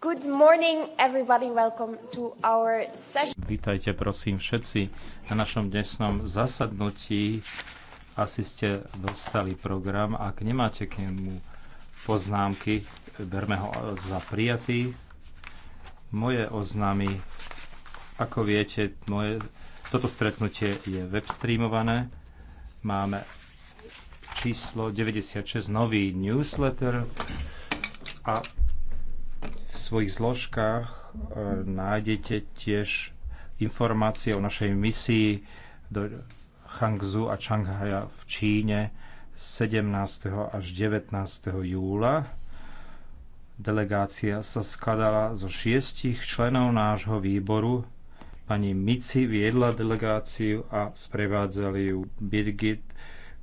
Good morning, everybody. Welcome to our session. Vítajte prosím všetci na našom dnesnom zasadnutí. Asi ste dostali program. Ak nemáte k nemu poznámky, berme ho za prijatý. Moje oznámy, ako viete, moje, toto stretnutie je webstreamované. Máme číslo 96 nový newsletter a svojich zložkách e, nájdete tiež informácie o našej misii do Hangzhou a Čanghaja v Číne 17. až 19. júla. Delegácia sa skladala zo šiestich členov nášho výboru. Pani Mici viedla delegáciu a sprevádzali ju Birgit,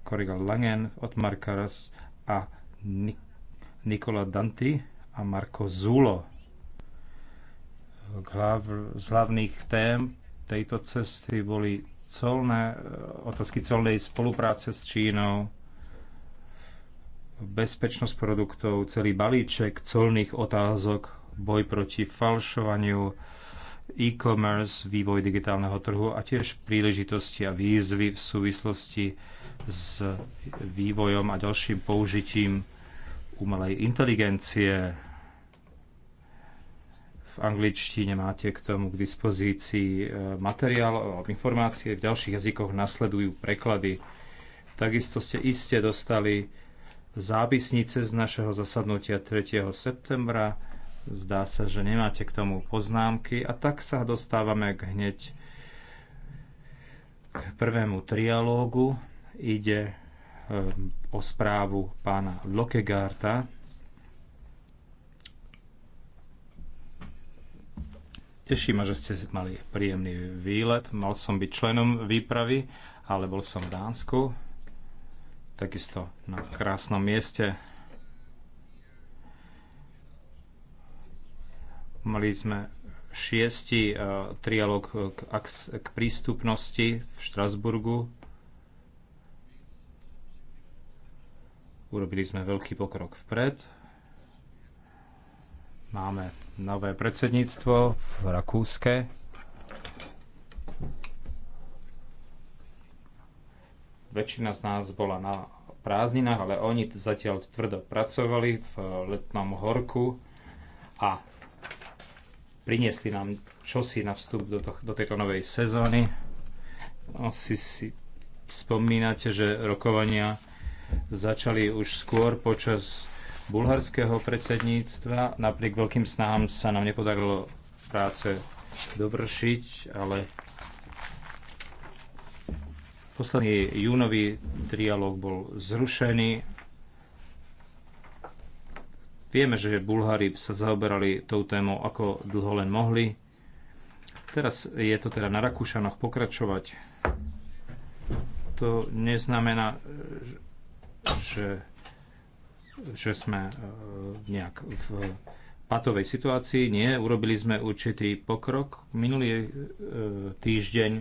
Korigal Langen, od Markaras a Nikola Danti a Marko Zulo hlav, z hlavných tém tejto cesty boli colné, e, otázky colnej spolupráce s Čínou, bezpečnosť produktov, celý balíček colných otázok, boj proti falšovaniu, e-commerce, vývoj digitálneho trhu a tiež príležitosti a výzvy v súvislosti s vývojom a ďalším použitím umelej inteligencie, v angličtine máte k tomu k dispozícii e, materiál, informácie, v ďalších jazykoch nasledujú preklady. Takisto ste iste dostali zápisnice z našeho zasadnutia 3. septembra. Zdá sa, že nemáte k tomu poznámky a tak sa dostávame k hneď k prvému trialógu. Ide e, o správu pána Lokegarta, Teší ma, že ste mali príjemný výlet. Mal som byť členom výpravy, ale bol som v Dánsku. Takisto na krásnom mieste. Mali sme šiesti uh, e, trialog k, k prístupnosti v Štrasburgu. Urobili sme veľký pokrok vpred. Máme nové predsedníctvo v Rakúske. Väčšina z nás bola na prázdninách, ale oni zatiaľ tvrdo pracovali v letnom horku a priniesli nám čosi na vstup do, to, do tejto novej sezóny. Asi si spomínate, že rokovania začali už skôr počas bulharského predsedníctva. Napriek veľkým snahám sa nám nepodarilo práce dovršiť, ale posledný júnový trialóg bol zrušený. Vieme, že Bulhári sa zaoberali tou témou ako dlho len mohli. Teraz je to teda na Rakúšanoch pokračovať. To neznamená, že že sme e, nejak v patovej situácii. Nie, urobili sme určitý pokrok. Minulý e, týždeň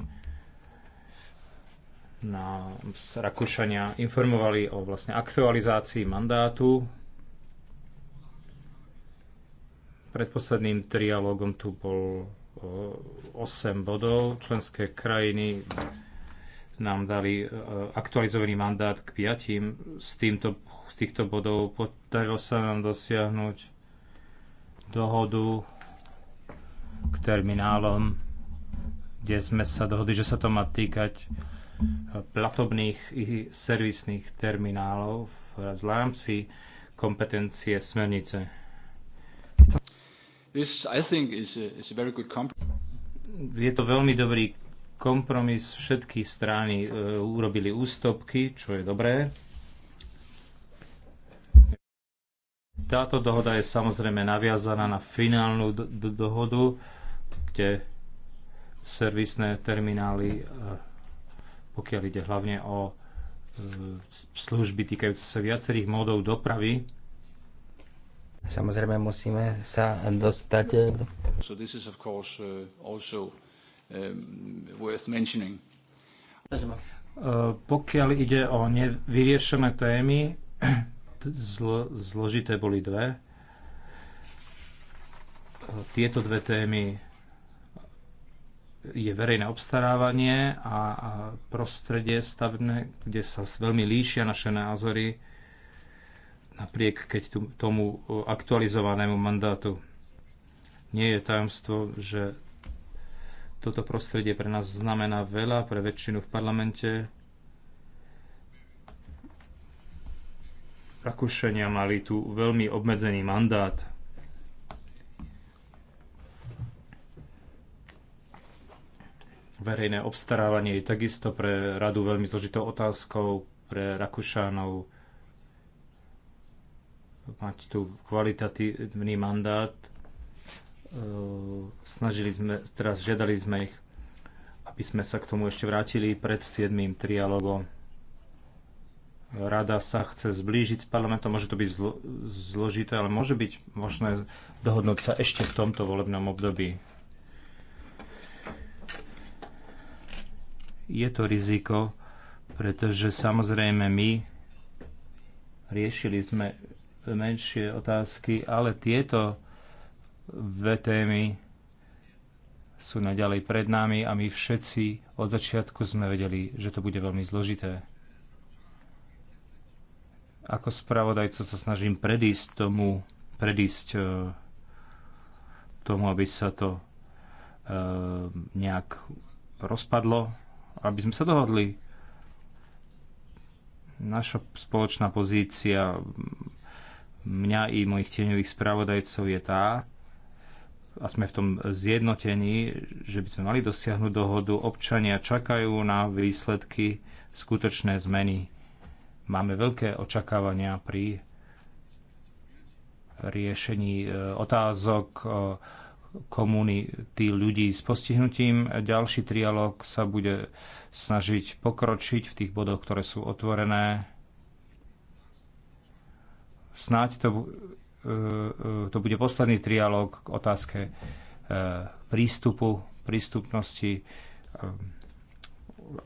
na Rakúšania informovali o vlastne aktualizácii mandátu. Predposledným trialogom tu bol 8 e, bodov. Členské krajiny nám dali aktualizovaný mandát k 5. S týmto z týchto bodov. Podarilo sa nám dosiahnuť dohodu k terminálom, kde sme sa dohodli, že sa to má týkať platobných i servisných terminálov v rámci kompetencie smernice. This, I think, is a, is a very good Je to veľmi dobrý kompromis. Všetky strany e, urobili ústupky, čo je dobré. Táto dohoda je samozrejme naviazaná na finálnu dohodu, kde servisné terminály, e, pokiaľ ide hlavne o e, služby týkajúce sa viacerých módov dopravy. Samozrejme musíme sa dostať. E, so this is of course also um, worth mentioning. Pokiaľ ide o nevyriešené témy, zlo, zložité boli dve. Tieto dve témy je verejné obstarávanie a, a prostredie stavebné, kde sa veľmi líšia naše názory napriek keď tomu aktualizovanému mandátu. Nie je tajomstvo, že toto prostredie pre nás znamená veľa, pre väčšinu v parlamente, Rakúšania mali tu veľmi obmedzený mandát. Verejné obstarávanie je takisto pre radu veľmi zložitou otázkou pre Rakúšanov. Mať tu kvalitatívny mandát. E, snažili sme, teraz žiadali sme ich, aby sme sa k tomu ešte vrátili pred 7. trialogom Rada sa chce zblížiť s parlamentom, môže to byť zlo- zložité, ale môže byť možné dohodnúť sa ešte v tomto volebnom období. Je to riziko, pretože samozrejme my riešili sme menšie otázky, ale tieto dve témy sú naďalej pred nami a my všetci od začiatku sme vedeli, že to bude veľmi zložité. Ako spravodajca sa snažím predísť tomu, predísť e, tomu, aby sa to e, nejak rozpadlo, aby sme sa dohodli. Naša spoločná pozícia mňa i mojich tieňových spravodajcov je tá, a sme v tom zjednotení, že by sme mali dosiahnuť dohodu. Občania čakajú na výsledky skutočné zmeny Máme veľké očakávania pri riešení e, otázok e, komunity ľudí s postihnutím. Ďalší trialog sa bude snažiť pokročiť v tých bodoch, ktoré sú otvorené. Snáď to, e, to bude posledný trialog k otázke prístupu, prístupnosti. Ehm,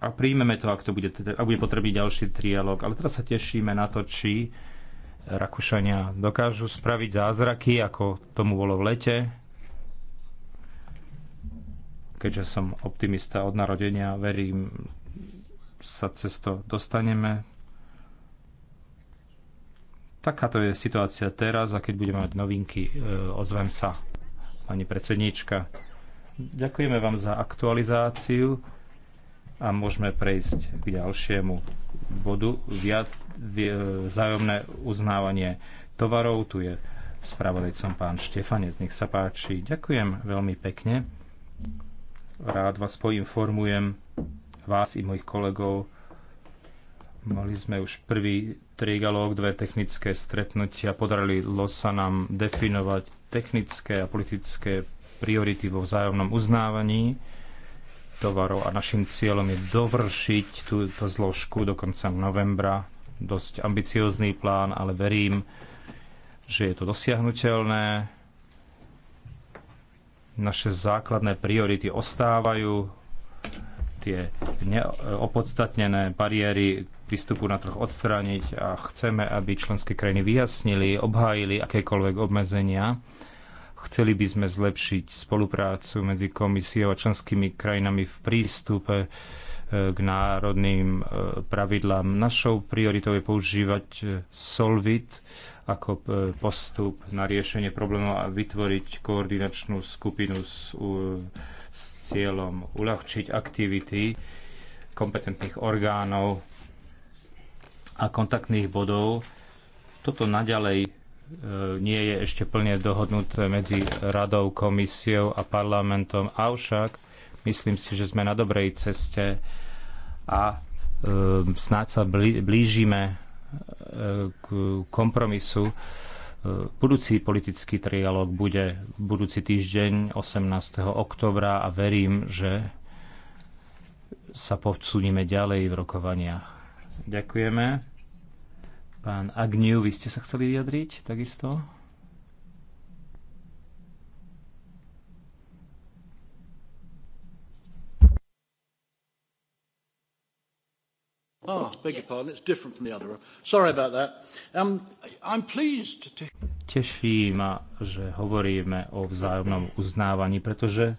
a príjmeme to, ak, to bude, teda- ak bude potrebný ďalší trialog. Ale teraz sa tešíme na to, či Rakúšania dokážu spraviť zázraky, ako tomu bolo v lete. Keďže som optimista od narodenia, verím, sa cez to dostaneme. Takáto je situácia teraz a keď budeme mať novinky, e, ozvem sa, pani predsedníčka. Ďakujeme vám za aktualizáciu a môžeme prejsť k ďalšiemu bodu. Viac vzájomné uznávanie tovarov. Tu je spravodajcom pán Štefanec. Nech sa páči. Ďakujem veľmi pekne. Rád vás poinformujem, vás i mojich kolegov. Mali sme už prvý trigalóg, dve technické stretnutia. Podarilo sa nám definovať technické a politické priority vo vzájomnom uznávaní tovarov a našim cieľom je dovršiť túto zložku do konca novembra. Dosť ambiciózny plán, ale verím, že je to dosiahnutelné. Naše základné priority ostávajú. Tie neopodstatnené bariéry prístupu na trh odstrániť a chceme, aby členské krajiny vyjasnili, obhájili akékoľvek obmedzenia Chceli by sme zlepšiť spoluprácu medzi komisiou a členskými krajinami v prístupe e, k národným e, pravidlám. Našou prioritou je používať e, Solvit ako postup na riešenie problémov a vytvoriť koordinačnú skupinu s, s cieľom uľahčiť aktivity kompetentných orgánov a kontaktných bodov. Toto naďalej E, nie je ešte plne dohodnuté medzi radou, komisiou a parlamentom. Avšak myslím si, že sme na dobrej ceste a e, snáď sa blížime e, k kompromisu. Budúci politický trialog bude budúci týždeň 18. oktobra a verím, že sa posunieme ďalej v rokovaniach. Ďakujeme. Pán Agniu, vy ste sa chceli vyjadriť takisto? Oh, beg your pardon, it's different from the other room. Sorry about that. Um, I'm pleased to... Teší ma, že hovoríme o vzájomnom uznávaní, pretože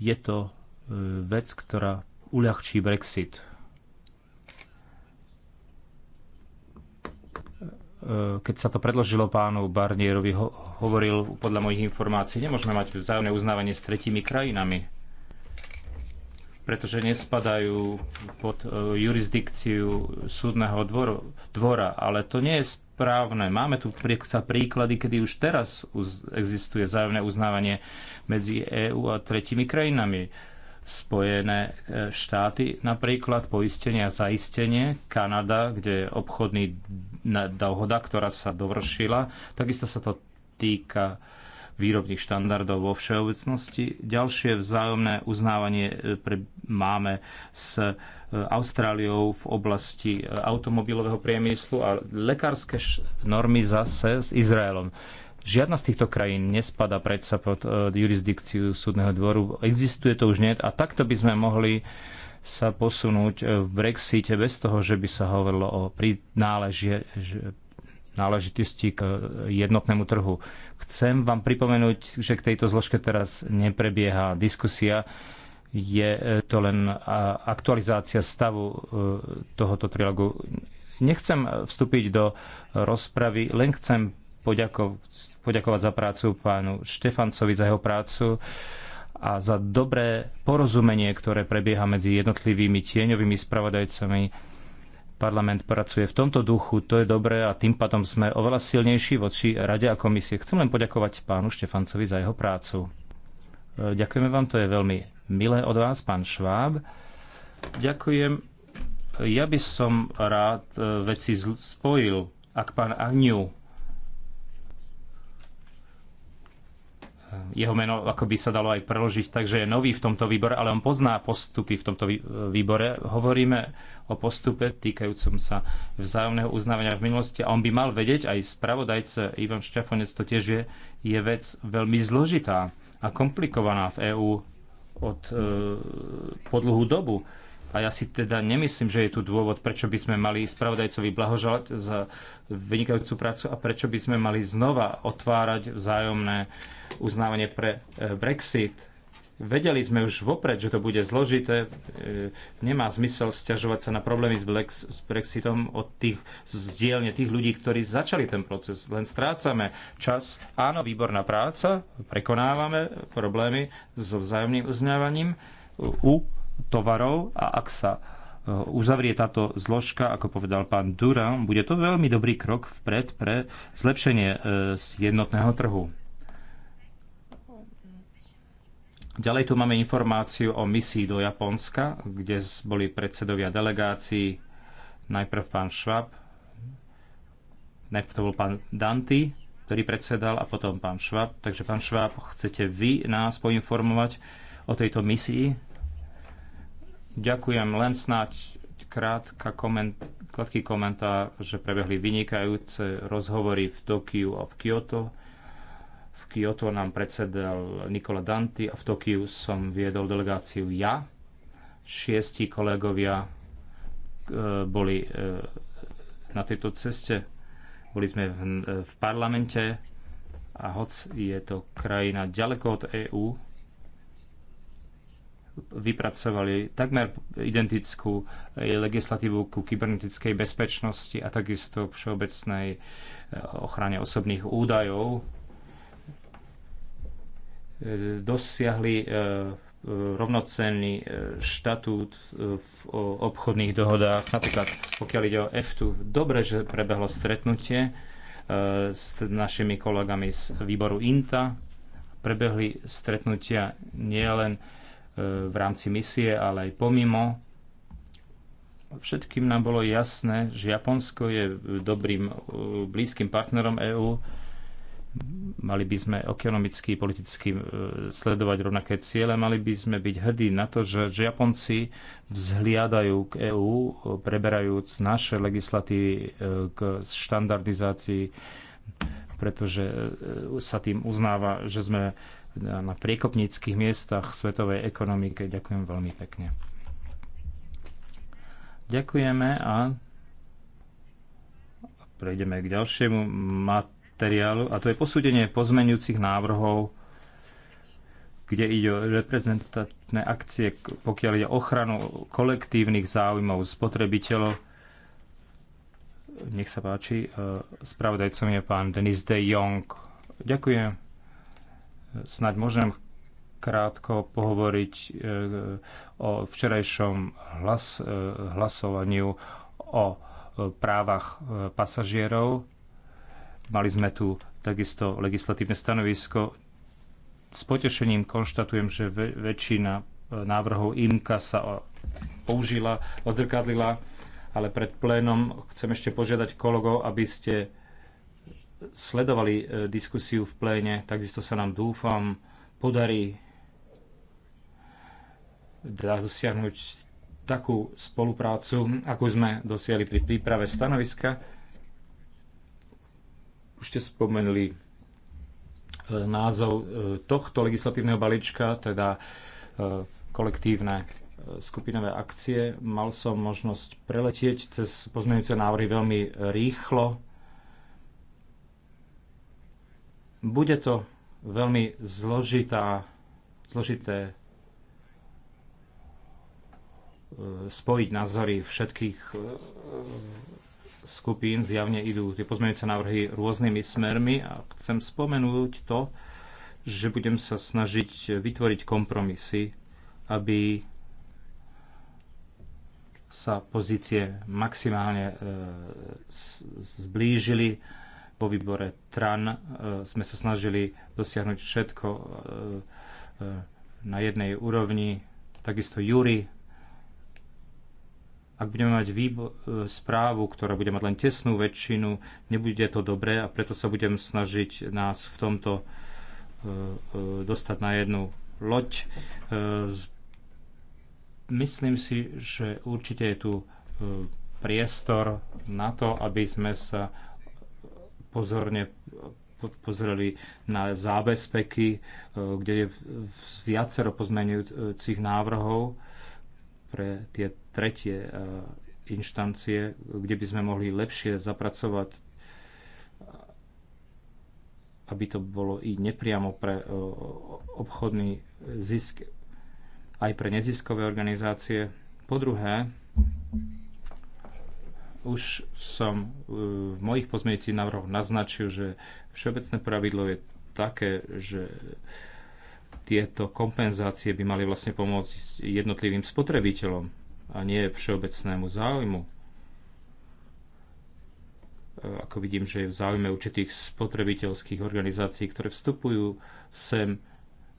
je to e, vec, ktorá uľahčí Brexit. E, keď sa to predložilo pánu Barnierovi, ho, hovoril podľa mojich informácií, nemôžeme mať vzájomné uznávanie s tretími krajinami, pretože nespadajú pod e, jurisdikciu súdneho dvoru, dvora, ale to nie je správne. Máme tu sa príklady, kedy už teraz existuje vzájomné uznávanie medzi EÚ a tretími krajinami Spojené e, štáty, napríklad poistenie a zaistenie, Kanada, kde je obchodný dohoda, ktorá sa dovršila. Takisto sa to týka výrobných štandardov vo všeobecnosti. Ďalšie vzájomné uznávanie e, pre, máme s e, Austráliou v oblasti automobilového priemyslu a lekárske normy zase s Izraelom. Žiadna z týchto krajín nespada predsa pod e, jurisdikciu súdneho dvoru. Existuje to už nie a takto by sme mohli sa posunúť e, v Brexite bez toho, že by sa hovorilo o náležie, náležitosti k jednotnému trhu. Chcem vám pripomenúť, že k tejto zložke teraz neprebieha diskusia. Je e, to len aktualizácia stavu tohoto trilogu. Nechcem vstúpiť do rozpravy, len chcem poďako, poďakovať za prácu pánu Štefancovi za jeho prácu a za dobré porozumenie, ktoré prebieha medzi jednotlivými tieňovými spravodajcami. Parlament pracuje v tomto duchu, to je dobré a tým pádom sme oveľa silnejší voči Rade a komisie. Chcem len poďakovať pánu Štefancovi za jeho prácu. E, ďakujeme vám, to je veľmi milé od vás, pán Šváb. Ďakujem. Ja by som rád e, veci spojil, ak pán Agniu jeho meno ako by sa dalo aj preložiť, takže je nový v tomto výbore, ale on pozná postupy v tomto výbore. Hovoríme o postupe týkajúcom sa vzájomného uznávania v minulosti a on by mal vedieť, aj spravodajce Ivan Šťafonec to tiež je, je vec veľmi zložitá a komplikovaná v EÚ od e, podlhú dobu. A ja si teda nemyslím, že je tu dôvod, prečo by sme mali spravodajcovi blahoželať za vynikajúcu prácu a prečo by sme mali znova otvárať vzájomné uznávanie pre e, Brexit. Vedeli sme už vopred, že to bude zložité. E, nemá zmysel stiažovať sa na problémy s Brexitom od tých zdielne tých ľudí, ktorí začali ten proces. Len strácame čas. Áno, výborná práca, prekonávame problémy so vzájomným uznávaním u tovarov a ak sa e, uzavrie táto zložka, ako povedal pán Durán, bude to veľmi dobrý krok vpred pre zlepšenie e, jednotného trhu. Ďalej tu máme informáciu o misii do Japonska, kde boli predsedovia delegácií najprv pán Schwab, najprv to bol pán Danty, ktorý predsedal, a potom pán Schwab. Takže pán Schwab, chcete vy nás poinformovať o tejto misii Ďakujem len snáď krátka koment, krátky komentár, že prebehli vynikajúce rozhovory v Tokiu a v Kyoto. V Kyoto nám predsedal Nikola Danti a v Tokiu som viedol delegáciu ja. Šiesti kolegovia e, boli e, na tejto ceste. Boli sme v, e, v parlamente a hoc je to krajina ďaleko od EÚ, vypracovali takmer identickú eh, legislatívu ku kybernetickej bezpečnosti a takisto všeobecnej eh, ochrane osobných údajov. Eh, dosiahli rovnocenný štatút v obchodných dohodách. Napríklad, pokiaľ ide o EFTU, dobre, že prebehlo stretnutie s našimi kolegami z výboru INTA. Prebehli stretnutia nielen E, v rámci misie, ale aj pomimo. Všetkým nám bolo jasné, že Japonsko je dobrým e, blízkym partnerom EÚ. Mali by sme ekonomicky, politicky e, sledovať rovnaké ciele, mali by sme byť hrdí na to, že, Japonci vzhliadajú k EÚ, preberajúc naše legislatívy k štandardizácii pretože sa tým uznáva, že sme na priekopníckých miestach svetovej ekonomike. Ďakujem veľmi pekne. Ďakujeme a prejdeme k ďalšiemu materiálu a to je posúdenie pozmenujúcich návrhov kde ide o reprezentatívne akcie, pokiaľ ide o ochranu kolektívnych záujmov spotrebiteľov. Nech sa páči, e, spravodajcom je pán Denis de Jong. Ďakujem snáď môžem krátko pohovoriť e, o včerajšom hlas, e, hlasovaniu o e, právach pasažierov. Mali sme tu takisto legislatívne stanovisko. S potešením konštatujem, že väčšina návrhov IMKA sa použila, odzrkadlila, ale pred plénom chcem ešte požiadať kolegov, aby ste sledovali e, diskusiu v pléne. Takisto sa nám dúfam podarí dosiahnuť takú spoluprácu, akú sme dosiahli pri príprave stanoviska. Už ste spomenuli e, názov e, tohto legislatívneho balíčka, teda kolektívne skupinové akcie. Mal som možnosť preletieť cez pozmeňujúce návrhy veľmi rýchlo Bude to veľmi zložitá, zložité e, spojiť názory všetkých e, skupín. Zjavne idú tie pozmeňujúce návrhy rôznymi smermi a chcem spomenúť to, že budem sa snažiť vytvoriť kompromisy, aby sa pozície maximálne e, zblížili po výbore TRAN e, sme sa snažili dosiahnuť všetko e, e, na jednej úrovni, takisto Júri. Ak budeme mať správu, ktorá bude mať len tesnú väčšinu, nebude to dobré a preto sa budem snažiť nás v tomto dostať na jednu loď. Myslím si, že určite je tu priestor na to, aby sme sa pozorne pozreli na zábezpeky, e, kde je viacero pozmenujúcich návrhov pre tie tretie e, inštancie, kde by sme mohli lepšie zapracovať, aby to bolo i nepriamo pre e, obchodný zisk aj pre neziskové organizácie. Po druhé, už som e, v mojich pozmeňujúcich návrhoch naznačil, že všeobecné pravidlo je také, že tieto kompenzácie by mali vlastne pomôcť jednotlivým spotrebiteľom a nie všeobecnému záujmu. E, ako vidím, že je v záujme určitých spotrebiteľských organizácií, ktoré vstupujú sem,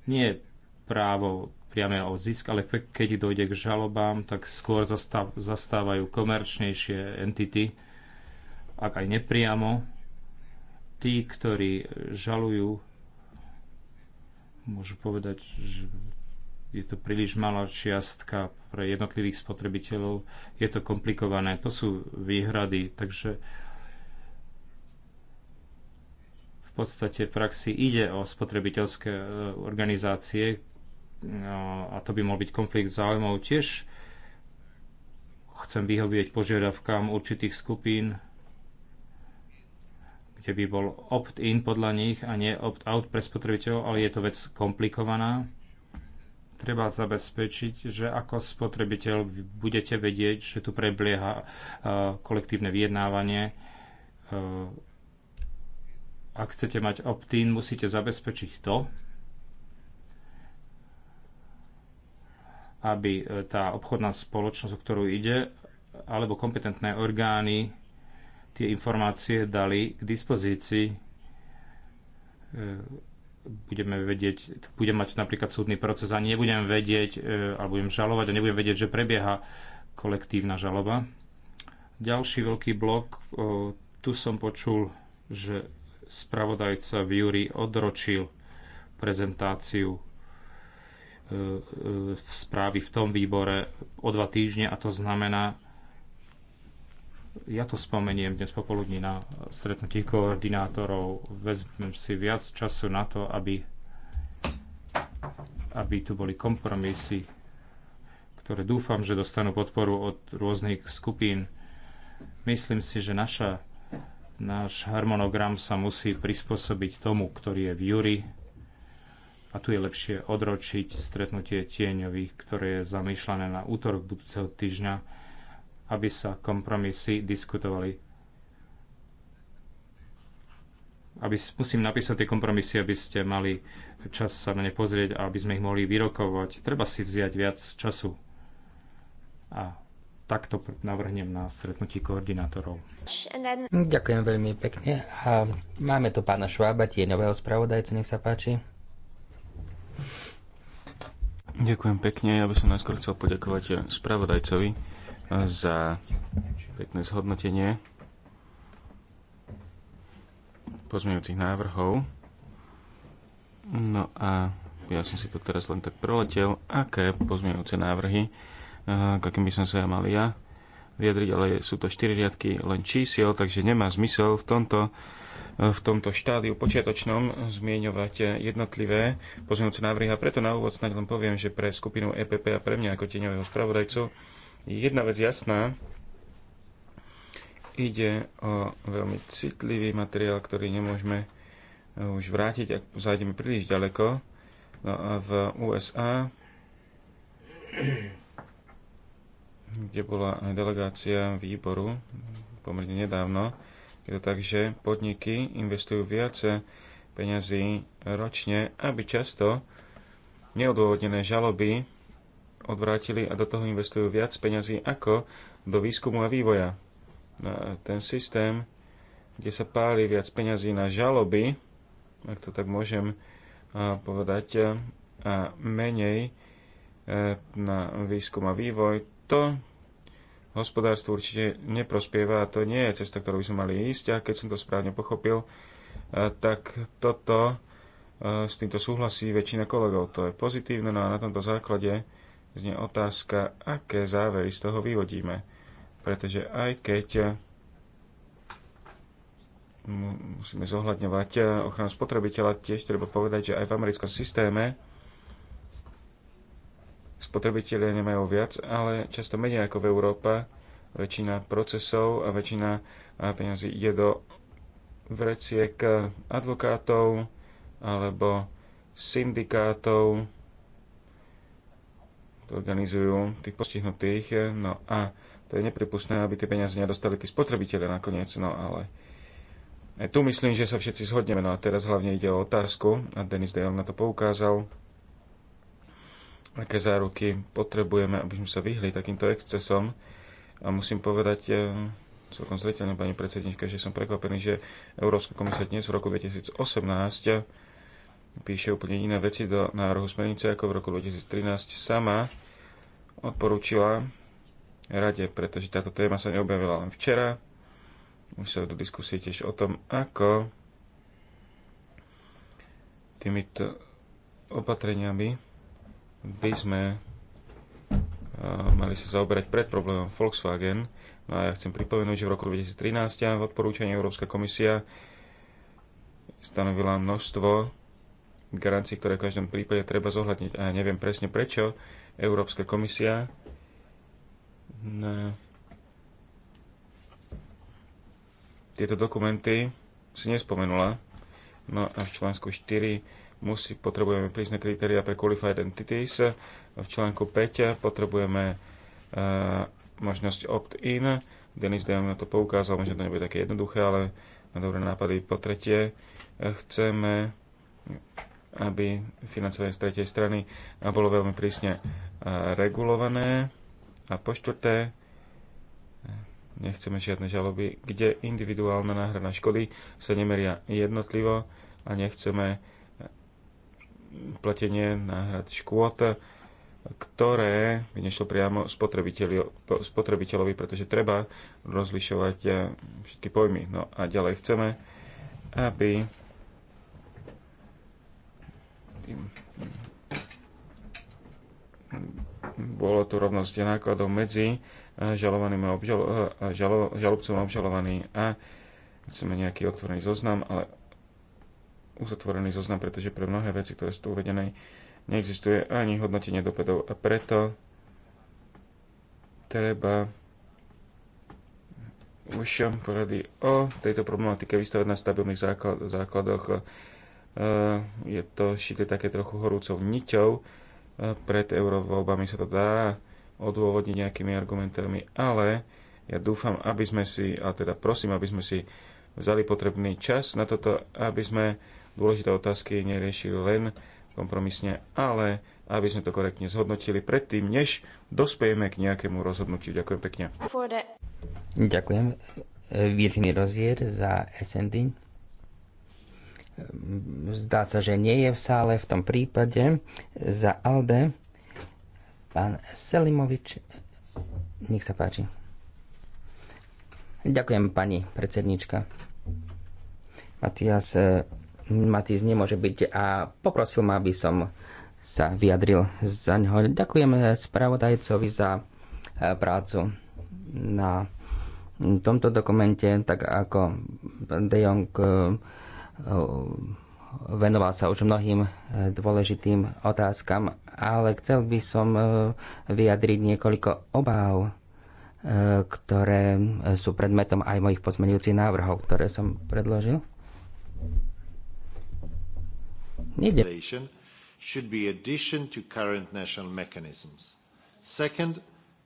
nie právo priame o zisk, ale keď dojde k žalobám, tak skôr zastav, zastávajú komerčnejšie entity, ak aj nepriamo. Tí, ktorí žalujú, môžu povedať, že je to príliš malá čiastka pre jednotlivých spotrebiteľov, je to komplikované, to sú výhrady, takže v podstate v praxi ide o spotrebiteľské e, organizácie, a to by mal byť konflikt záujmov tiež. Chcem vyhovieť požiadavkám určitých skupín, kde by bol opt-in podľa nich a nie opt-out pre spotrebiteľov, ale je to vec komplikovaná. Treba zabezpečiť, že ako spotrebiteľ budete vedieť, že tu prebieha kolektívne vyjednávanie ak chcete mať opt-in, musíte zabezpečiť to, aby e, tá obchodná spoločnosť, o ktorú ide, alebo kompetentné orgány tie informácie dali k dispozícii. E, budeme vedieť, budem mať napríklad súdny proces a nebudem vedieť, e, alebo budem žalovať a nebudem vedieť, že prebieha kolektívna žaloba. Ďalší veľký blok, tu som počul, že spravodajca v Júri odročil prezentáciu E, e, správy v tom výbore o dva týždne a to znamená, ja to spomeniem dnes popoludní na stretnutí koordinátorov, vezmem si viac času na to, aby, aby tu boli kompromisy, ktoré dúfam, že dostanú podporu od rôznych skupín. Myslím si, že naša, náš harmonogram sa musí prispôsobiť tomu, ktorý je v júri, a tu je lepšie odročiť stretnutie tieňových, ktoré je zamýšľané na útorok budúceho týždňa, aby sa kompromisy diskutovali. Aby, musím napísať tie kompromisy, aby ste mali čas sa na ne pozrieť a aby sme ich mohli vyrokovať. Treba si vziať viac času. A takto navrhnem na stretnutí koordinátorov. Ďakujem veľmi pekne. A máme tu pána Švába, tieňového spravodajcu, nech sa páči. Ďakujem pekne. Ja by som najskôr chcel poďakovať spravodajcovi eh, za pekné zhodnotenie pozmeňujúcich návrhov. No a ja som si to teraz len tak preletel, aké pozmeňujúce návrhy, eh, k akým by som sa ja mal ja vyjadriť, ale sú to 4 riadky len čísiel, takže nemá zmysel v tomto v tomto štádiu počiatočnom zmieňovať jednotlivé pozmeňujúce návrhy a preto na úvod snáď len poviem, že pre skupinu EPP a pre mňa ako tieňového spravodajcu je jedna vec jasná. Ide o veľmi citlivý materiál, ktorý nemôžeme už vrátiť, ak zájdeme príliš ďaleko. No a v USA kde bola aj delegácia výboru pomerne nedávno, je to tak, že podniky investujú viac peňazí ročne, aby často neodôvodnené žaloby odvrátili a do toho investujú viac peňazí ako do výskumu a vývoja. No a ten systém, kde sa páli viac peňazí na žaloby, ak to tak môžem povedať, a menej e, na výskum a vývoj, to Hospodárstvo určite neprospieva a to nie je cesta, ktorou by sme mali ísť. A keď som to správne pochopil, eh, tak toto eh, s týmto súhlasí väčšina kolegov. To je pozitívne, no a na tomto základe znie otázka, aké závery z toho vyvodíme. Pretože aj keď eh, musíme zohľadňovať ochranu spotrebiteľa, tiež treba povedať, že aj v americkom systéme spotrebitelia nemajú viac, ale často menej ako v Európe. Väčšina procesov a väčšina peňazí ide do vreciek advokátov alebo syndikátov, organizujú tých postihnutých. No a to je nepripustné, aby tie peniaze nedostali tí spotrebitelia nakoniec. No ale tu myslím, že sa všetci zhodneme. No a teraz hlavne ide o otázku, a Denis Dejong na to poukázal, aké záruky potrebujeme, aby sme sa vyhli takýmto excesom. A musím povedať eh, celkom zretelne, pani predsednička, že som prekvapený, že Európska komisia dnes v roku 2018 píše úplne iné veci do návrhu smernice, ako v roku 2013 sama odporúčila rade, pretože táto téma sa neobjavila len včera. Už sa do diskusie tiež o tom, ako týmito opatreniami by sme eh, mali sa zaoberať pred problémom Volkswagen. No a ja chcem pripomenúť, že v roku 2013 v odporúčaní Európska komisia stanovila množstvo garancií, ktoré v každom prípade treba zohľadniť. A ja neviem presne prečo Európska komisia na tieto dokumenty si nespomenula. No a v článku 4 musí, potrebujeme prísne kritéria pre Qualified Entities. V článku 5 potrebujeme eh, možnosť opt-in. Denis Dejom na to poukázal, možno to nebude také jednoduché, ale na dobré nápady. Po tretie, eh, chceme, aby financovanie z tretej strany eh, bolo veľmi prísne regulované. A po štvrté, nechceme žiadne žaloby, kde individuálna náhrada škody sa nemeria jednotlivo a nechceme platenie náhrad škôd, ktoré by nešlo priamo spotrebiteľovi, pretože treba rozlišovať eh, všetky pojmy. No a ďalej chceme, aby bolo tu rovnosť nákladov medzi eh, žalovaným a obžalo, eh, žalo, žalobcom a obžalovaný a chceme nejaký otvorený zoznam, ale uzatvorený zoznam, pretože pre mnohé veci, ktoré sú tu uvedené, neexistuje ani hodnotenie dopadov a preto treba ušom porady o tejto problematike vystavať na stabilných základoch. E, je to šité také trochu horúcou niťou. E, pred eurovoľbami sa to dá odôvodniť nejakými argumentami, ale ja dúfam, aby sme si, a teda prosím, aby sme si vzali potrebný čas na toto, aby sme dôležité otázky neriešili len kompromisne, ale aby sme to korektne zhodnotili predtým, než dospejeme k nejakému rozhodnutiu. Ďakujem pekne. Ďakujem. Virginie Rozier za SND. Zdá sa, že nie je v sále v tom prípade. Za ALDE pán Selimovič. Nech sa páči. Ďakujem, pani predsednička. Matias eh, Matiz nemôže byť a poprosil ma, aby som sa vyjadril za ňoho. Ďakujem spravodajcovi za e, prácu na tomto dokumente, tak ako De Jong e, e, venoval sa už mnohým dôležitým otázkam, ale chcel by som vyjadriť niekoľko obáv, ktoré sú predmetom aj mojich pozmeňujúcich návrhov, ktoré som predložil. Nejde. should be addition to current national mechanisms. Second,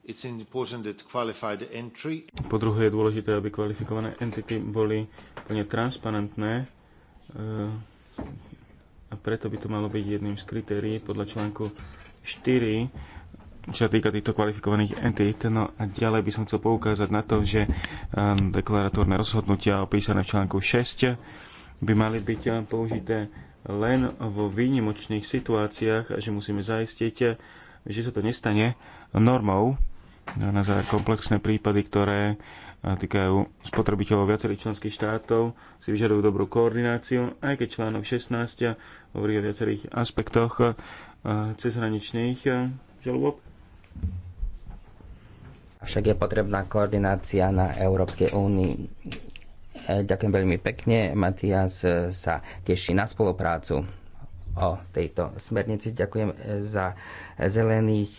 it's important that qualified entry... Po druhé je dôležité, aby kvalifikované entity boli plne transparentné eh, a preto by to malo byť jedným z kritérií podľa článku 4 čo sa týka týchto kvalifikovaných entit. No a ďalej by som chcel poukázať na to, že eh, deklaratórne rozhodnutia opísané v článku 6 by mali byť eh, použité len vo výnimočných situáciách a že musíme zaistiť, že sa to nestane normou na záver komplexné prípady, ktoré týkajú spotrebiteľov viacerých členských štátov, si vyžadujú dobrú koordináciu, aj keď článok 16 hovorí o viacerých aspektoch cezhraničných žalob. Avšak je potrebná koordinácia na Európskej únii E, ďakujem veľmi pekne. Matias e, sa teší na spoluprácu o tejto smernici. Ďakujem e, za zelených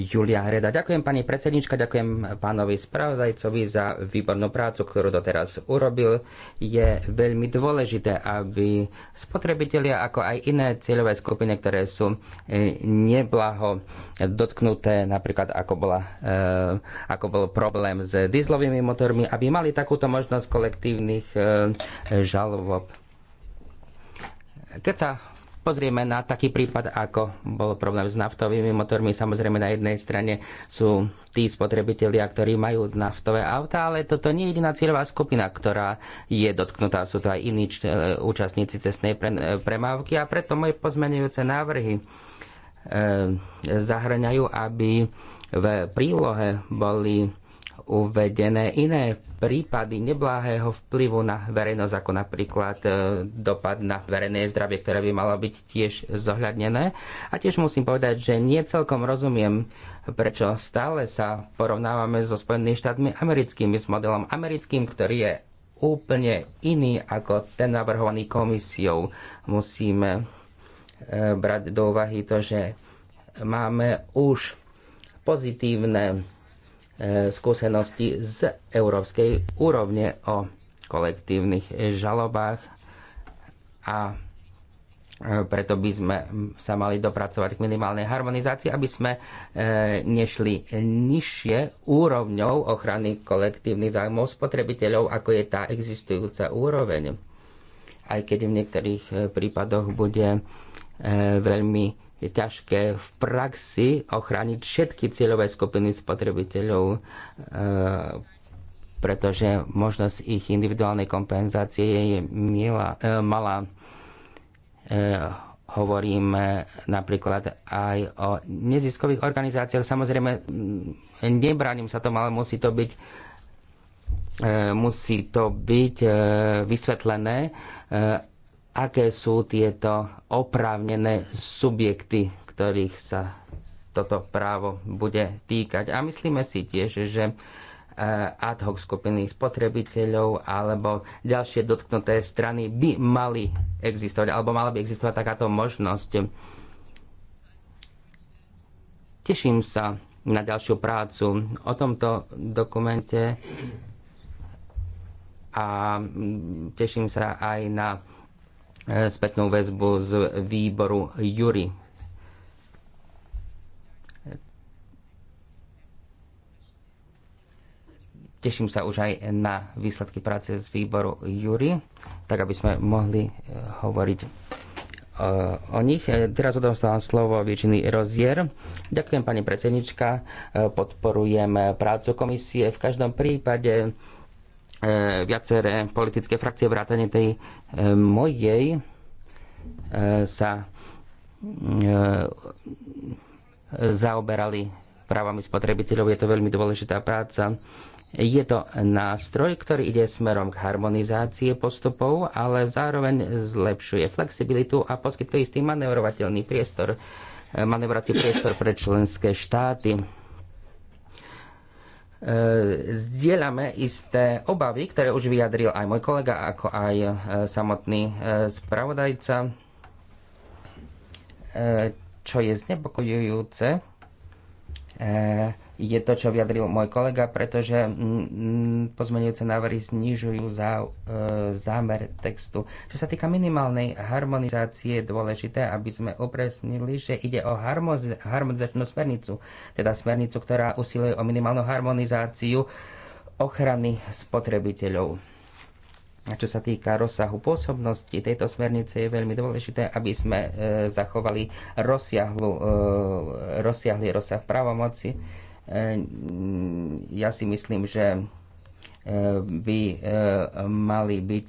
Julia Hreda. Ďakujem pani predsednička, ďakujem pánovi spravodajcovi za výbornú prácu, ktorú doteraz urobil. Je veľmi dôležité, aby spotrebitelia, ako aj iné cieľové skupiny, ktoré sú e, neblaho dotknuté, napríklad ako, bola, e, ako bol problém s dieslovými motormi, aby mali takúto možnosť kolektívnych e, žalob. Keď sa pozrieme na taký prípad, ako bol problém s naftovými motormi. Samozrejme, na jednej strane sú tí spotrebitelia, ktorí majú naftové auta, ale toto nie je jediná cieľová skupina, ktorá je dotknutá. Sú to aj iní e, účastníci cestnej e, premávky a preto moje pozmenujúce návrhy e, zahrňajú, aby v prílohe boli uvedené iné prípady nebláhého vplyvu na verejnosť, ako napríklad e, dopad na verejné zdravie, ktoré by malo byť tiež zohľadnené. A tiež musím povedať, že nie celkom rozumiem, prečo stále sa porovnávame so Spojenými štátmi americkými, s modelom americkým, ktorý je úplne iný ako ten navrhovaný komisiou. Musíme e, brať do úvahy to, že máme už pozitívne E, skúsenosti z európskej úrovne o kolektívnych žalobách a e, preto by sme sa mali dopracovať k minimálnej harmonizácii, aby sme e, nešli nižšie úrovňou ochrany kolektívnych zájmov spotrebiteľov, ako je tá existujúca úroveň. Aj keď v niektorých prípadoch bude veľmi je ťažké v praxi ochrániť všetky cieľové skupiny spotrebiteľov, e, pretože možnosť ich individuálnej kompenzácie je milá, e, malá. E, hovoríme napríklad aj o neziskových organizáciách. Samozrejme, nebránim sa tomu, ale musí to byť musí to byť vysvetlené aké sú tieto oprávnené subjekty, ktorých sa toto právo bude týkať. A myslíme si tiež, že e, ad hoc skupiny spotrebiteľov alebo ďalšie dotknuté strany by mali existovať, alebo mala by existovať takáto možnosť. Teším sa na ďalšiu prácu o tomto dokumente a teším sa aj na E, spätnú väzbu z výboru Jury. Teším sa už aj na výsledky práce z výboru Jury, tak aby sme mohli e, hovoriť e, o nich. Teraz odovzdávam slovo Virginie Rozier. Ďakujem, pani predsednička. Podporujem prácu komisie. V každom prípade E, viaceré politické frakcie vrátane tej e, mojej e, sa zaoberali právami spotrebiteľov. Je to veľmi dôležitá práca. Je to nástroj, ktorý ide smerom k harmonizácie postupov, ale zároveň zlepšuje flexibilitu a poskytuje istý manevrovateľný priestor, manevrací priestor pre členské štáty E, zdieľame isté obavy, ktoré už vyjadril aj môj kolega, ako aj e, samotný e, spravodajca, čo je znepokojujúce je to, čo vyjadril môj kolega, pretože mm, mm, pozmenujúce návrhy znižujú za, e, zámer textu. Čo sa týka minimálnej harmonizácie, je dôležité, aby sme upresnili, že ide o harmonizačnú smernicu, teda smernicu, ktorá usiluje o minimálnu harmonizáciu ochrany spotrebiteľov. A čo sa týka rozsahu pôsobnosti tejto smernice, je veľmi dôležité, aby sme e, zachovali rozsiahlu, e, rozsah právomoci Eh, ja si myslím, že eh, by eh, mali byť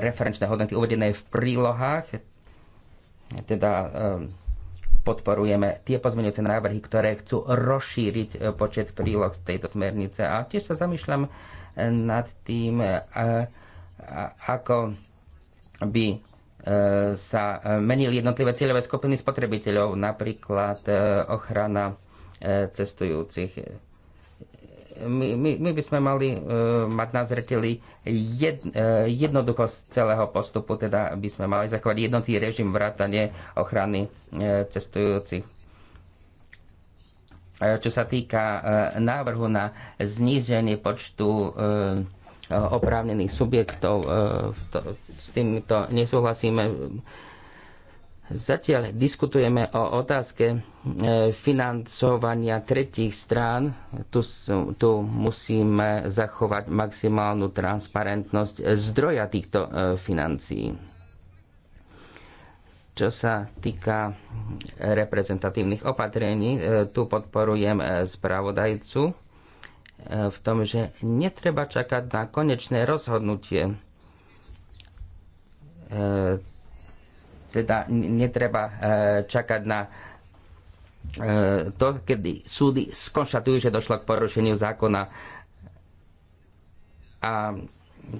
referenčné hodnoty uvedené v prílohách, teda podporujeme tie pozmeňujúce návrhy, ktoré chcú rozšíriť počet príloh z tejto smernice. A tiež sa zamýšľam nad tým, ako by sa menili jednotlivé cieľové skupiny spotrebiteľov, napríklad ochrana cestujúcich. My, my, my by sme mali e, mať na zreteli jed, e, jednoduchosť celého postupu, teda by sme mali zachovať jednotný režim vrátane ochrany e, cestujúcich. Čo sa týka návrhu na zníženie počtu oprávnených subjektov, s týmto nesúhlasíme Zatiaľ diskutujeme o otázke e, financovania tretích strán. Tu, tu musíme zachovať maximálnu transparentnosť zdroja týchto e, financií. Čo sa týka reprezentatívnych opatrení, e, tu podporujem spravodajcu v tom, že netreba čakať na konečné rozhodnutie teda netreba e, čakať na e, to, kedy súdy skonštatujú, že došlo k porušeniu zákona. A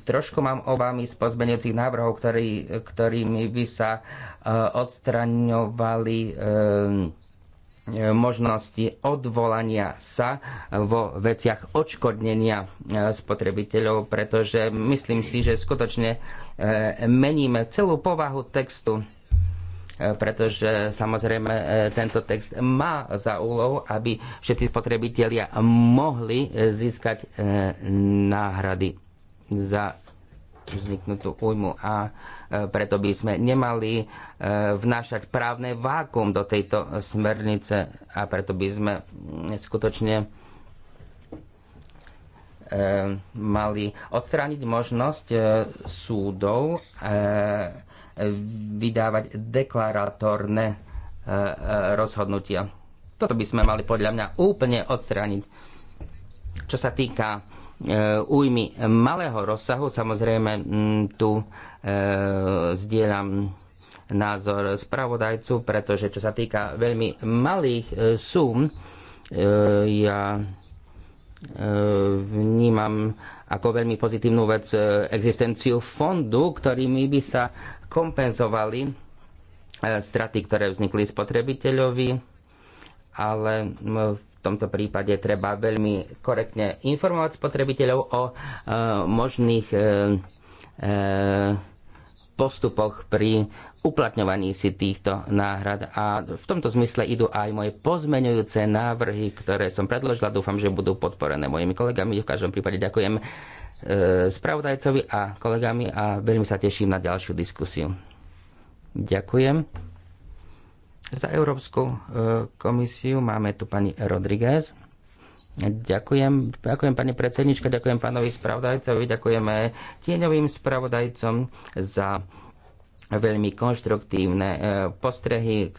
trošku mám obavy z pozmeňujúcich návrhov, ktorý, ktorými by sa e, odstraňovali možnosti odvolania sa vo veciach odškodnenia spotrebiteľov, pretože myslím si, že skutočne meníme celú povahu textu pretože samozrejme e, tento text má za úlohu, aby všetci spotrebitelia mohli e, získať e, náhrady za vzniknutú újmu a preto by sme nemali vnášať právne vákum do tejto smernice a preto by sme mm, skutočne mali odstrániť možnosť súdov vydávať deklaratórne e, rozhodnutia. Toto by sme mali podľa mňa úplne odstrániť. Čo sa týka e, újmy malého rozsahu, samozrejme tu e, zdieľam názor spravodajcu, pretože čo sa týka veľmi malých súm, ja vnímam ako veľmi pozitívnu vec existenciu fondu, ktorými by sa kompenzovali e, straty, ktoré vznikli spotrebiteľovi, ale v tomto prípade treba veľmi korektne informovať spotrebiteľov o e, možných e, postupoch pri uplatňovaní si týchto náhrad. A v tomto zmysle idú aj moje pozmeňujúce návrhy, ktoré som predložila. Dúfam, že budú podporené mojimi kolegami. V každom prípade ďakujem E, spravodajcovi a kolegami a veľmi sa teším na ďalšiu diskusiu. Ďakujem. Za Európsku e, komisiu máme tu pani Rodriguez. Ďakujem, ďakujem pani predsednička, ďakujem pánovi spravodajcovi, ďakujeme tieňovým spravodajcom za veľmi konštruktívne e, postrehy,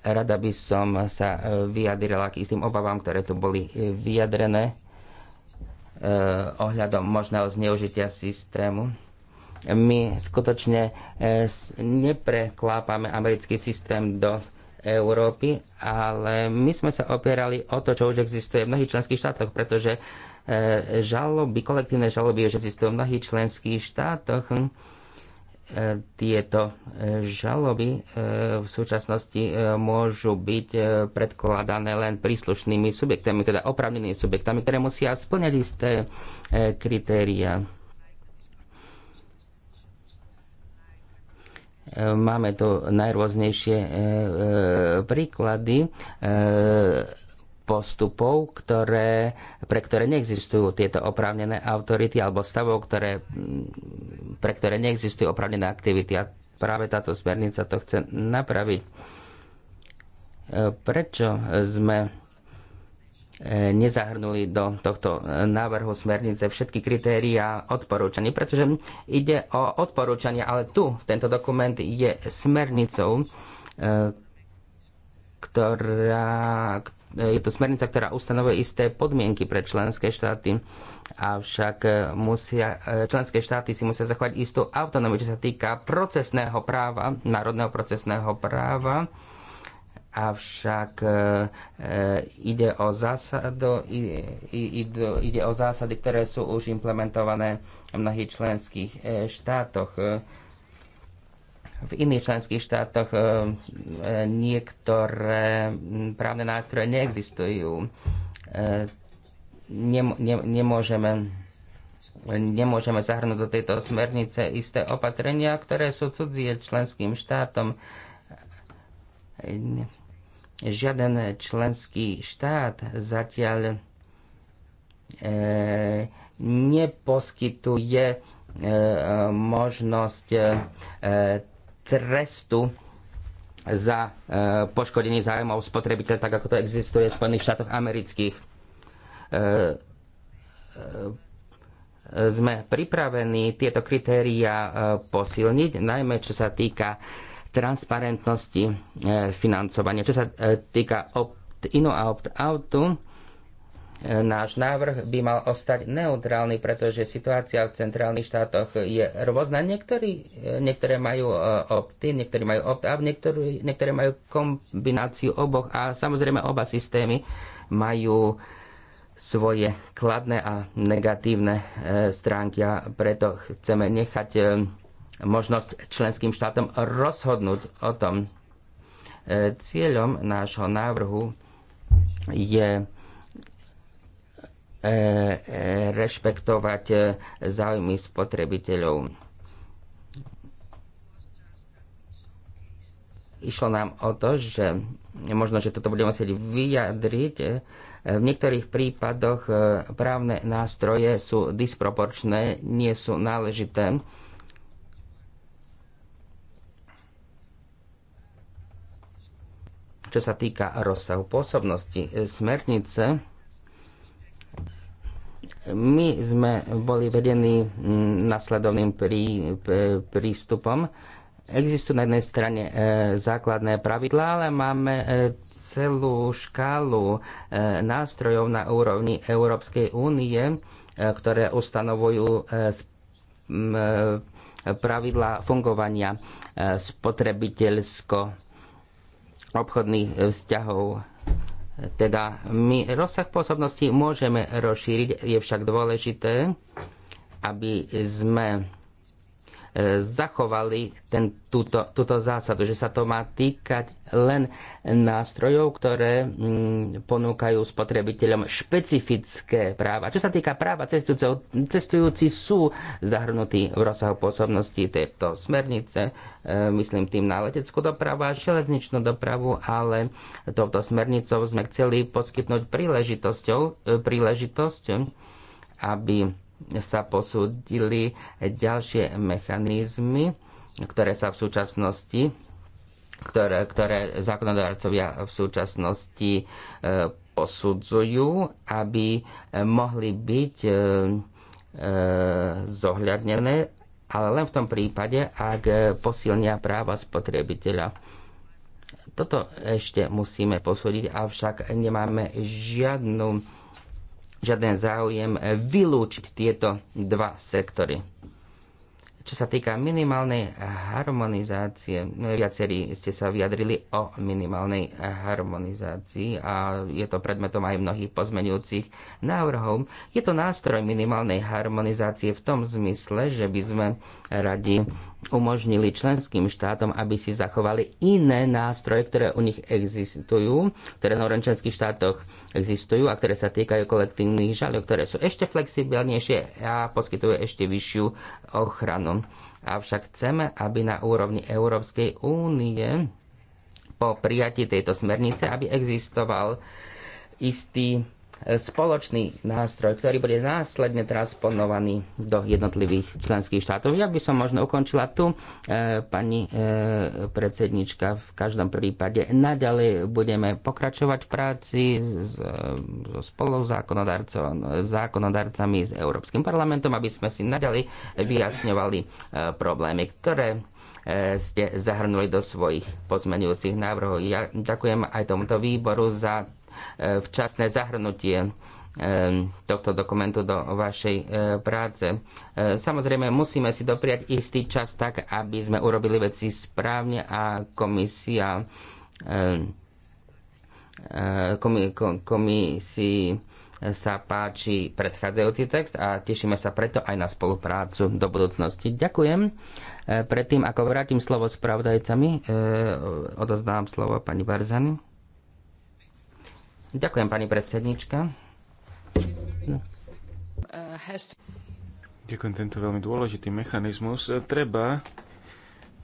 Rada by som sa e, vyjadrila k istým obavám, ktoré tu boli e, vyjadrené e, ohľadom možného zneužitia systému. My skutočne nepreklápame americký systém do Európy, ale my sme sa opierali o to, čo už existuje v mnohých členských štátoch, pretože žaloby, kolektívne žaloby už existujú v mnohých členských štátoch tieto e, žaloby e, v súčasnosti e, môžu byť predkladané len príslušnými subjektami, teda opravnými subjektami, ktoré musia splňať isté kritéria. Máme tu najrôznejšie príklady postupov, ktoré, pre ktoré neexistujú tieto oprávnené autority alebo stavov, ktoré, mm, pre ktoré neexistujú oprávnené aktivity. A práve táto smernica to chce napraviť. E, prečo sme e, nezahrnuli do tohto e, návrhu smernice všetky kritériá odporúčaní, pretože ide o odporúčania, ale tu tento dokument je smernicou, ktorá, je to smernica, ktorá ustanovuje isté podmienky pre členské štáty, avšak musia, členské štáty si musia zachovať istú autonómiu, čo sa týka procesného práva, národného procesného práva, avšak e, e, ide, o zásado, ide, ide o zásady, ktoré sú už implementované v mnohých členských e, štátoch v iných členských štátoch e, e, niektoré právne nástroje neexistujú. E, nem, ne, nemôžeme nemôžeme zahrnúť do tejto smernice isté opatrenia, ktoré sú cudzie členským štátom. Žiaden členský štát zatiaľ neposkytuje možnosť trestu za e, poškodenie zájmov spotrebiteľ, tak ako to existuje v Spojených štátoch amerických. E, e, sme pripravení tieto kritéria posilniť, najmä čo sa týka transparentnosti financovania. Čo sa týka opt-inu a opt-outu, Náš návrh by mal ostať neutrálny, pretože situácia v centrálnych štátoch je rôzna. Niektorí, eh, niektoré majú eh, opty, niektorí majú opt-up, niektorí, niektoré majú kombináciu oboch a samozrejme oba systémy majú svoje kladné a negatívne eh, stránky a preto chceme nechať možnosť členským štátom rozhodnúť o tom. Cieľom nášho návrhu je E, e, rešpektovať e, záujmy spotrebiteľov. Išlo nám o to, že možno, že toto budeme musieť vyjadriť. V niektorých prípadoch právne nástroje sú disproporčné, nie sú náležité. Čo sa týka rozsahu pôsobnosti smernice, my sme boli vedení mm, nasledovným prí, prístupom. Existujú na jednej strane e, základné pravidlá, ale máme e, celú škálu e, nástrojov na úrovni Európskej únie, ktoré ustanovujú pravidlá fungovania spotrebiteľsko-obchodných vzťahov teda my rozsah pôsobnosti môžeme rozšíriť, je však dôležité, aby sme E, zachovali ten, túto, túto zásadu, že sa to má týkať len nástrojov, ktoré mm, ponúkajú spotrebiteľom špecifické práva. Čo sa týka práva cestujúceho, cestujúci sú zahrnutí v rozsahu pôsobnosti tejto smernice, e, myslím tým na leteckú dopravu a železničnú dopravu, ale touto smernicou sme chceli poskytnúť príležitosťou, e, príležitosť, aby sa posúdili ďalšie mechanizmy, ktoré sa v súčasnosti ktoré, ktoré zákonodárcovia v súčasnosti e, posudzujú, aby mohli byť e, e, zohľadnené, ale len v tom prípade, ak posilnia práva spotrebiteľa. Toto ešte musíme posúdiť, avšak nemáme žiadnu žiaden záujem eh, vylúčiť tieto dva sektory. Čo sa týka minimálnej harmonizácie, viacerí ste sa vyjadrili o minimálnej harmonizácii a je to predmetom aj mnohých pozmeňujúcich návrhov. Je to nástroj minimálnej harmonizácie v tom zmysle, že by sme radi umožnili členským štátom, aby si zachovali iné nástroje, ktoré u nich existujú, ktoré na členských štátoch existujú a ktoré sa týkajú kolektívnych žalov, ktoré sú ešte flexibilnejšie a poskytujú ešte vyššiu ochranu. Avšak chceme, aby na úrovni Európskej únie po prijatí tejto smernice, aby existoval istý spoločný nástroj, ktorý bude následne transponovaný do jednotlivých členských štátov. Ja by som možno ukončila tu, e, pani e, predsednička, v každom prípade. Naďalej budeme pokračovať v práci e, so spoluzákonodarcami s Európskym parlamentom, aby sme si naďalej vyjasňovali problémy, ktoré ste zahrnuli do svojich pozmenujúcich návrhov. Ja ďakujem aj tomuto výboru za E, včasné zahrnutie e, tohto dokumentu do vašej e, práce. Samozrejme, musíme si dopriať istý čas tak, aby sme urobili veci správne a komisia komisii sa páči predchádzajúci text a tešíme sa preto aj na spoluprácu do budúcnosti. Ďakujem. Predtým, ako vrátim slovo spravodajcami, odozdám slovo pani Barzani. Ďakujem, pani predsednička. Ďakujem, tento veľmi dôležitý mechanizmus. Treba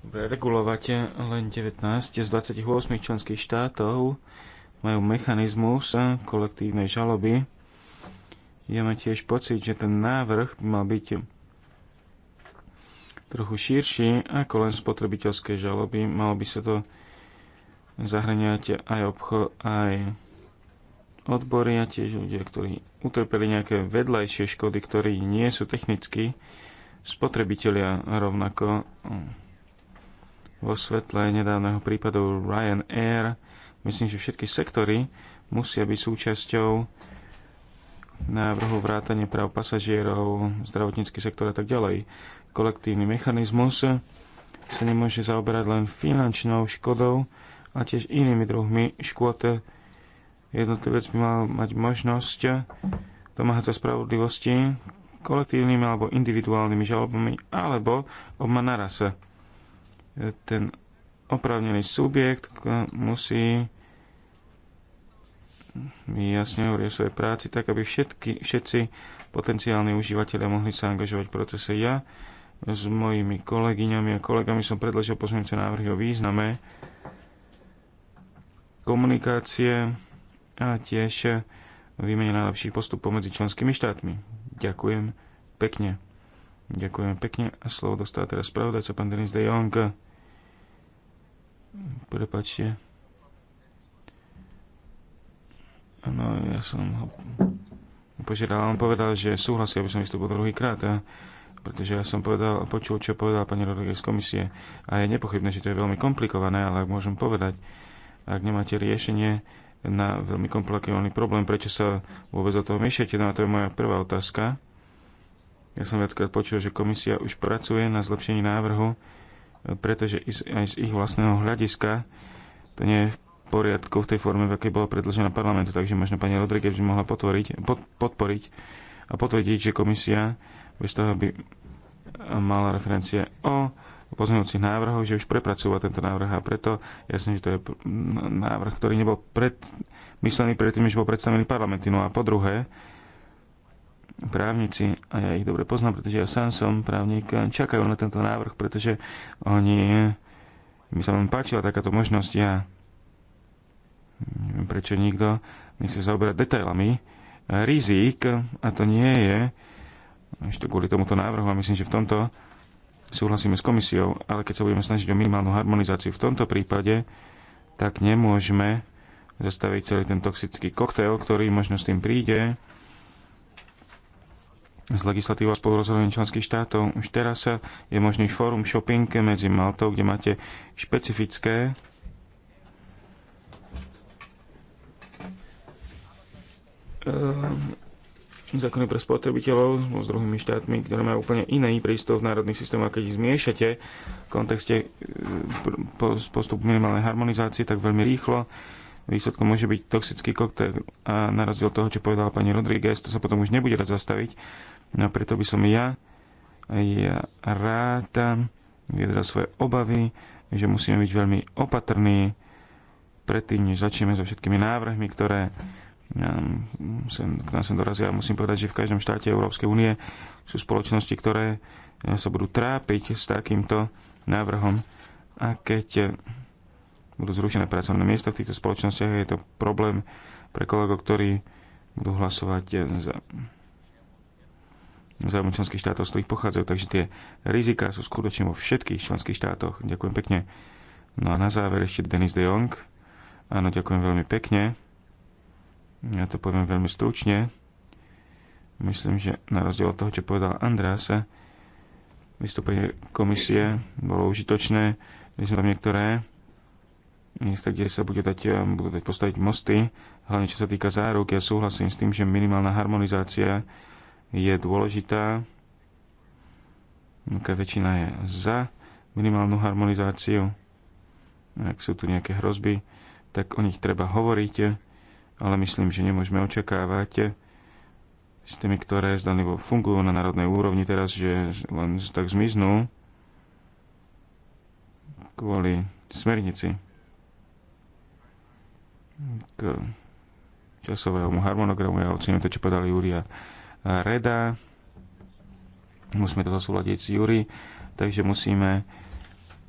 regulovať len 19 z 28 členských štátov majú mechanizmus kolektívnej žaloby. Ja mám tiež pocit, že ten návrh by mal byť trochu širší ako len spotrebiteľské žaloby. Malo by sa to zahraniať aj obchod, aj odbory a tiež ľudia, ktorí utrpeli nejaké vedľajšie škody, ktorí nie sú technicky spotrebitelia rovnako mm, vo svetle nedávneho prípadu Ryanair. Myslím, že všetky sektory musia byť súčasťou návrhu vrátania práv pasažierov, zdravotnícky sektor a tak ďalej. Kolektívny mechanizmus sa nemôže zaoberať len finančnou škodou a tiež inými druhmi škôd Jednotlivec by mal mať možnosť domáhať sa spravodlivosti kolektívnymi alebo individuálnymi žalobami alebo obma naraz. Ten oprávnený subjekt musí jasne hovorí o svojej práci tak, aby všetky, všetci potenciálni užívateľia mohli sa angažovať v procese. Ja s mojimi kolegyňami a kolegami som predložil pozmeňujúce návrhy o význame komunikácie a tiež výmene najlepších postupov medzi členskými štátmi. Ďakujem pekne. Ďakujem pekne a slovo dostáva teraz spravodajca pán Denis de Jong. Prepačte. No, ja som ho požiadal, on povedal, že súhlasí, aby som vystúpil druhýkrát. A pretože ja som povedal, počul, čo povedal pani Rodríguez z komisie a je nepochybné, že to je veľmi komplikované, ale ak môžem povedať, ak nemáte riešenie, na veľmi komplikovaný problém. Prečo sa vôbec do toho miešate? No a to je moja prvá otázka. Ja som viackrát počul, že komisia už pracuje na zlepšení návrhu, pretože aj z ich vlastného hľadiska to nie je v poriadku v tej forme, v akej bola predložená parlamentu. Takže možno pani Rodríguez by mohla potvoriť, pod, podporiť a potvrdiť, že komisia bez toho by mala referencie o pozmeňujúcich návrhov, že už prepracúva tento návrh a preto jasne, že to je návrh, ktorý nebol pred, myslený predtým, než bol predstavený parlamenty. No a po druhé, právnici, a ja ich dobre poznám, pretože ja sám som právnik, čakajú na tento návrh, pretože oni, mi sa vám páčila takáto možnosť, ja neviem, prečo nikto nechce zaoberať detailami rizik, a to nie je ešte kvôli tomuto návrhu, a myslím, že v tomto súhlasíme s komisiou, ale keď sa budeme snažiť o minimálnu harmonizáciu v tomto prípade, tak nemôžeme zastaviť celý ten toxický koktail, ktorý možno s tým príde z legislatívou a spolurozhodovaním členských štátov. Už teraz je možný fórum shopping medzi Maltou, kde máte špecifické zákony pre spotrebiteľov no s druhými štátmi, ktoré majú úplne iný prístup v národných systémoch. A keď ich zmiešate v kontexte e, postup minimálnej harmonizácie, tak veľmi rýchlo výsledkom môže byť toxický koktejl. A na rozdiel toho, čo povedala pani Rodriguez, to sa potom už nebude dať zastaviť. No a preto by som ja, ja ráta vyjadral svoje obavy, že musíme byť veľmi opatrní predtým, než začneme so všetkými návrhmi, ktoré sem, k nám sem dorazia. Musím povedať, že v každom štáte Európskej únie sú spoločnosti, ktoré eh, sa budú trápiť s takýmto návrhom. A keď eh, budú zrušené pracovné miesta v týchto spoločnostiach, je to problém pre kolegov, ktorí budú hlasovať eh, za zájmu členských štátov, z ktorých pochádzajú. Takže tie rizika sú skutočne vo všetkých členských štátoch. Ďakujem pekne. No a na záver ešte Denis de Jong. Áno, ďakujem veľmi pekne ja to poviem veľmi stručne, myslím, že na rozdiel od toho, čo povedal Andrása, vystúpenie komisie bolo užitočné. My sme tam niektoré miesta, kde sa bude dať, budú dať postaviť mosty, hlavne čo sa týka záruk. Ja súhlasím s tým, že minimálna harmonizácia je dôležitá. Veľká väčšina je za minimálnu harmonizáciu. Ak sú tu nejaké hrozby, tak o nich treba hovoriť ale myslím, že nemôžeme očakávať eh, tými, ktoré zdanlivo fungujú na národnej úrovni teraz, že len tak zmiznú kvôli smernici k časovému harmonogramu. Ja ocením to, čo podali Júria Reda. Musíme to zasúľadiť s Júri, takže musíme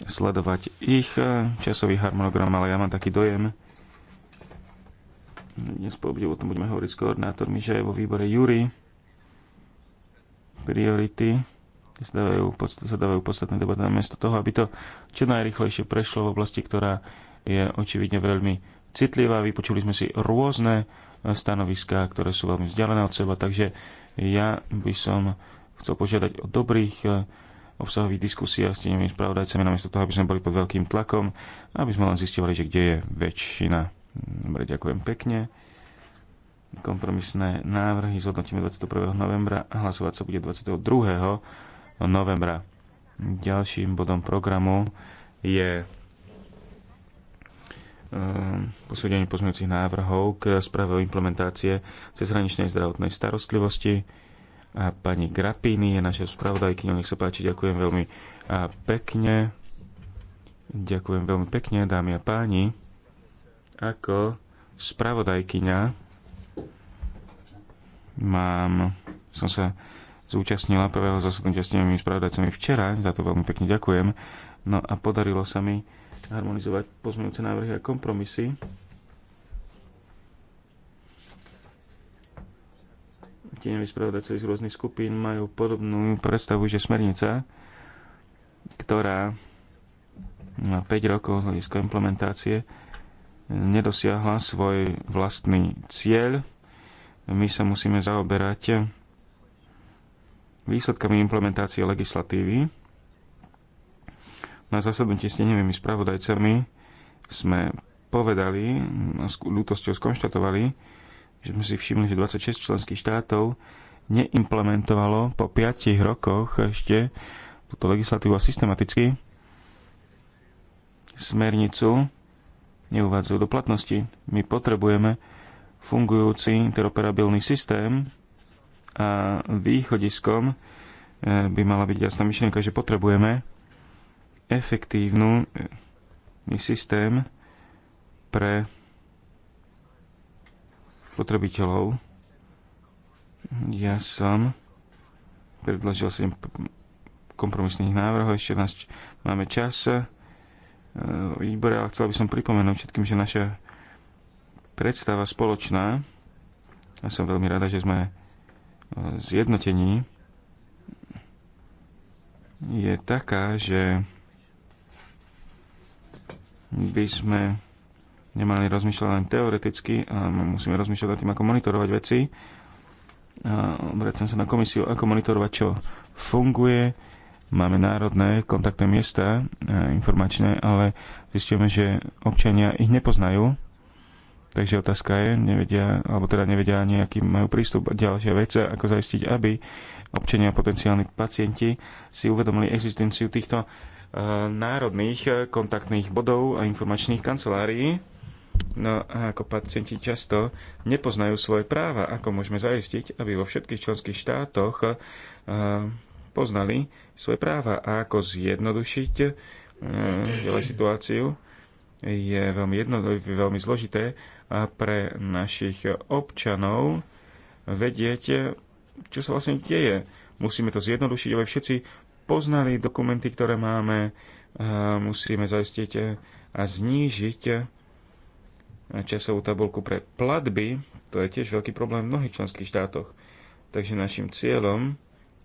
sledovať ich eh, časový harmonogram, ale ja mám taký dojem, dnes po obdivu o tom budeme hovoriť s koordinátormi, že vo výbore jury. priority sa dávajú, sa dávajú podstatné debaty namiesto toho, aby to čo najrychlejšie prešlo v oblasti, ktorá je očividne veľmi citlivá. Vypočuli sme si rôzne stanoviská, ktoré sú veľmi vzdialené od seba, takže ja by som chcel požiadať o dobrých eh, obsahových diskusiách s tými spravodajcami, namiesto toho, aby sme boli pod veľkým tlakom, aby sme len zistili, že kde je väčšina. Dobre, ďakujem pekne. Kompromisné návrhy zhodnotíme 21. novembra a hlasovať sa bude 22. novembra. Ďalším bodom programu je ehm, posúdenie pozmeňujúcich návrhov k správe o implementácie cezhraničnej zdravotnej starostlivosti. A pani Grapini je naša spravodajkyňou. Nech sa páči, ďakujem veľmi pekne. Ďakujem veľmi pekne, dámy a páni. Ako spravodajkyňa mám, som sa zúčastnila prvého zasadnutia s tými spravodajcami včera, za to veľmi pekne ďakujem. No a podarilo sa mi harmonizovať pozmeňujúce návrhy a kompromisy. Tieňoví spravodajci z rôznych skupín majú podobnú predstavu, že smernica, ktorá má 5 rokov z hľadiska implementácie, nedosiahla svoj vlastný cieľ. My sa musíme zaoberať výsledkami implementácie legislatívy. Na zasadnutí s tenevými spravodajcami sme povedali, s ľútosťou skonštatovali, že sme si všimli, že 26 členských štátov neimplementovalo po 5 rokoch ešte túto legislatívu a systematicky smernicu neuvádzajú do platnosti. My potrebujeme fungujúci interoperabilný systém a východiskom e, by mala byť jasná myšlienka, že potrebujeme efektívny e, systém pre potrebiteľov. Ja som predložil 7 kompromisných návrhov, ešte nás máme čas výbore, eh, ale chcel by som pripomenúť všetkým, že naša predstava spoločná, ja som veľmi rada, že sme eh, zjednotení, je taká, že by sme nemali rozmýšľať len teoreticky, a musíme rozmýšľať nad tým, ako monitorovať veci. Vracam sa na komisiu, ako monitorovať, čo funguje, Máme národné kontaktné miesta, e, informačné, ale zistíme, že občania ich nepoznajú. Takže otázka je, nevedia, alebo teda nevedia ani, aký majú prístup. a Ďalšia vec, ako zaistiť, aby občania a potenciálni pacienti si uvedomili existenciu týchto e, národných kontaktných bodov a informačných kancelárií. No a ako pacienti často nepoznajú svoje práva, ako môžeme zaistiť, aby vo všetkých členských štátoch e, poznali svoje práva a ako zjednodušiť e, situáciu je veľmi, jedno, veľmi zložité A pre našich občanov vedieť, čo sa vlastne deje. Musíme to zjednodušiť, aby všetci poznali dokumenty, ktoré máme, musíme zaistiť a znížiť časovú tabulku pre platby. To je tiež veľký problém v mnohých členských štátoch. Takže našim cieľom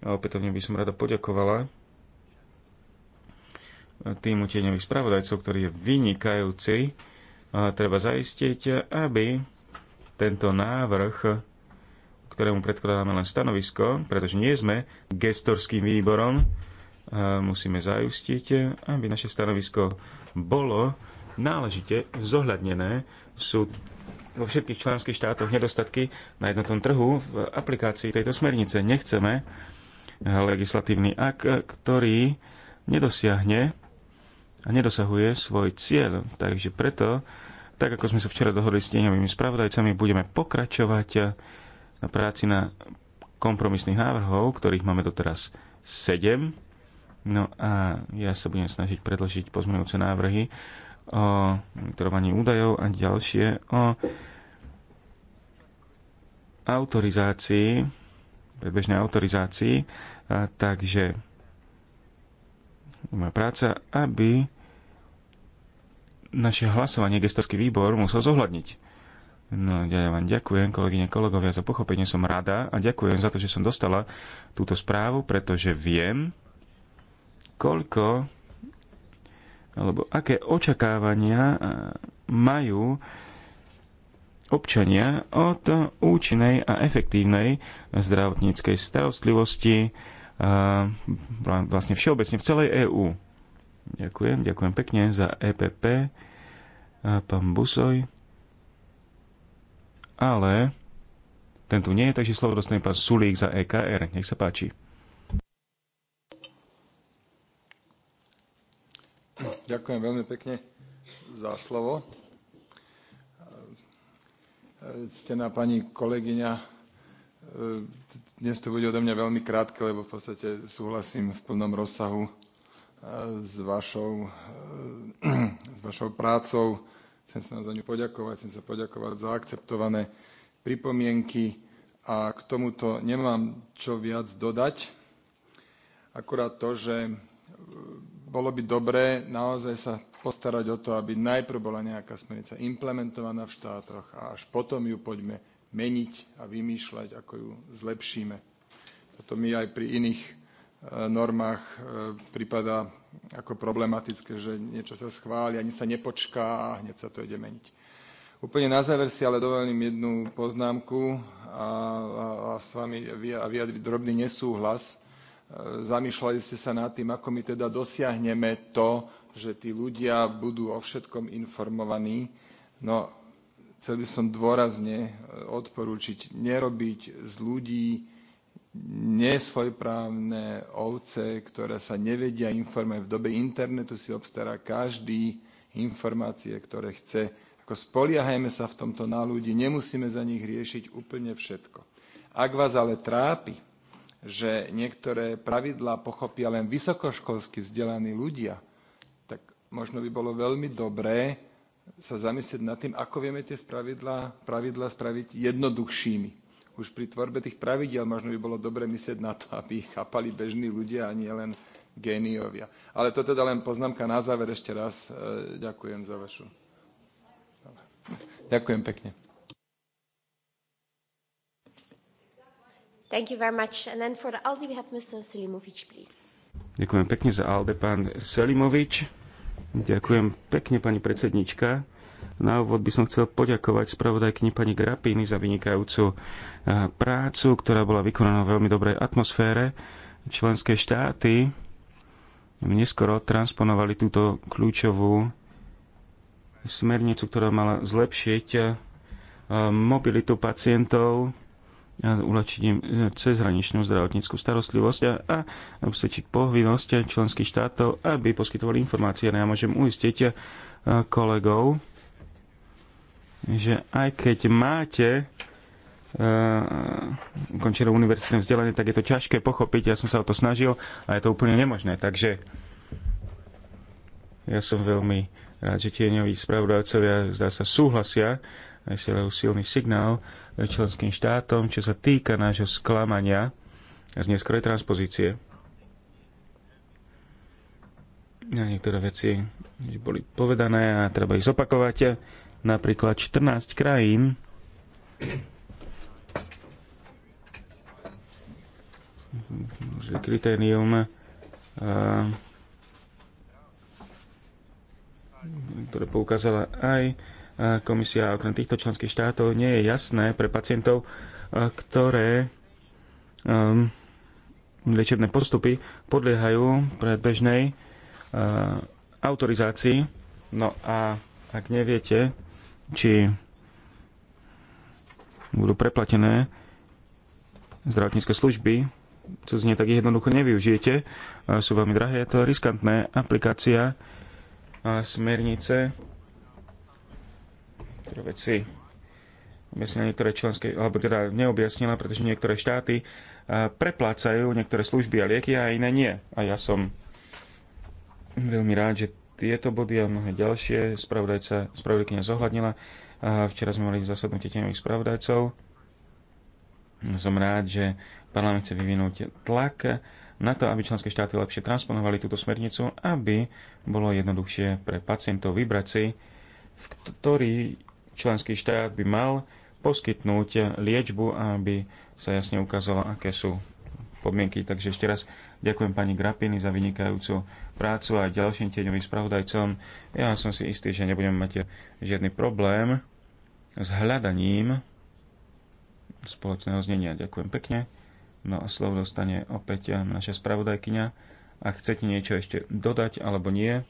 a opätovne by som rada poďakovala týmu uteňových spravodajcov, ktorý je vynikajúci. A treba zaistiť, aby tento návrh, ktorému predkladáme len stanovisko, pretože nie sme gestorským výborom, musíme zaistiť, aby naše stanovisko bolo náležite zohľadnené. Sú vo všetkých členských štátoch nedostatky na jednotnom trhu v aplikácii tejto smernice. Nechceme, legislatívny akt, e, ktorý nedosiahne a nedosahuje svoj cieľ. Takže preto, tak ako sme sa včera dohodli s deňovými spravodajcami, budeme pokračovať na práci na kompromisných návrhov, ktorých máme doteraz 7. No a ja sa budem snažiť predložiť pozmeňujúce návrhy o monitorovaní údajov a ďalšie o autorizácii, predbežnej autorizácii a, takže moja práca, aby naše hlasovanie gestorský výbor musel zohľadniť. No, ja vám ďakujem, kolegyne, kolegovia, za pochopenie som rada a ďakujem za to, že som dostala túto správu, pretože viem, koľko alebo aké očakávania e, majú občania od účinnej a efektívnej zdravotníckej starostlivosti, Eh, vlastne všeobecne v celej EÚ. Ďakujem, ďakujem pekne za EPP, eh, pán Busoj. Ale ten tu nie je, takže slovo dostane pán Sulík za EKR. Nech sa páči. Ďakujem veľmi pekne za slovo. Ctená eh, pani kolegyňa, dnes to bude odo mňa veľmi krátke, lebo v podstate súhlasím v plnom rozsahu e, s vašou, e, s vašou prácou. Chcem sa za ňu poďakovať, chcem sa poďakovať za akceptované pripomienky a k tomuto nemám čo viac dodať. Akurát to, že e, bolo by dobré naozaj sa postarať o to, aby najprv bola nejaká smernica implementovaná v štátoch a až potom ju poďme meniť a vymýšľať, ako ju zlepšíme. Toto mi aj pri iných e, normách e, prípada ako problematické, že niečo sa schváli, ani sa nepočká a hneď sa to ide meniť. Úplne na záver si ale dovolím jednu poznámku a, a, a s vami vyjadriť drobný nesúhlas. E, zamýšľali ste sa nad tým, ako my teda dosiahneme to, že tí ľudia budú o všetkom informovaní. No chcel by som dôrazne e, odporúčiť nerobiť z ľudí nesvojprávne ovce, ktoré sa nevedia informovať. V dobe internetu si obstará každý informácie, ktoré chce. Ako spoliahajme sa v tomto na ľudí, nemusíme za nich riešiť úplne všetko. Ak vás ale trápi, že niektoré pravidlá pochopia len vysokoškolsky vzdelaní ľudia, tak možno by bolo veľmi dobré, sa zamyslieť nad tým, ako vieme tie spravidla, pravidla spraviť jednoduchšími. Už pri tvorbe tých pravidel možno by bolo dobre myslieť na to, aby ich chápali bežní ľudia a nie len géniovia. Ale to teda len poznámka na záver ešte raz. E, ďakujem za vašu. Ďakujem pekne. Thank you very much. And then for the we have Mr. Selimovic, please. Ďakujem pekne za ALDE, pán Selimovič. Ďakujem pekne, pani predsednička. Na úvod by som chcel poďakovať spravodajkyni pani Grapiny za vynikajúcu eh, prácu, ktorá bola vykonaná v veľmi dobrej atmosfére. Členské štáty neskoro transponovali túto kľúčovú smernicu, ktorá mala zlepšiť eh, mobilitu pacientov E, cez hraničnú zdravotníckú starostlivosť a, a obsvedčiť povinnosť členských štátov, aby poskytovali informácie. No ja môžem uistiť e, kolegov, že aj keď máte uh, ukončené univerzitné vzdelanie, tak je to ťažké pochopiť. Ja som sa o to snažil a je to úplne nemožné. Takže ja som veľmi rád, že tieňoví spravodajcovia zdá sa súhlasia vysielajú silný signál členským štátom, čo sa týka nášho sklamania z neskorej transpozície. A niektoré veci boli povedané a treba ich zopakovať. Napríklad 14 krajín že kritérium ktoré poukázala aj komisia okrem týchto členských štátov nie je jasné pre pacientov, e, ktoré ehm, liečebné postupy podliehajú predbežnej bežnej autorizácii. No a ak neviete, či budú preplatené zdravotnícke služby, čo znie tak jednoducho nevyužijete, e, sú veľmi drahé, je to riskantné. Aplikácia e, smernice niektoré veci objasnila niektoré členské, alebo teda neobjasnila, pretože niektoré štáty eh, preplácajú niektoré služby a lieky a iné nie. A ja som veľmi rád, že tieto body a mnohé ďalšie spravodajca, spravodajkynia zohľadnila. včera sme mali zasadnutie tieňových spravodajcov. Som rád, že parlament chce vyvinúť tlak na to, aby členské štáty lepšie transponovali túto smernicu, aby bolo jednoduchšie pre pacientov vybrať si, v ktorý členský štát by mal poskytnúť liečbu, aby sa jasne ukázalo, aké sú podmienky. Takže ešte raz ďakujem pani Grapini za vynikajúcu prácu a ďalším tieňovým spravodajcom. Ja som si istý, že nebudeme mať žiadny problém s hľadaním spoločného znenia. Ďakujem pekne. No a slovo dostane opäť naša spravodajkyňa. Ak chcete niečo ešte dodať alebo nie.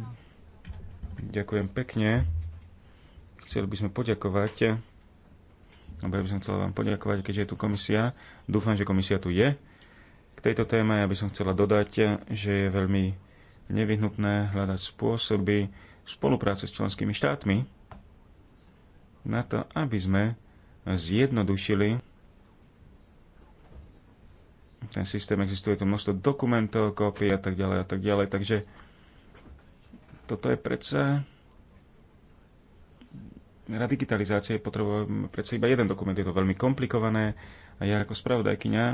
Hm. Ďakujem pekne. Chceli by sme poďakovať, dobre by som chcela vám poďakovať, keďže je tu komisia. Dúfam, že komisia tu je. K tejto téme ja by som chcela dodať, že je veľmi nevyhnutné hľadať spôsoby spolupráce s členskými štátmi na to, aby sme zjednodušili ten systém, existuje tu množstvo dokumentov, kópie a tak ďalej a tak ďalej, takže toto je predsa digitalizácie potrebujeme predsa iba jeden dokument, je to veľmi komplikované a ja ako spravodajkyňa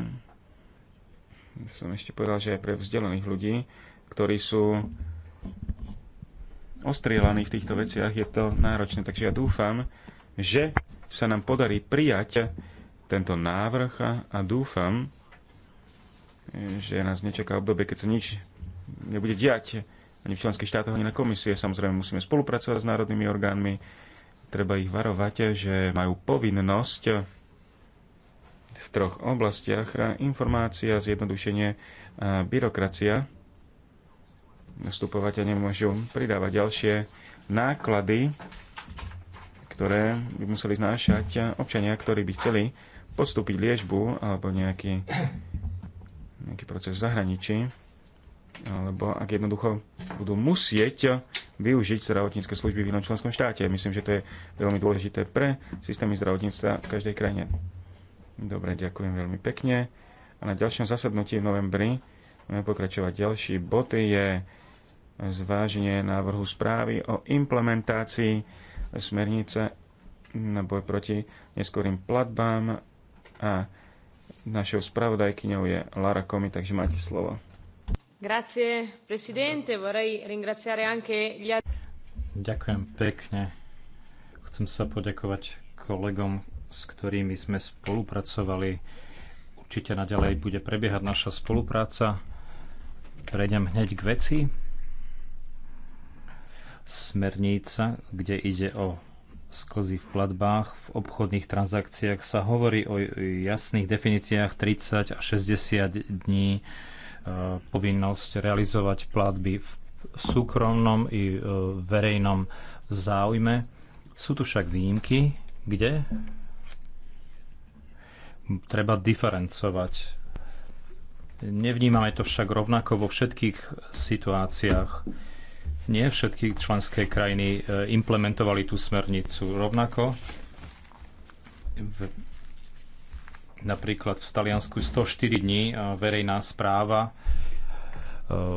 som ešte povedal, že aj pre vzdelaných ľudí, ktorí sú ostrielaní v týchto veciach, je to náročné. Takže ja dúfam, že sa nám podarí prijať tento návrh a dúfam, že nás nečaká obdobie, keď sa nič nebude diať ani v členských štátoch, ani na komisie. Samozrejme musíme spolupracovať s národnými orgánmi, treba ich varovať, že majú povinnosť v troch oblastiach informácia, zjednodušenie a byrokracia vstupovať a nemôžu pridávať ďalšie náklady, ktoré by museli znášať občania, ktorí by chceli podstúpiť liežbu alebo nejaký, nejaký proces v zahraničí alebo ak jednoducho budú musieť využiť zdravotnícke služby v inom členskom štáte. Myslím, že to je veľmi dôležité pre systémy zdravotníctva v každej krajine. Dobre, ďakujem veľmi pekne. A na ďalšom zasadnutí v novembri budeme pokračovať ďalší bod je zváženie návrhu správy o implementácii smernice na boj proti neskorým platbám a našou spravodajkyňou je Lara Komi, takže máte slovo. Ďakujem pekne. Chcem sa poďakovať kolegom, s ktorými sme spolupracovali. Určite naďalej bude prebiehať naša spolupráca. Prejdem hneď k veci. Smernica, kde ide o sklzy v platbách, v obchodných transakciách sa hovorí o jasných definíciách 30 a 60 dní E, povinnosť realizovať platby v súkromnom i e, verejnom záujme. Sú tu však výjimky, kde treba diferencovať. Nevnímame to však rovnako vo všetkých situáciách. Nie všetky členské krajiny e, implementovali tú smernicu rovnako. Napríklad v Taliansku 104 dní verejná správa. E,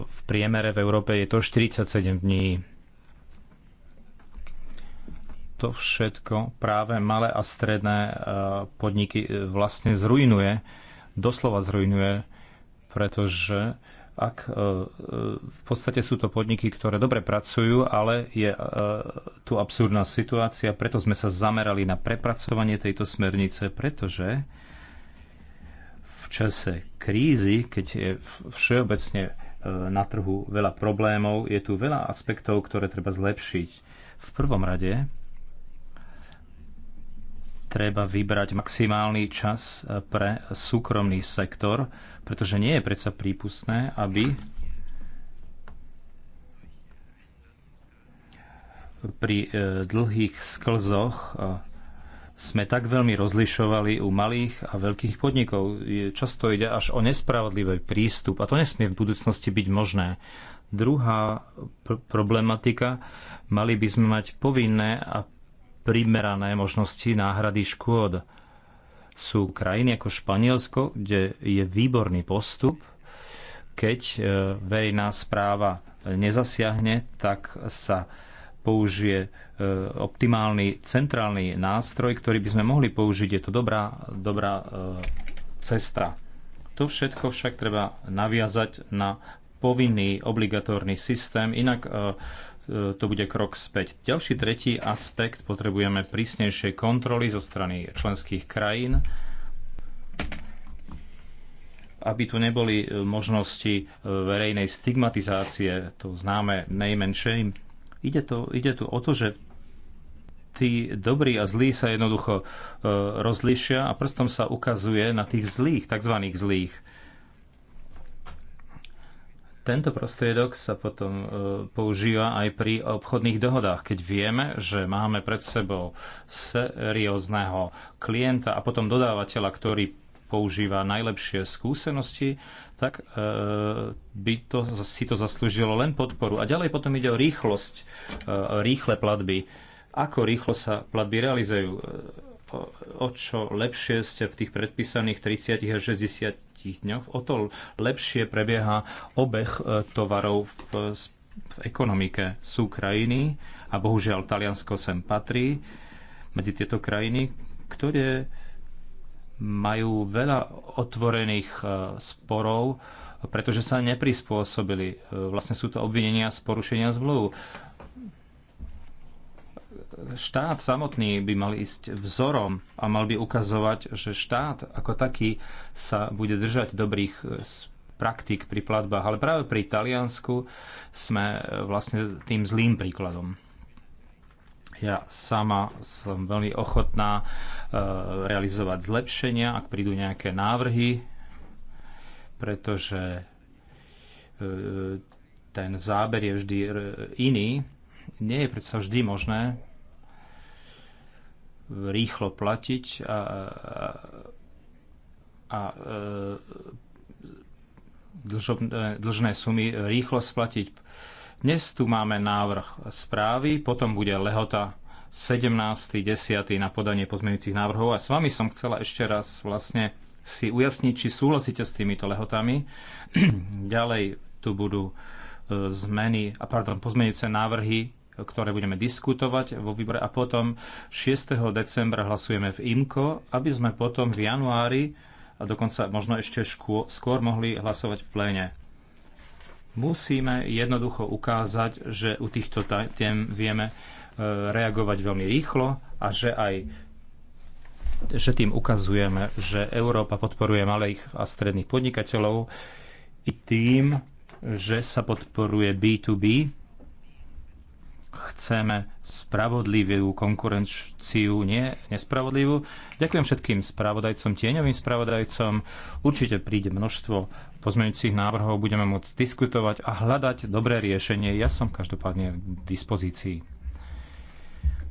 v priemere v Európe je to 47 dní. To všetko práve malé a stredné e, podniky e, vlastne zrujnuje, doslova zrujnuje, pretože ak v podstate sú to podniky, ktoré dobre pracujú, ale je tu absurdná situácia, preto sme sa zamerali na prepracovanie tejto smernice, pretože čase krízy, keď je všeobecne e, na trhu veľa problémov, je tu veľa aspektov, ktoré treba zlepšiť. V prvom rade treba vybrať maximálny čas e, pre súkromný sektor, pretože nie je predsa prípustné, aby pri e, dlhých sklzoch sme tak veľmi rozlišovali u malých a veľkých podnikov. Často ide až o nespravodlivý prístup a to nesmie v budúcnosti byť možné. Druhá pr- problematika, mali by sme mať povinné a primerané možnosti náhrady škôd. Sú krajiny ako Španielsko, kde je výborný postup, keď e, verejná správa nezasiahne, tak sa použije E, optimálny centrálny nástroj, ktorý by sme mohli použiť. Je to dobrá, dobrá e, cesta. To všetko však treba naviazať na povinný obligatórny systém, inak e, to bude krok späť. Ďalší tretí aspekt potrebujeme prísnejšie kontroly zo strany členských krajín, aby tu neboli možnosti verejnej stigmatizácie, to známe najmenšej. Ide, to, ide tu o to, že tí dobrí a zlí sa jednoducho e, rozlišia a prstom sa ukazuje na tých zlých, tzv. zlých. Tento prostriedok sa potom e, používa aj pri obchodných dohodách, keď vieme, že máme pred sebou seriózneho klienta a potom dodávateľa, ktorý používa najlepšie skúsenosti, tak e, by to, si to zaslúžilo len podporu. A ďalej potom ide o rýchlosť, rýchle platby ako rýchlo sa platby realizujú. O, čo lepšie ste v tých predpísaných 30 a 60 dňoch, o to lepšie prebieha obeh e, tovarov v, v ekonomike. Sú krajiny, a bohužiaľ Taliansko sem patrí, medzi tieto krajiny, ktoré majú veľa otvorených e, sporov, pretože sa neprispôsobili. E, vlastne sú to obvinenia z porušenia zmluv štát samotný by mal ísť vzorom a mal by ukazovať, že štát ako taký sa bude držať dobrých e, praktik pri platbách. Ale práve pri Taliansku sme e, vlastne tým zlým príkladom. Ja sama som veľmi ochotná e, realizovať zlepšenia, ak prídu nejaké návrhy, pretože ten záber je vždy iný. Nie je predsa vždy možné rýchlo platiť a, a, a dlžobné, e, dlžné sumy rýchlo splatiť. Dnes tu máme návrh správy, potom bude lehota 17.10. na podanie pozmeňujúcich návrhov a s vami som chcela ešte raz vlastne si ujasniť, či súhlasíte s týmito lehotami. Ďalej tu budú e, zmeny, a pardon, pozmeňujúce návrhy ktoré budeme diskutovať vo výbore a potom 6. decembra hlasujeme v IMKO, aby sme potom v januári a dokonca možno ešte škô, skôr mohli hlasovať v pléne. Musíme jednoducho ukázať, že u týchto tém vieme e, reagovať veľmi rýchlo a že aj že tým ukazujeme, že Európa podporuje malých a stredných podnikateľov i tým, že sa podporuje B2B, chceme spravodlivú konkurenciu, nie nespravodlivú. Ďakujem všetkým spravodajcom, tieňovým spravodajcom. Určite príde množstvo pozmeňujúcich návrhov, budeme môcť diskutovať a hľadať dobré riešenie. Ja som každopádne v dispozícii.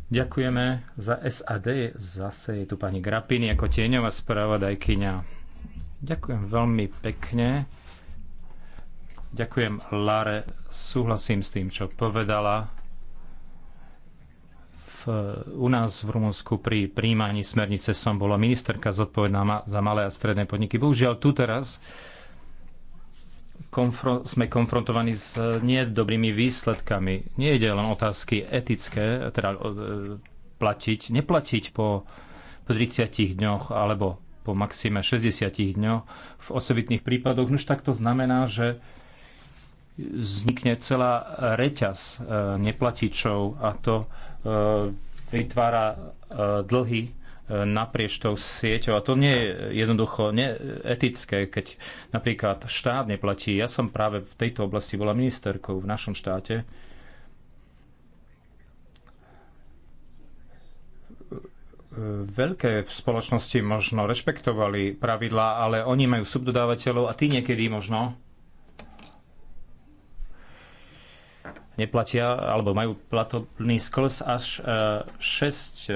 Ďakujeme za SAD, zase je tu pani Grapini ako tieňová spravodajkyňa. Ďakujem veľmi pekne. Ďakujem Lare, súhlasím s tým, čo povedala u nás v Rumunsku pri príjmaní smernice som bola ministerka zodpovedná za malé a stredné podniky. Bohužiaľ tu teraz konfro- sme konfrontovaní s eh, nedobrými výsledkami. Nie ide len otázky etické, teda eh, platiť, neplatiť po, po 30 dňoch alebo po maxime 60 dňoch v osobitných prípadoch. Už tak to znamená, že vznikne celá reťaz eh, neplatičov a to E, vytvára e, dlhy e, naprieč tou sieťou. A to nie je jednoducho etické, keď napríklad štát neplatí. Ja som práve v tejto oblasti bola ministerkou v našom štáte. Veľké spoločnosti možno rešpektovali pravidlá, ale oni majú subdodávateľov a tí niekedy možno neplatia alebo majú platobný sklz až 6 e, e,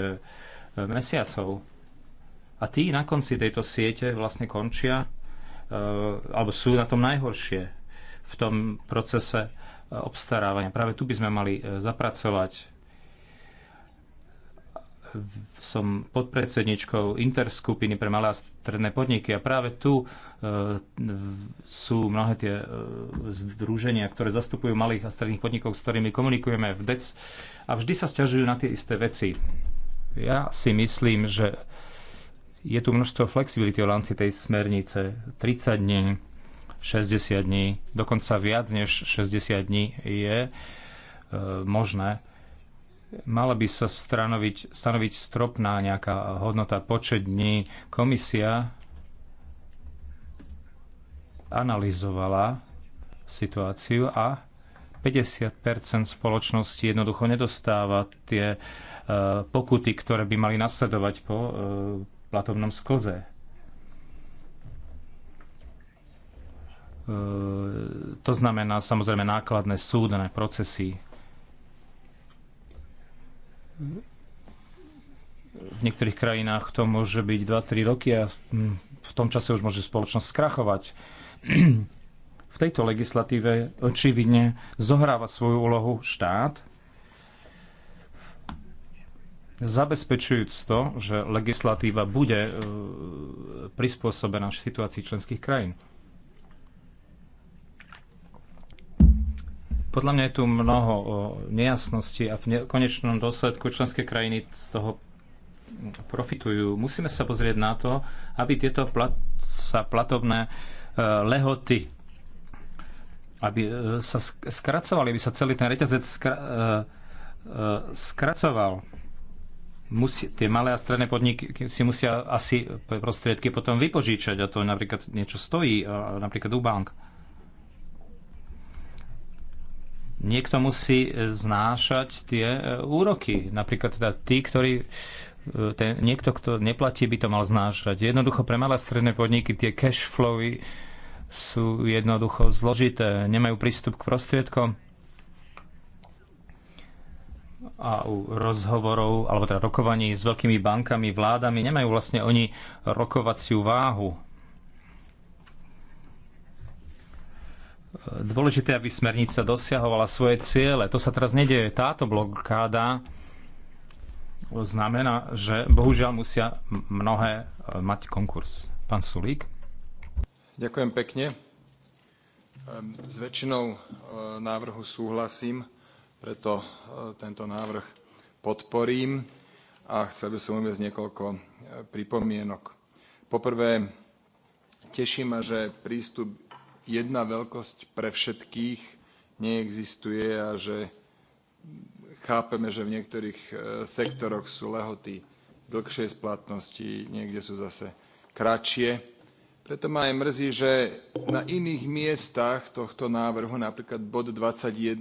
mesiacov. A tí na konci tejto siete vlastne končia e, alebo sú na tom najhoršie v tom procese obstarávania. Práve tu by sme mali zapracovať som podpredsedničkou interskupiny pre malé a stredné podniky a práve tu e, sú mnohé tie e, združenia, ktoré zastupujú malých a stredných podnikov, s ktorými komunikujeme v DEC a vždy sa stiažujú na tie isté veci. Ja si myslím, že je tu množstvo flexibility v rámci tej smernice. 30 dní, 60 dní, dokonca viac než 60 dní je e, možné mala by sa stanoviť, stanoviť stropná nejaká hodnota počet dní. Komisia analyzovala situáciu a 50 spoločnosti jednoducho nedostáva tie e, pokuty, ktoré by mali nasledovať po e, platovnom sklze. E, to znamená samozrejme nákladné súdne procesy, v niektorých krajinách to môže byť 2-3 roky a mm, v tom čase už môže spoločnosť skrachovať. V tejto legislatíve očividne zohráva svoju úlohu štát, zabezpečujúc to, že legislatíva bude e, prispôsobená situácii členských krajín. Podľa mňa je tu mnoho nejasností a v konečnom dôsledku členské krajiny z toho profitujú. Musíme sa pozrieť na to, aby tieto plat, sa platovné e, lehoty aby e, sa skracovali, aby sa celý ten reťazec skra, e, skracoval. Musí, tie malé a stredné podniky si musia asi prostriedky potom vypožičať a to napríklad niečo stojí, napríklad u bank. niekto musí e, znášať tie e, úroky. Napríklad teda tí, ktorí e, ten, niekto, kto neplatí, by to mal znášať. Jednoducho pre malé stredné podniky tie cash flowy sú jednoducho zložité, nemajú prístup k prostriedkom a u rozhovorov, alebo teda rokovaní s veľkými bankami, vládami, nemajú vlastne oni rokovaciu váhu dôležité, aby smernica dosiahovala svoje ciele. To sa teraz nedieje. Táto blokáda znamená, že bohužiaľ musia mnohé mať konkurs. Pán Sulík. Ďakujem pekne. Ehm, s väčšinou e, návrhu súhlasím, preto e, tento návrh podporím a chcel by som uviezť niekoľko e, pripomienok. Poprvé, teší ma, že prístup jedna veľkosť pre všetkých neexistuje a že chápeme, že v niektorých e, sektoroch sú lehoty dlhšej splatnosti, niekde sú zase kratšie. Preto ma aj mrzí, že na iných miestach tohto návrhu, napríklad bod 21,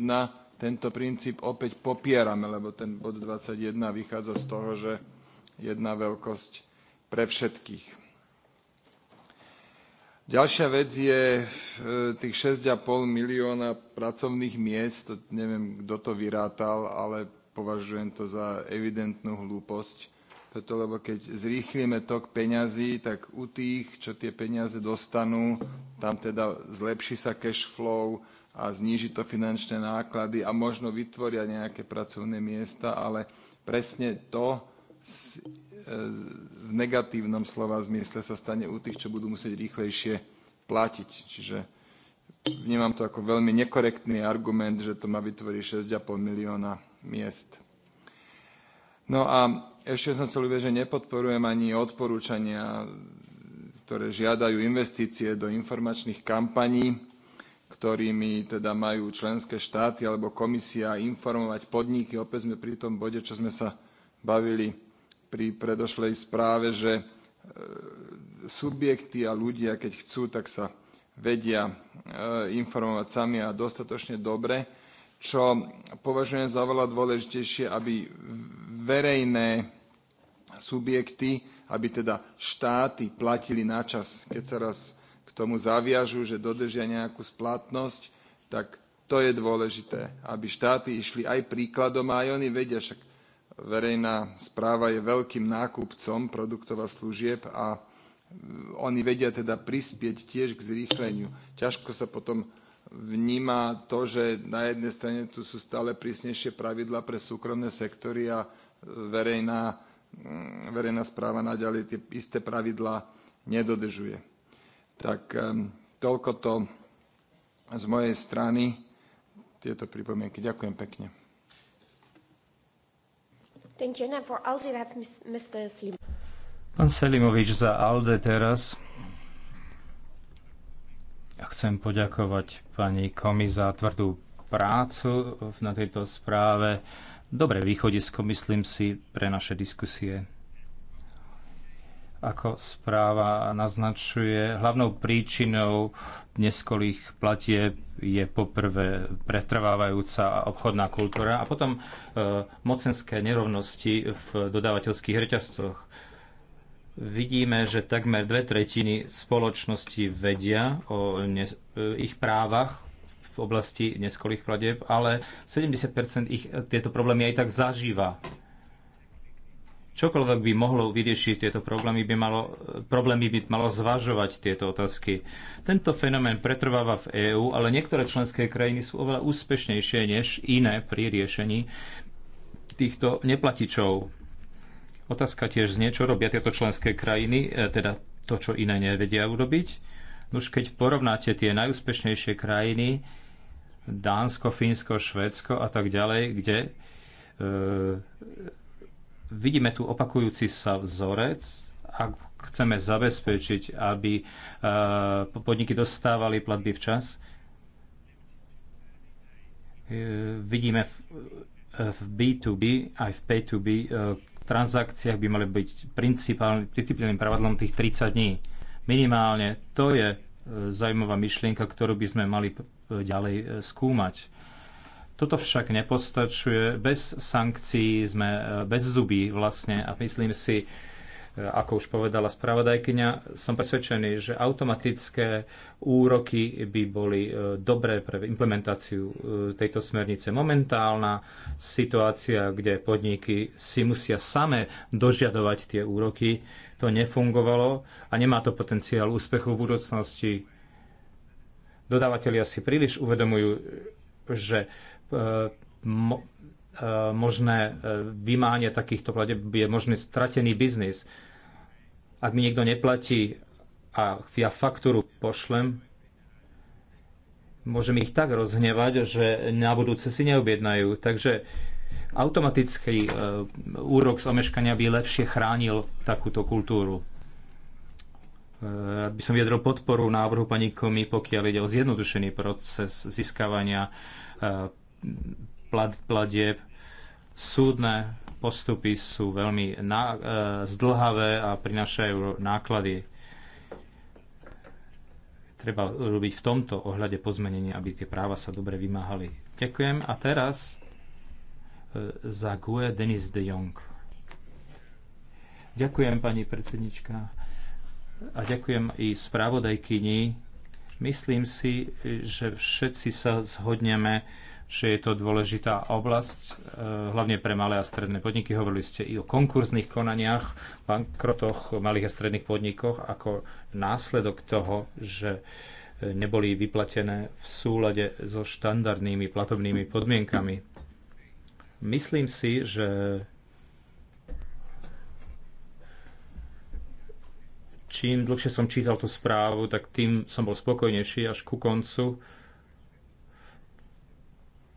tento princíp opäť popierame, lebo ten bod 21 vychádza z toho, že jedna veľkosť pre všetkých. Ďalšia vec je e, tých 6,5 milióna pracovných miest. To, neviem, kto to vyrátal, ale považujem to za evidentnú hlúposť. Preto, lebo keď zrýchlime tok peňazí, tak u tých, čo tie peniaze dostanú, tam teda zlepší sa cash flow a zníži to finančné náklady a možno vytvoria nejaké pracovné miesta, ale presne to v negatívnom slova zmysle sa stane u tých, čo budú musieť rýchlejšie platiť. Čiže vnímam to ako veľmi nekorektný argument, že to má vytvoriť 6,5 milióna miest. No a ešte som chcel uvieť, že nepodporujem ani odporúčania, ktoré žiadajú investície do informačných kampaní, ktorými teda majú členské štáty alebo komisia informovať podniky. Opäť sme pri tom bode, čo sme sa bavili pri predošlej správe, že e, subjekty a ľudia, keď chcú, tak sa vedia e, informovať sami a dostatočne dobre, čo považujem za veľa dôležitejšie, aby verejné subjekty, aby teda štáty platili na čas. Keď sa raz k tomu zaviažu, že dodržia nejakú splatnosť, tak to je dôležité, aby štáty išli aj príkladom a aj oni vedia, však verejná správa je veľkým nákupcom produktov a služieb a e, oni vedia teda prispieť tiež k zrýchleniu. Ťažko sa potom vníma to, že na jednej strane tu sú stále prísnejšie pravidlá pre súkromné sektory a e, verejná, mm, verejná správa naďalej tie isté pravidlá nedodržuje. Tak e, toľko to z mojej strany tieto pripomienky. Ďakujem pekne. Pán Selimovič za ALDE teraz. Chcem poďakovať pani Komi za tvrdú prácu na tejto správe. Dobré východisko, myslím si, pre naše diskusie. Ako správa naznačuje, hlavnou príčinou neskolých platieb je poprvé pretrvávajúca obchodná kultúra a potom e, mocenské nerovnosti v dodávateľských reťazcoch. Vidíme, že takmer dve tretiny spoločnosti vedia o ne, e, ich právach v oblasti neskolých platieb, ale 70 ich tieto problémy aj tak zažíva čokoľvek by mohlo vyriešiť tieto problémy, by malo, problémy by malo zvažovať tieto otázky. Tento fenomén pretrváva v EÚ, ale niektoré členské krajiny sú oveľa úspešnejšie než iné pri riešení týchto neplatičov. Otázka tiež znie, čo robia tieto členské krajiny, e, teda to, čo iné nevedia urobiť. Už keď porovnáte tie najúspešnejšie krajiny, Dánsko, Fínsko, Švédsko a tak ďalej, kde e, Vidíme tu opakujúci sa vzorec, ak chceme zabezpečiť, aby e, podniky dostávali platby včas. E, vidíme v B2B e, aj v P2B transakciách by mali byť principiálnym pravidlom tých 30 dní. Minimálne to je zaujímavá myšlienka, ktorú by sme mali ďalej skúmať toto však nepostačuje. Bez sankcií sme e, bez zuby vlastne a myslím si, e, ako už povedala spravodajkyňa, som presvedčený, že automatické úroky by boli e, dobré pre implementáciu tejto smernice. Momentálna situácia, kde podniky si musia same dožiadovať tie úroky, to nefungovalo a nemá to potenciál úspechu v budúcnosti. Dodávateľia si príliš uvedomujú, že Eh, možné eh, vymáňanie takýchto plateb, je možný stratený biznis. Ak mi niekto neplatí a ja faktúru pošlem, môžem ich tak rozhnevať, že na budúce si neobjednajú. Takže automatický eh, úrok z omeškania by lepšie chránil takúto kultúru. Rád by som vyjadril podporu návrhu pani Komi, pokiaľ ide o zjednodušený proces získavania platieb. Súdne postupy sú veľmi na, e, zdlhavé a prinašajú náklady. Treba robiť v tomto ohľade pozmenenie, aby tie práva sa dobre vymáhali. Ďakujem a teraz e, za GUE Denis de Jong. Ďakujem pani predsednička a ďakujem i správodajkyni. Myslím si, e, že všetci sa zhodneme, že je to dôležitá oblasť, e, hlavne pre malé a stredné podniky. Hovorili ste i o konkurzných konaniach, bankrotoch malých a stredných podnikoch ako následok toho, že e, neboli vyplatené v súlade so štandardnými platobnými podmienkami. Myslím si, že čím dlhšie som čítal tú správu, tak tým som bol spokojnejší až ku koncu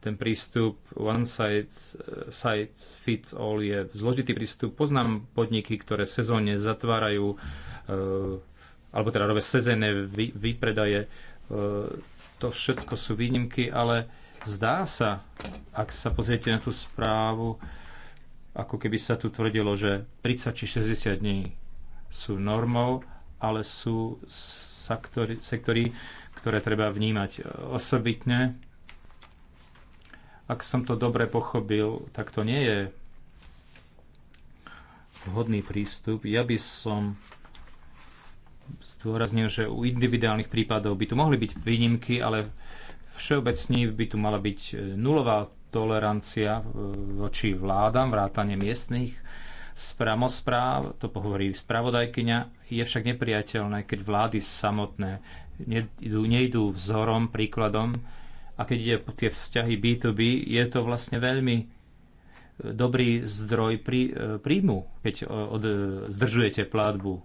ten prístup one size, eh, size fits all je zložitý prístup. Poznám podniky, ktoré sezónne zatvárajú eh, alebo teda robia sezené výpredaje. Eh, to všetko sú výnimky, ale zdá sa, ak sa pozriete na tú správu, ako keby sa tu tvrdilo, že 30 či 60 dní sú normou, ale sú sektory, sektory ktoré treba vnímať osobitne. Ak som to dobre pochopil, tak to nie je vhodný prístup. Ja by som zdôraznil, že u individuálnych prípadov by tu mohli byť výnimky, ale všeobecne by tu mala byť e, nulová tolerancia e, voči vládam, vrátane miestných spramospráv, to pohovorí spravodajkyňa, je však nepriateľné, keď vlády samotné nejdú, nejdú vzorom, príkladom a keď ide o tie vzťahy B2B, je to vlastne veľmi e, dobrý zdroj prí, e, príjmu, keď e, od, zdržujete platbu.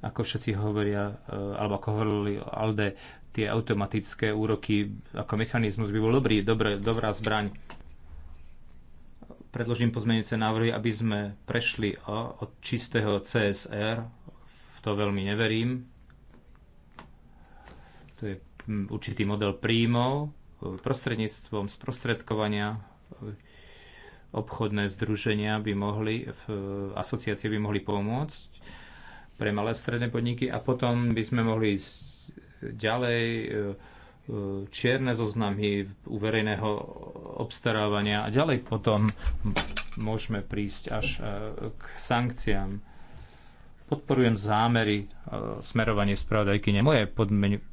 Ako všetci hovoria, alebo ako hovorili Alde, tie automatické úroky ako mechanizmus by bol dobrý, dobré, dobrá zbraň. Predložím pozmeňujúce návrhy, aby sme prešli od čistého CSR, v to veľmi neverím. To je určitý model príjmov e, prostredníctvom sprostredkovania e, obchodné združenia by mohli, e, asociácie by mohli pomôcť pre malé stredné podniky a potom by sme mohli ísť ďalej čierne zoznamy u verejného obstarávania a ďalej potom môžeme prísť až k sankciám. Podporujem zámery, e, smerovanie spravodajkyne. Moje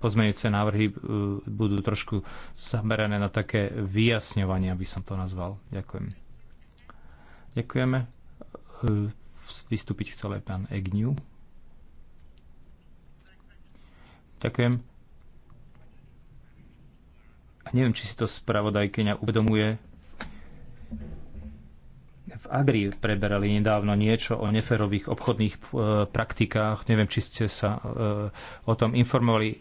pozmeňujúce návrhy e, budú trošku zamerané na také vyjasňovanie, aby som to nazval. Ďakujem. Ďakujeme. E, vystúpiť chcel aj pán Egniu. Ďakujem. A neviem, či si to spravodajkyňa uvedomuje, v Agri preberali nedávno niečo o neferových obchodných e, praktikách. Neviem, či ste sa e, o tom informovali.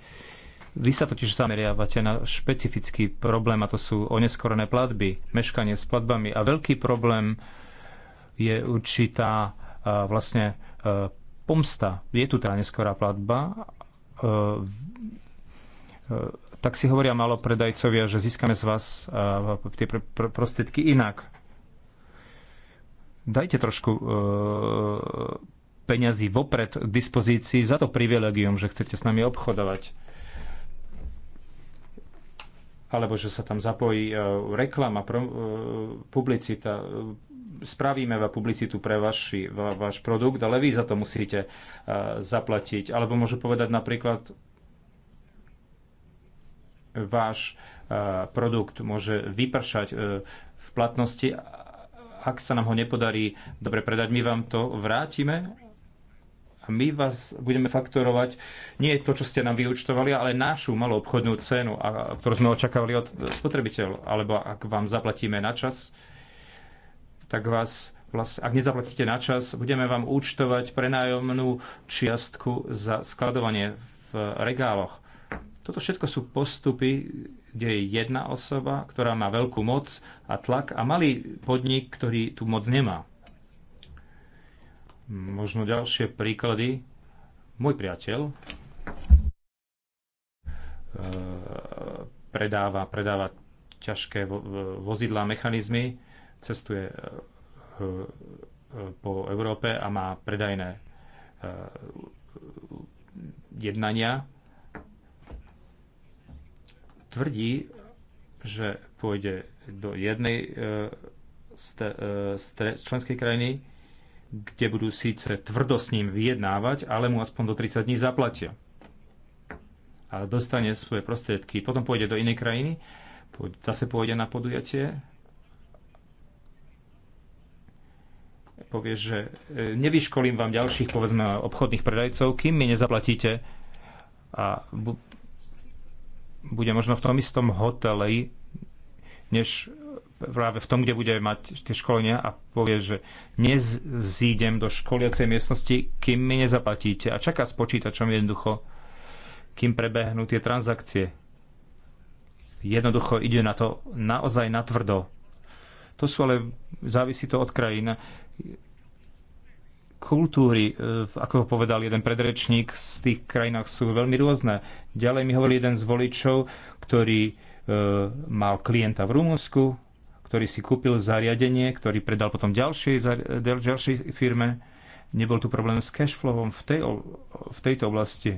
Vy sa totiž zameriavate na špecifický problém, a to sú oneskorené platby, meškanie s platbami. A veľký problém je určitá e, vlastne pomsta. Je tu teda neskorá platba. Tak si hovoria malo predajcovia, že získame z vás tie prostriedky inak Dajte trošku e, peňazí vopred k dispozícii za to privilegium, že chcete s nami obchodovať. Alebo že sa tam zapojí e, reklama, pro, e, publicita. Spravíme va publicitu pre vaši, va, váš produkt, ale vy za to musíte e, zaplatiť. Alebo môžu povedať napríklad váš e, produkt môže vypršať e, v platnosti ak sa nám ho nepodarí dobre predať, my vám to vrátime a my vás budeme faktorovať. nie to, čo ste nám vyúčtovali, ale našu malú obchodnú cenu, a, ktorú sme očakávali od spotrebiteľov. Alebo ak vám zaplatíme na čas, tak vás vlastne, ak nezaplatíte na čas, budeme vám účtovať prenájomnú čiastku za skladovanie v regáloch. Toto všetko sú postupy, kde je jedna osoba, ktorá má veľkú moc a tlak a malý podnik, ktorý tú moc nemá. Možno ďalšie príklady. Môj priateľ eh, predáva, predáva ťažké eh, vozidlá, mechanizmy, cestuje eh, po Európe a má predajné jednania tvrdí, že pôjde do jednej e, e, z členskej krajiny, kde budú síce tvrdo s ním vyjednávať, ale mu aspoň do 30 dní zaplatia. A dostane svoje prostriedky. Potom pôjde do inej krajiny, zase pôjde na podujatie, povie, že e, nevyškolím vám ďalších, povedzme, obchodných predajcov, kým mi nezaplatíte a bude možno v tom istom hoteli, než práve v tom, kde bude mať tie školenia a povie, že nezídem do školiacej miestnosti, kým mi nezaplatíte. A čaká s počítačom jednoducho, kým prebehnú tie transakcie. Jednoducho ide na to naozaj natvrdo. To sú ale, závisí to od krajín kultúry, e, ako povedal jeden predrečník, z tých krajinách sú veľmi rôzne. Ďalej mi hovorí jeden z voličov, ktorý e, mal klienta v Rumunsku, ktorý si kúpil zariadenie, ktorý predal potom ďalšej, ďalšej firme. Nebol tu problém s cashflowom v, tej, v tejto oblasti.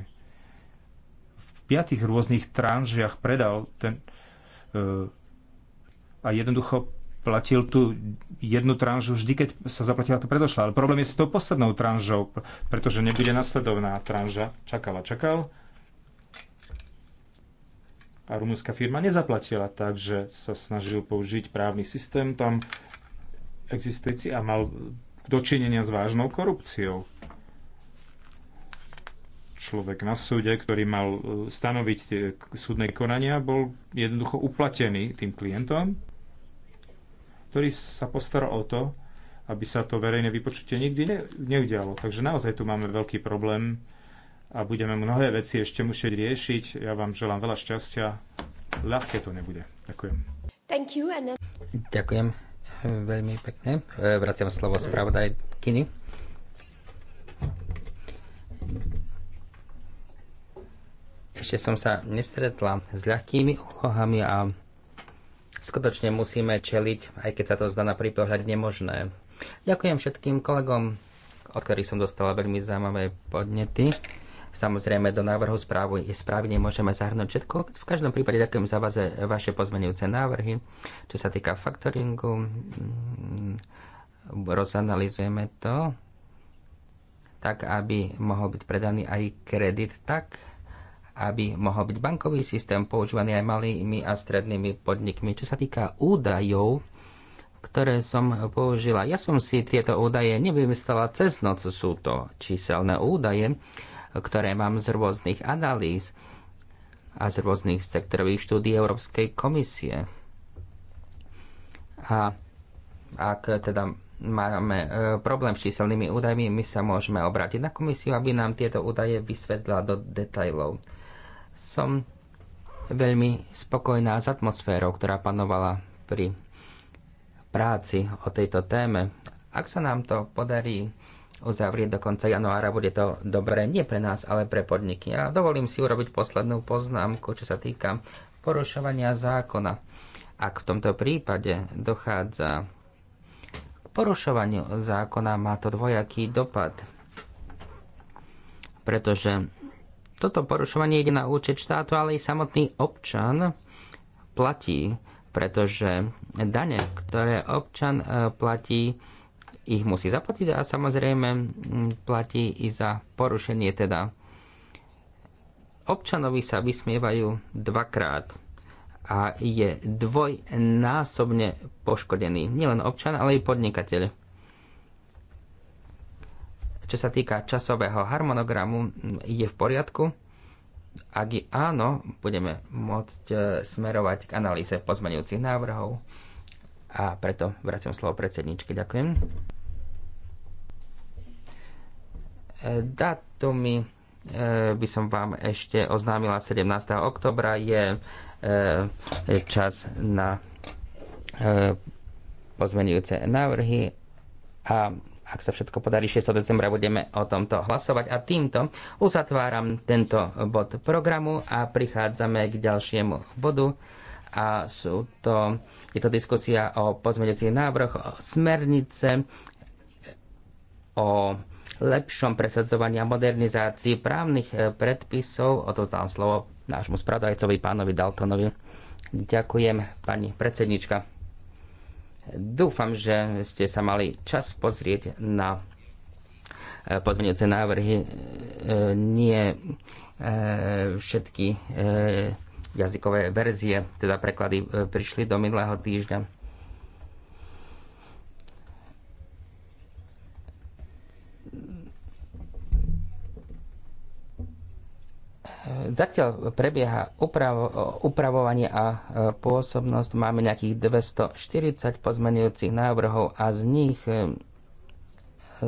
V piatich rôznych tranžiach predal ten e, a jednoducho platil tú jednu tranžu vždy, keď sa zaplatila tá predošla. Ale problém je s tou poslednou tranžou, pretože nebude nasledovná tranža. Čakala, čakal. A rumúnska firma nezaplatila, takže sa snažil použiť právny systém tam existujúci a mal dočinenia s vážnou korupciou. Človek na súde, ktorý mal eh, stanoviť tie súdne konania, bol jednoducho uplatený tým klientom ktorý sa postaral o to, aby sa to verejné vypočutie nikdy ne, neudialo. Takže naozaj tu máme veľký problém a budeme mnohé veci ešte musieť riešiť. Ja vám želám veľa šťastia. Ľahké to nebude. Ďakujem. Thank you, Anna. Ďakujem eh, veľmi pekne. Eh, vraciam slovo spravodajkyni. Ešte som sa nestretla s ľahkými ochohami a skutočne musíme čeliť, aj keď sa to zdá na prvý pohľad nemožné. Ďakujem všetkým kolegom, od ktorých som dostala veľmi zaujímavé podnety. Samozrejme, do návrhu správy, správy nemôžeme zahrnúť všetko. V každom prípade ďakujem za vás, vaše pozmenujúce návrhy. Čo sa týka faktoringu, mm, rozanalizujeme to tak, aby mohol byť predaný aj kredit tak, aby mohol byť bankový systém používaný aj malými a strednými podnikmi. Čo sa týka údajov, ktoré som použila. Ja som si tieto údaje nevymyslela cez noc, sú to číselné údaje, ktoré mám z rôznych analýz a z rôznych sektorových štúdí Európskej komisie. A ak teda máme e, problém s číselnými údajmi, my sa môžeme obrátiť na komisiu, aby nám tieto údaje vysvetlila do detajlov. Som veľmi spokojná s atmosférou, ktorá panovala pri práci o tejto téme. Ak sa nám to podarí uzavrieť do konca januára, bude to dobré nie pre nás, ale pre podniky. ja dovolím si urobiť poslednú poznámku, čo sa týka porušovania zákona. Ak v tomto prípade dochádza k porušovaniu zákona, má to dvojaký dopad, pretože toto porušovanie ide na účet štátu, ale i samotný občan platí, pretože dane, ktoré občan e, platí, ich musí zaplatiť a samozrejme platí i za porušenie teda. Občanovi sa vysmievajú dvakrát a je dvojnásobne poškodený. Nielen občan, ale i podnikateľ. Čo sa týka časového harmonogramu, je v poriadku? Ak je áno, budeme môcť e, smerovať k analýze pozmeňujúcich návrhov a preto vraciam slovo predsedničke. Ďakujem. E, dátumy e, by som vám ešte oznámila 17. oktobra je čas na pozmenujúce návrhy a ak sa všetko podarí 6. decembra, budeme o tomto hlasovať. A týmto uzatváram tento bod programu a prichádzame k ďalšiemu bodu. A sú to, je to diskusia o pozmeňujúcich návrh smernice o lepšom presadzovaní a modernizácii právnych eh, predpisov. Odozdám slovo nášmu spravodajcovi pánovi Daltonovi. Ďakujem, pani predsednička. Dúfam, že ste sa mali čas pozrieť na e, pozmeňujúce návrhy. E, nie e, všetky jazykové verzie, teda preklady, prišli do minulého týždňa. Zatiaľ prebieha upravo, upravovanie a e, pôsobnosť. Máme nejakých 240 pozmenujúcich návrhov a z nich e,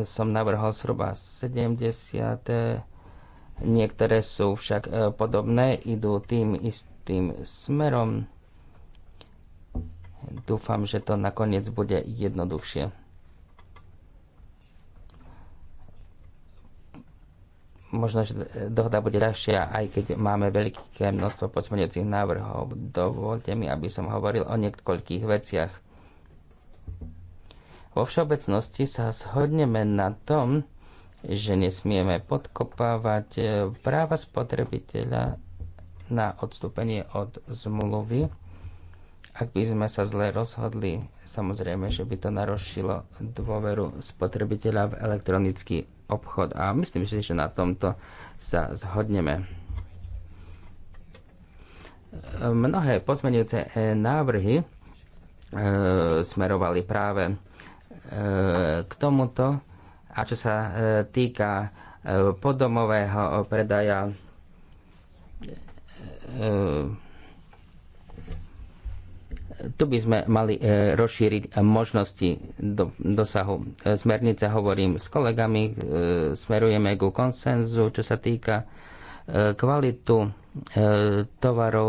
som navrhol zhruba 70. Niektoré sú však e, podobné, idú tým istým smerom. Dúfam, že to nakoniec bude jednoduchšie. možno, že dohoda bude ľahšia, aj keď máme veľké množstvo pozmeňujúcich návrhov. Dovolte mi, aby som hovoril o niekoľkých veciach. Vo všeobecnosti sa zhodneme na tom, že nesmieme podkopávať práva spotrebiteľa na odstúpenie od zmluvy. Ak by sme sa zle rozhodli, samozrejme, že by to narušilo dôveru spotrebiteľa v elektronický obchod a myslím si, že na tomto sa zhodneme. Mnohé pozmenujúce e, návrhy e, smerovali práve e, k tomuto a čo sa týka podomového predaja tu by sme mali e, rozšíriť možnosti do, dosahu e, smernice. Hovorím s kolegami, e, smerujeme ku konsenzu, čo sa týka kvalitu tovarov.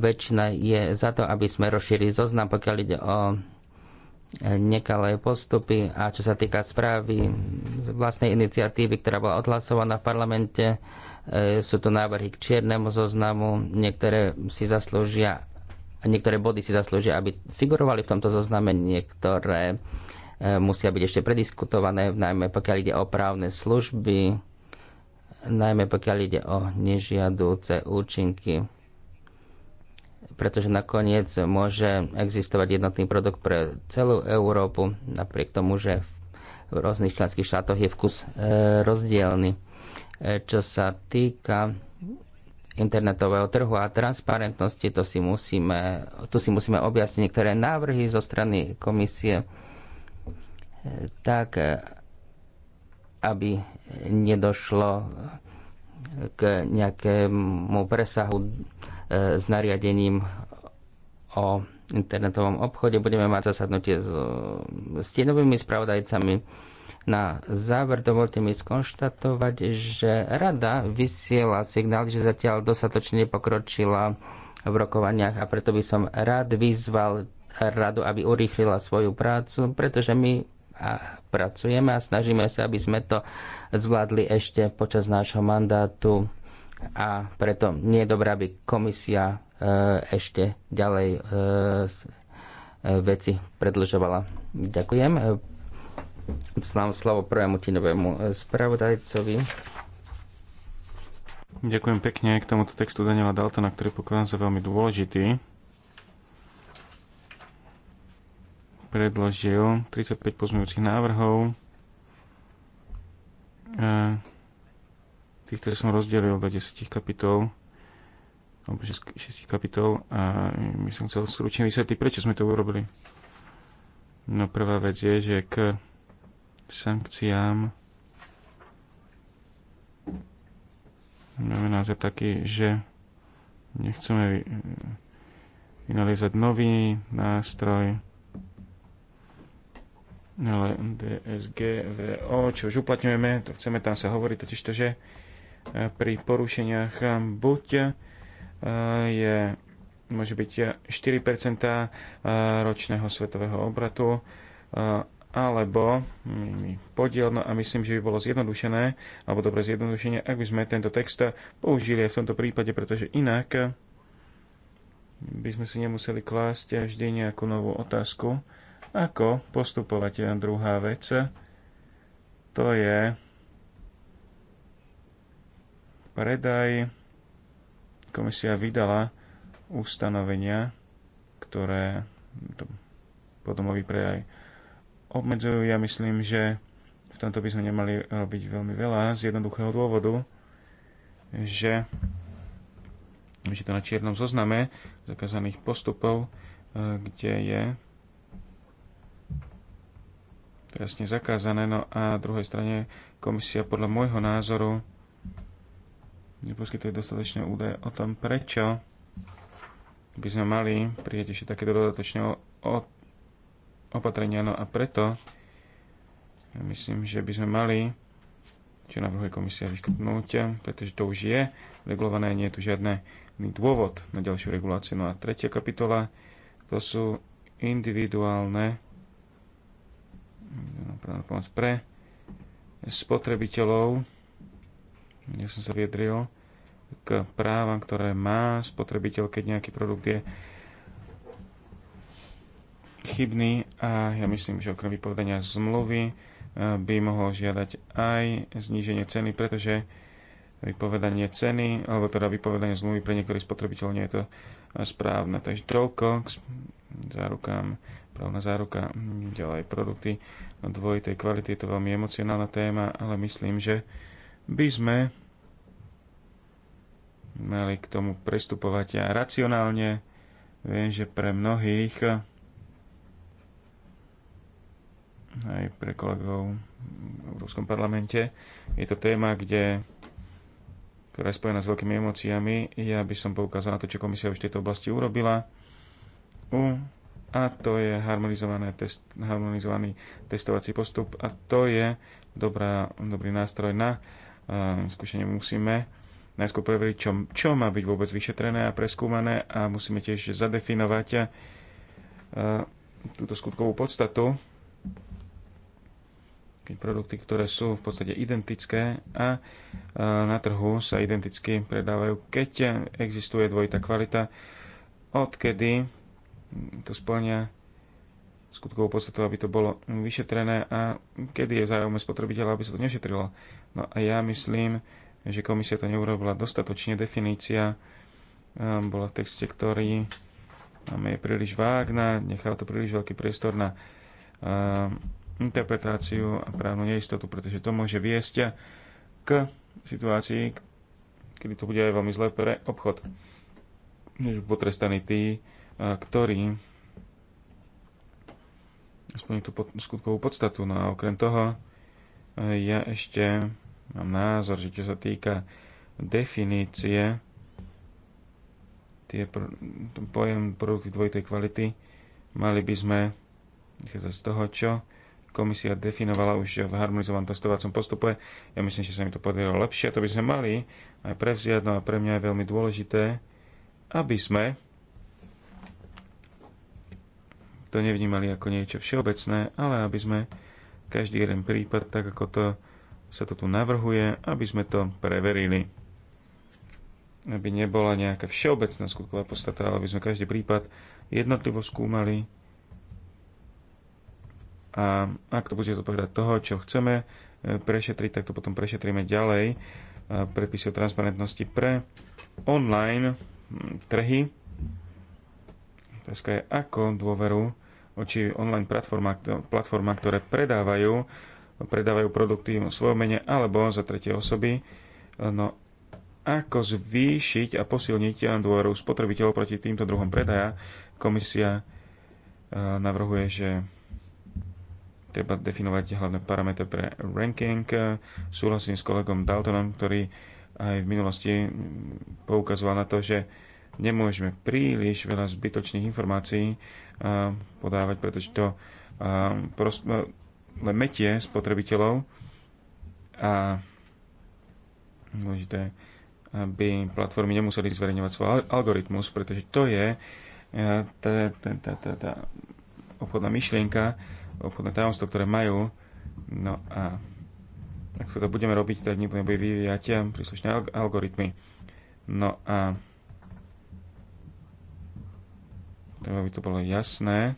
Väčšina je za to, aby sme rozšírili zoznam, pokiaľ ide o nekalé postupy a čo sa týka správy z vlastnej iniciatívy, ktorá bola odhlasovaná v parlamente, sú tu návrhy k čiernemu zoznamu, niektoré si zaslúžia niektoré body si zaslúžia, aby figurovali v tomto zozname, niektoré e, musia byť ešte prediskutované, najmä pokiaľ ide o právne služby, najmä pokiaľ ide o nežiadúce účinky. Pretože nakoniec môže existovať jednotný produkt pre celú Európu, napriek tomu, že v rôznych členských štátoch je vkus e, rozdielny. E, čo sa týka internetového trhu a transparentnosti, to si musíme, to si musíme objasniť niektoré návrhy zo strany komisie, eh, tak eh, aby nedošlo eh, k nejakému presahu s nariadením o internetovom obchode. Budeme mať zasadnutie s stienovými spravodajcami na záver dovolte mi skonštatovať, že rada vysiela signál, že zatiaľ dostatočne nepokročila v rokovaniach a preto by som rád vyzval radu, aby urýchlila svoju prácu, pretože my a pracujeme a snažíme sa, aby sme to zvládli ešte počas nášho mandátu a preto nie je dobré, aby komisia e, ešte ďalej e, e, veci predlžovala. Ďakujem. Znám slovo prvému tinovému eh, spravodajcovi. Ďakujem pekne k tomuto textu Daniela Daltona, ktorý pokladám za veľmi dôležitý. Predložil 35 pozmeňujúcich návrhov. ktoré som rozdelil do 10 kapitol alebo 6, 6 kapitol a my som chcel stručne vysvetliť, prečo sme to urobili. No prvá vec je, že k k sankciám. Máme názor taký, že nechceme vynalizať nový nástroj, ale DSGVO, čo už uplatňujeme, to chceme, tam sa hovorí totiž to, že e, pri porušeniach buď e, je, môže byť 4% e, ročného svetového obratu, alebo mm, podiel. No a myslím, že by bolo zjednodušené, alebo dobre zjednodušenie, ak by sme tento text použili aj v tomto prípade, pretože inak by sme si nemuseli klásť vždy nejakú novú otázku. Ako postupovať? A druhá vec, to je predaj. Komisia vydala ustanovenia, ktoré to podomový predaj obmedzujú. Ja myslím, že v tomto by sme nemali robiť veľmi veľa z jednoduchého dôvodu, že, že to na čiernom zozname zakázaných postupov, e, kde je trestne zakázané. No a druhej strane komisia podľa môjho názoru neposkytuje dostatečné údaje o tom, prečo by sme mali prijať ešte takéto dodatočné opatrenia. No a preto ja myslím, že by sme mali, čo navrhuje komisia, vyškrtnúť, pretože to už je regulované, nie je tu žiadne dôvod na ďalšiu reguláciu. No a tretia kapitola, to sú individuálne pre spotrebiteľov. Ja som sa viedril k právam, ktoré má spotrebiteľ, keď nejaký produkt je chybný a ja myslím, že okrem vypovedania zmluvy e, by mohol žiadať aj zníženie ceny, pretože vypovedanie ceny, alebo teda vypovedanie zmluvy pre niektorých spotrebiteľov nie je to správne. Takže toľko k zárukám, právna záruka, ďalej produkty dvojitej kvality, je to veľmi emocionálna téma, ale myslím, že by sme mali k tomu pristupovať a racionálne. Viem, že pre mnohých aj pre kolegov v Európskom parlamente. Je to téma, kde, ktorá je spojená s veľkými emóciami. Ja by som poukázal na to, čo komisia už v tejto oblasti urobila. U, a to je test, harmonizovaný testovací postup a to je dobrá, dobrý nástroj na uh, skúšanie. Musíme najskôr preveriť, čo, čo má byť vôbec vyšetrené a preskúmané a musíme tiež zadefinovať uh, túto skutkovú podstatu keď produkty, ktoré sú v podstate identické a na trhu sa identicky predávajú, keď existuje dvojitá kvalita, odkedy to splňa skutkovú podstatu, aby to bolo vyšetrené a kedy je v spotrebiteľa, aby sa to nešetrilo. No a ja myslím, že komisia to neurobila dostatočne. Definícia bola v texte, ktorý je príliš vágna, nechal to príliš veľký priestor na interpretáciu a právnu neistotu, pretože to môže viesť k situácii, kedy to bude aj veľmi zlé pre obchod. než potrestaní tí, ktorí aspoň tú pod, skutkovú podstatu. No a okrem toho ja ešte mám názor, že čo sa týka definície, tie pojem produkty dvojitej kvality, mali by sme z toho, čo komisia definovala už v harmonizovanom testovacom postupe. Ja myslím, že sa mi to podarilo lepšie a to by sme mali aj prevziať. No a pre mňa je veľmi dôležité, aby sme to nevnímali ako niečo všeobecné, ale aby sme každý jeden prípad, tak ako to sa to tu navrhuje, aby sme to preverili. Aby nebola nejaká všeobecná skutková podstata, ale aby sme každý prípad jednotlivo skúmali a ak to bude zodpovedať toho, čo chceme e, prešetriť, tak to potom prešetríme ďalej. E, predpisy o transparentnosti pre online hm, trhy. Otázka je, ako dôveru oči online platforma, platforma, ktoré predávajú, predávajú produkty v svojom mene alebo za tretie osoby. E, no, ako zvýšiť a posilniť dôveru spotrebiteľov proti týmto druhom predaja. Komisia navrhuje, že treba definovať hlavné parametre pre ranking. Súhlasím s kolegom Daltonom, ktorý aj v minulosti poukazoval na to, že nemôžeme príliš veľa zbytočných informácií podávať, pretože to no, len metie spotrebiteľov a dôležité, aby platformy nemuseli zverejňovať svoj algoritmus, pretože to je tá, tá, tá, tá, tá obchodná myšlienka, obchodné tajomstvo, ktoré majú. No a ak sa to budeme robiť, tak nikto nebude vyvíjať eh, príslušné algoritmy. No a treba by to bolo jasné,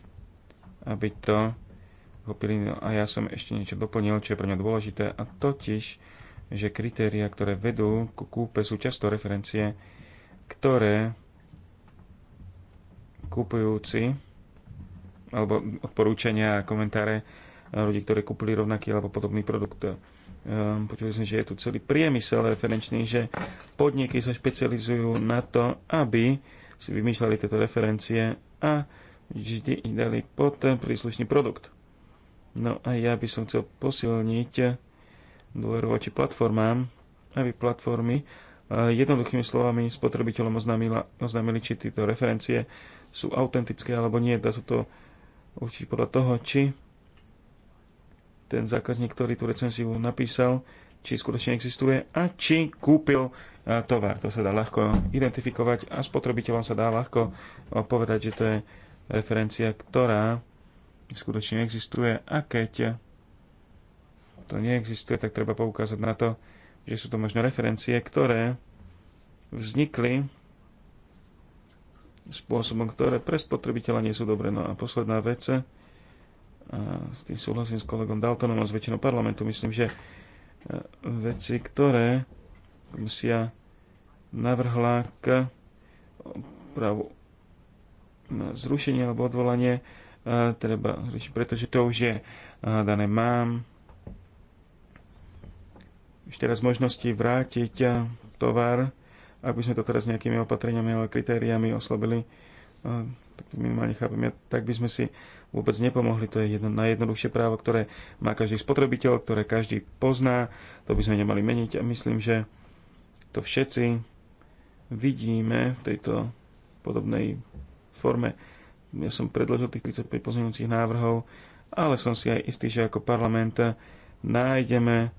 aby to chopili. No a ja som ešte niečo doplnil, čo je pre mňa dôležité, a totiž, že kritéria, ktoré vedú ku kúpe, sú často referencie, ktoré kúpujúci alebo odporúčania a komentáre ľudí, ktorí kúpili rovnaký alebo podobný produkt. Ehm, Počuli sme, že je tu celý priemysel referenčný, že podniky sa špecializujú na to, aby si vymýšľali tieto referencie a vždy dali pod príslušný produkt. No a ja by som chcel posilniť dôveru voči platformám, aby platformy eh, jednoduchými slovami spotrebiteľom oznámili, oznámili, či tieto referencie sú autentické alebo nie. Dá sa to určiť podľa toho, či ten zákazník, ktorý tú recenziu napísal, či skutočne existuje a či kúpil e, tovar. To sa dá ľahko identifikovať a spotrebiteľom sa dá ľahko e, povedať, že to je referencia, ktorá skutočne existuje a keď to neexistuje, tak treba poukázať na to, že sú to možno referencie, ktoré vznikli spôsobom, ktoré pre spotrebiteľa nie sú dobré. No a posledná vec, a s tým súhlasím s kolegom Daltonom a no s väčšinou parlamentu, myslím, že e, veci, ktoré komisia navrhla k opravu na zrušenie alebo odvolanie, e, treba zrušiť, pretože to už je e, dané mám. Ešte raz možnosti vrátiť tovar ak by sme to teraz nejakými opatreniami alebo kritériami oslabili, eh, tak to minimálne chápem, ja, tak by sme si vôbec nepomohli. To je jedno, najjednoduchšie právo, ktoré má každý spotrebiteľ, ktoré každý pozná. To by sme nemali meniť a myslím, že to všetci vidíme v tejto podobnej forme. Ja som predložil tých 35 pozmeňujúcich návrhov, ale som si aj istý, že ako parlament nájdeme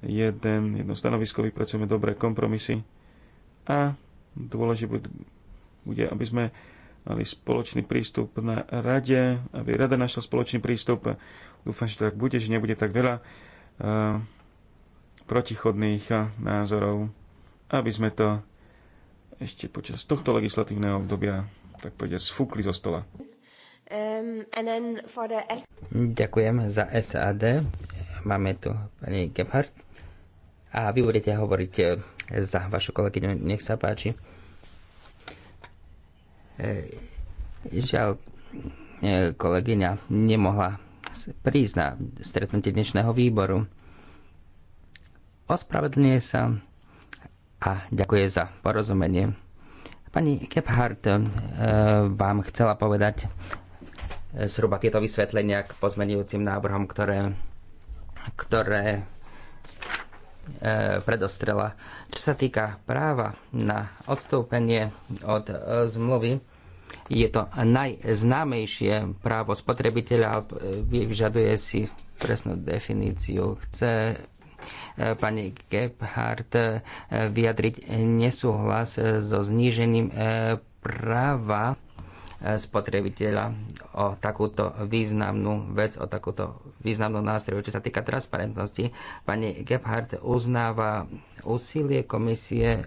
jeden, jedno stanovisko, vypracujeme dobré kompromisy a dôležité bude, aby sme mali spoločný prístup na rade, aby rada našla spoločný prístup. Dúfam, že to tak bude, že nebude tak veľa uh, protichodných e, názorov, aby sme to ešte počas tohto legislatívneho obdobia tak povedať sfúkli zo stola. Um, the... Ďakujem za SAD. Máme tu pani Gebhardt a vy budete hovoriť e, za vašu kolegyňu. Nech sa páči. E, žiaľ, e, kolegyňa nemohla prísť na stretnutie dnešného výboru. Ospravedlňuje sa a ďakuje za porozumenie. Pani Kephart vám chcela povedať zhruba tieto vysvetlenia k pozmenujúcim návrhom, ktoré, ktoré E, predostrela. Čo sa týka práva na odstúpenie od e, zmluvy, je to najznámejšie právo spotrebiteľa, ale e, vyžaduje si presnú definíciu. Chce pani Gebhardt vyjadriť nesúhlas so znížením práva spotrebiteľa o takúto významnú vec, o takúto významnú nástroju. Čo sa týka transparentnosti, pani Gebhardt uznáva úsilie komisie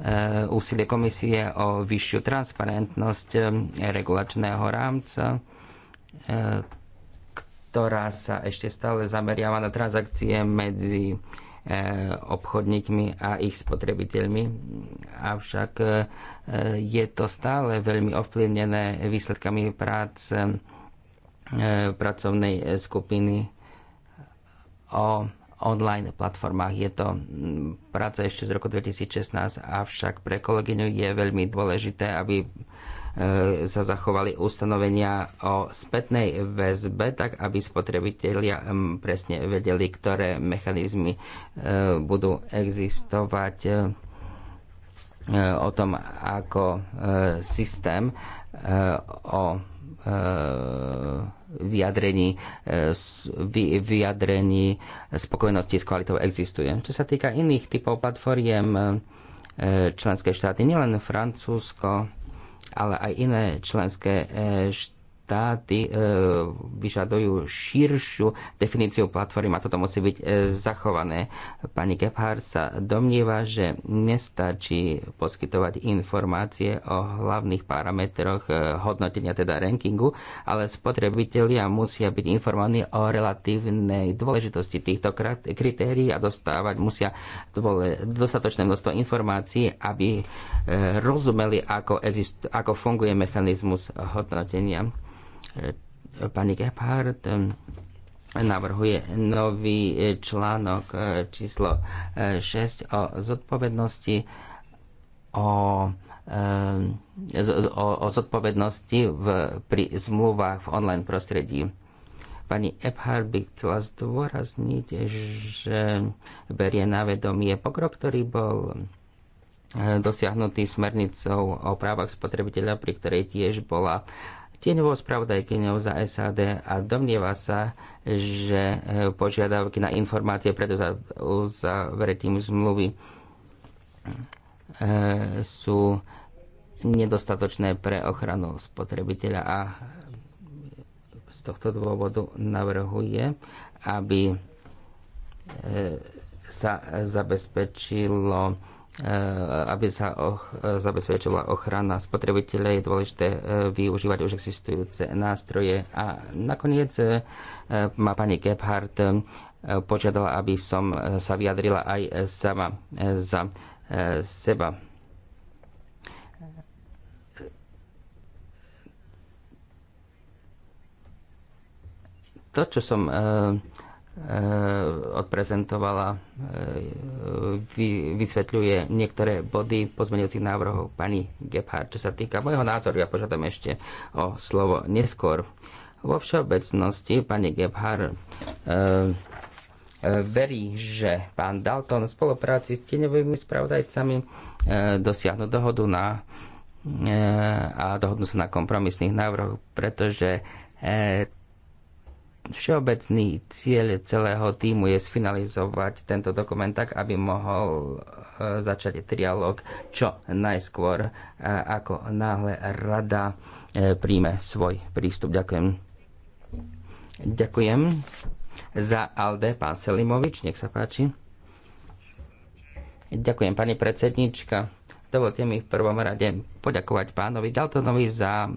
eh, úsilie komisie o vyššiu transparentnosť eh, regulačného rámca, eh, ktorá sa ešte stále zameriava na transakcie medzi E, obchodníkmi a ich spotrebiteľmi. Avšak e, je to stále veľmi ovplyvnené výsledkami prác e, pracovnej skupiny o online platformách. Je to práca ešte z roku 2016, avšak pre kolegyňu je veľmi dôležité, aby E, sa zachovali ustanovenia o spätnej väzbe, tak aby spotrebitelia presne vedeli, ktoré mechanizmy e, budú existovať e, o tom, ako systém o vyjadrení, vyjadrení spokojnosti s kvalitou existuje. Čo sa týka iných typov platformiem, členské štáty, nielen Francúzsko, ale aj iné členské eh, štáty štáty e, vyžadujú širšiu definíciu platformy a toto musí byť e, zachované. Pani Gebhardt sa domnieva, že nestačí poskytovať informácie o hlavných parametroch e, hodnotenia, teda rankingu, ale spotrebitelia musia byť informovaní o relatívnej dôležitosti týchto kritérií a dostávať musia dostatočné množstvo informácií, aby rozumeli, ako, exist- ako funguje mechanizmus hodnotenia. Eh, pani Gebhardt navrhuje nový eh, článok eh, číslo 6 o zodpovednosti o o, o zodpovednosti v, pri zmluvách v online prostredí. Pani Ephard by chcela zdôrazniť, že berie na vedomie pokrok, ktorý bol dosiahnutý smernicou o právach spotrebiteľa, pri ktorej tiež bola tieňovou spravodajkyňou za SAD a domnieva sa, že eh, požiadavky na informácie pred uzavretím zmluvy eh, sú nedostatočné pre ochranu spotrebiteľa a z tohto dôvodu navrhuje, aby eh, sa zabezpečilo Eh, aby sa och, zabezpečila ochrana spotrebiteľa, je dôležité eh, využívať už existujúce nástroje. A nakoniec eh, ma pani Gebhardt požiadala, aby som sa vyjadrila aj sama za seba. To, čo som Eh, odprezentovala, eh, vysvetľuje niektoré body pozmeňujúcich návrhov pani Gebhardt. Čo sa týka môjho názoru, ja požiadam ešte o slovo neskôr. Vo všeobecnosti pani Gebhardt eh, verí, že pán Dalton v spolupráci s tieňovými spravodajcami dosiahnu dohodu na a dohodnú sa na kompromisných návrhoch, pretože Všeobecný cieľ celého týmu je sfinalizovať tento dokument tak, aby mohol e, začať trialog čo najskôr, e, ako náhle rada e, príjme svoj prístup. Ďakujem. Ďakujem za Alde, pán Selimovič, nech sa páči. Ďakujem, pani predsednička Dovolte mi v prvom rade poďakovať pánovi Daltonovi za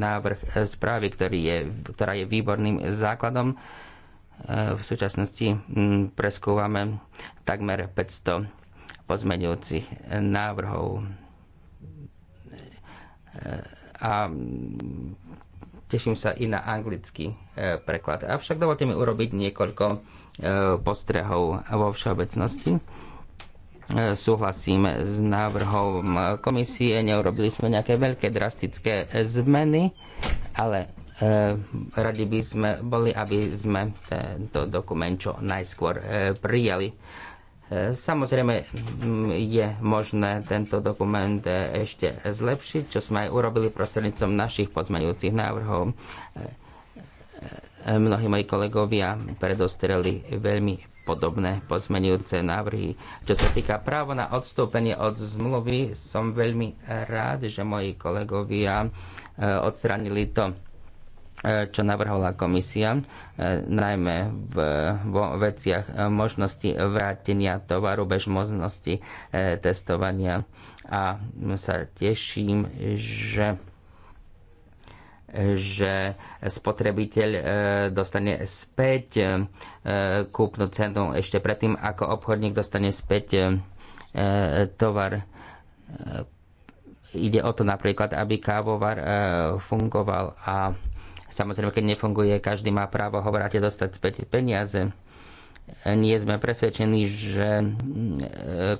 návrh správy, ktorý je, ktorá je výborným základom. E, v súčasnosti preskúvame takmer 500 pozmeňujúcich návrhov. E, a teším sa i na anglický e, preklad. Avšak dovolte mi urobiť niekoľko postrehov vo všeobecnosti E, súhlasím s návrhom komisie, neurobili sme nejaké veľké drastické zmeny, ale e, radi by sme boli, aby sme tento dokument čo najskôr e, prijali. Samozrejme je možné tento dokument ešte zlepšiť, čo sme aj urobili prostredníctvom našich pozmeňujúcich návrhov. Mnohí moji kolegovia predostreli veľmi podobné pozmenujúce návrhy. Čo sa týka právo na odstúpenie od zmluvy, som veľmi rád, že moji kolegovia e, odstranili to e, čo navrhovala komisia, e, najmä v, vo veciach možnosti vrátenia tovaru bez možnosti testovania. A sa teším, že že spotrebiteľ e, dostane späť e, kúpnu cenu ešte predtým, ako obchodník dostane späť e, tovar. Ide o to napríklad, aby kávovar fungoval a samozrejme, keď nefunguje, každý má právo a dostať späť peniaze. Nie sme presvedčení, že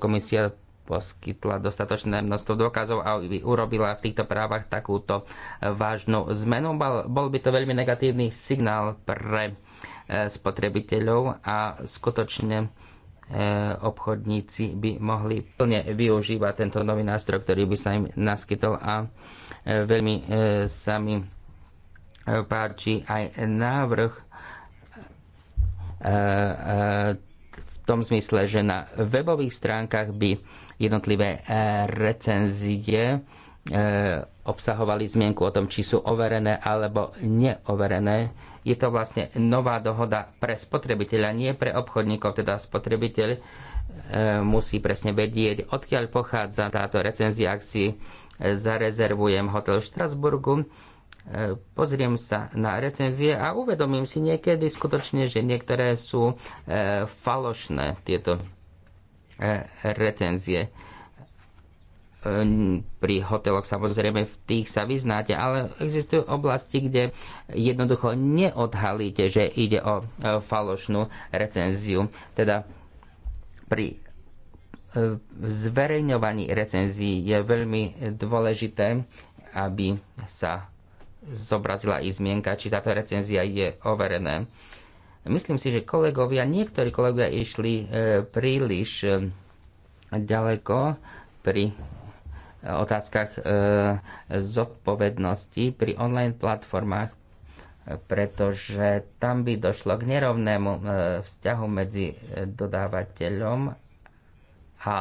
komisia poskytla dostatočné množstvo dôkazov a urobila v týchto právach takúto vážnu zmenu. Bol by to veľmi negatívny signál pre e, spotrebiteľov a skutočne e, obchodníci by mohli plne využívať tento nový nástroj, ktorý by sa im naskytol a e, veľmi sa mi páči aj návrh tom zmysle, že na webových stránkach by jednotlivé e, recenzie e, obsahovali zmienku o tom, či sú overené alebo neoverené. Je to vlastne nová dohoda pre spotrebiteľa, nie pre obchodníkov, teda spotrebiteľ e, musí presne vedieť, odkiaľ pochádza táto recenzia, akcií, zarezervujem hotel v Štrasburgu, pozriem sa na recenzie a uvedomím si niekedy skutočne, že niektoré sú e, falošné tieto e, recenzie. E, pri hoteloch samozrejme v tých sa vyznáte, ale existujú oblasti, kde jednoducho neodhalíte, že ide o falošnú recenziu. Teda pri zverejňovaní recenzií je veľmi dôležité, aby sa zobrazila i zmienka, či táto recenzia je overená. Myslím si, že kolegovia, niektorí kolegovia išli e, príliš e, ďaleko pri otázkach e, zodpovednosti pri online platformách, pretože tam by došlo k nerovnému e, vzťahu medzi e, dodávateľom a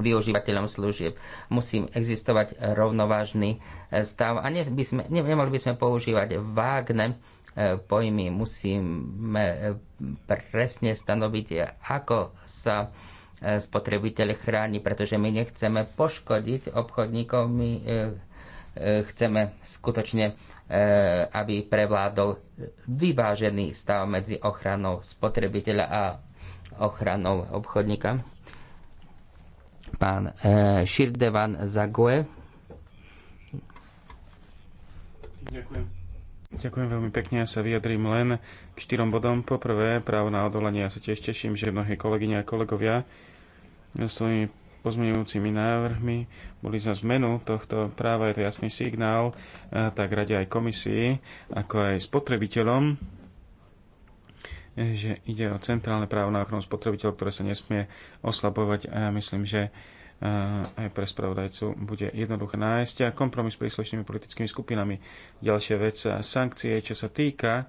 využívateľom služieb. Musí existovať rovnovážny eh, stav a ne by sme, ne, nemali by sme používať vágne eh, pojmy. Musíme eh, presne stanoviť, ako sa spotrebiteľ chráni, pretože my nechceme poškodiť obchodníkov, my chceme skutočne, aby prevládol vyvážený stav medzi ochranou spotrebiteľa a ochranou obchodníka pán eh, Širdevan Zagoe. Ďakujem. Ďakujem veľmi pekne, ja sa vyjadrím len k štyrom bodom. Poprvé, právo na odvolanie. Ja sa tiež teším, že mnohé kolegyne a kolegovia svojimi pozmeňujúcimi návrhmi boli za zmenu tohto práva. Je to jasný signál eh, tak rade aj komisii, ako aj spotrebiteľom že ide o centrálne právo na ochranu spotrebiteľov, ktoré sa nesmie oslabovať a ja myslím, že eh, aj pre spravodajcu bude jednoduché nájsť a kompromis s príslušnými politickými skupinami. Ďalšia vec, eh, sankcie, čo sa týka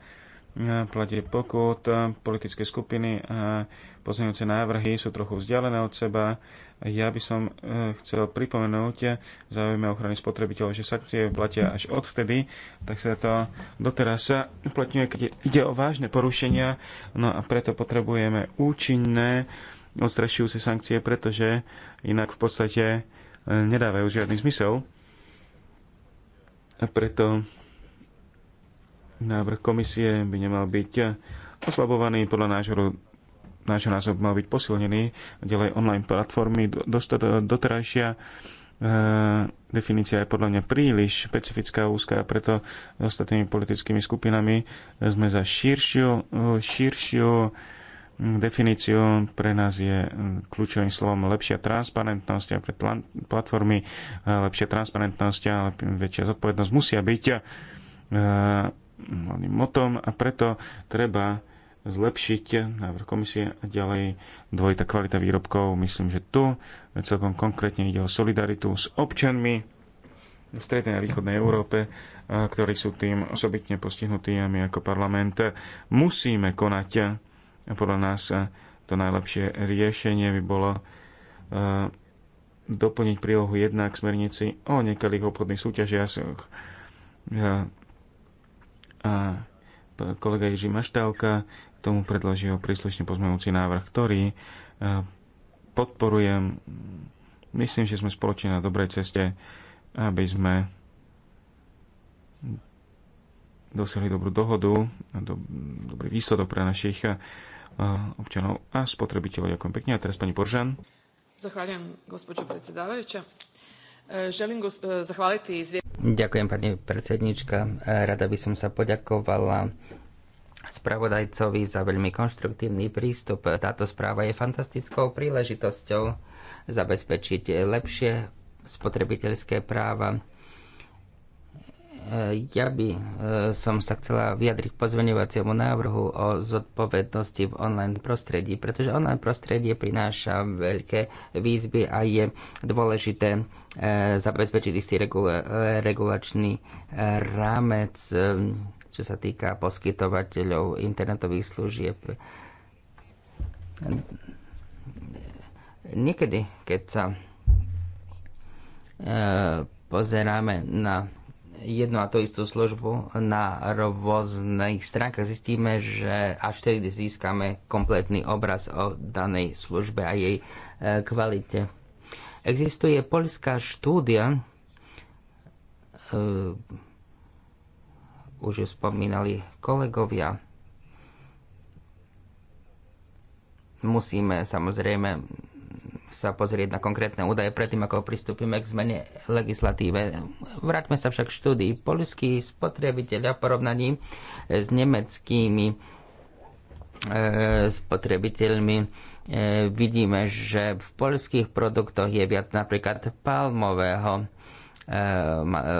platie pokut, eh, politické skupiny a eh, pozmeňujúce návrhy sú trochu vzdialené od seba. Ja by som eh, chcel pripomenúť záujme ochrany spotrebiteľov, že sankcie platia až odvtedy, tak sa to doteraz sa uplatňuje, keď ide o vážne porušenia, no a preto potrebujeme účinné odstrašujúce sankcie, pretože inak v podstate nedávajú žiadny zmysel. A preto Návrh komisie by nemal byť oslabovaný, podľa nášho, nášho názoru mal byť posilnený. Ďalej online platformy, doterajšia e, definícia je podľa mňa príliš špecifická úzka a preto ostatnými politickými skupinami sme za širšiu, širšiu definíciu. pre nás je kľúčovým slovom lepšia transparentnosť a pre platformy e, lepšia transparentnosť a väčšia zodpovednosť musia byť e, hlavným motom a preto treba zlepšiť návrh komisie a ďalej dvojitá kvalita výrobkov. Myslím, že tu celkom konkrétne ide o solidaritu s občanmi v strednej a východnej Európe, ktorí sú tým osobitne postihnutí a my ako parlament musíme konať. A podľa nás to najlepšie riešenie by bolo doplniť prílohu 1 k smernici o nekalých obchodných súťažiach a kolega Jiří Maštálka k tomu predložil príslušný pozmeňujúci návrh, ktorý e, podporujem. Myslím, že sme spoločne na dobrej ceste, aby sme dosiahli dobrú dohodu, do, dobrý výsledok pre našich e, občanov a spotrebiteľov. Ďakujem pekne. A teraz pani Poržan. Zahvaljujem, gospođo predsjedavajuća. E, želim zahvaliti Ďakujem, pani predsednička. Rada by som sa poďakovala spravodajcovi za veľmi konštruktívny prístup. Táto správa je fantastickou príležitosťou zabezpečiť lepšie spotrebiteľské práva E, ja by e, som sa chcela vyjadriť k pozmeňovaciemu návrhu o zodpovednosti v online prostredí, pretože online prostredie prináša veľké výzvy a je dôležité e, zabezpečiť istý regulačný rámec, čo sa týka poskytovateľov internetových služieb. Niekedy, keď sa pozeráme na jednu a to istú službu na rôznych stránkach, zistíme, že až vtedy získame kompletný obraz o danej službe a jej e, kvalite. Existuje poľská štúdia, e, už ju spomínali kolegovia, musíme samozrejme sa pozrieť na konkrétne údaje predtým, ako pristúpime k zmene legislatíve. Vráťme sa však k štúdii. Polský spotrebiteľ v porovnaní s nemeckými e, spotrebiteľmi e, vidíme, že v polských produktoch je viac napríklad palmového, e,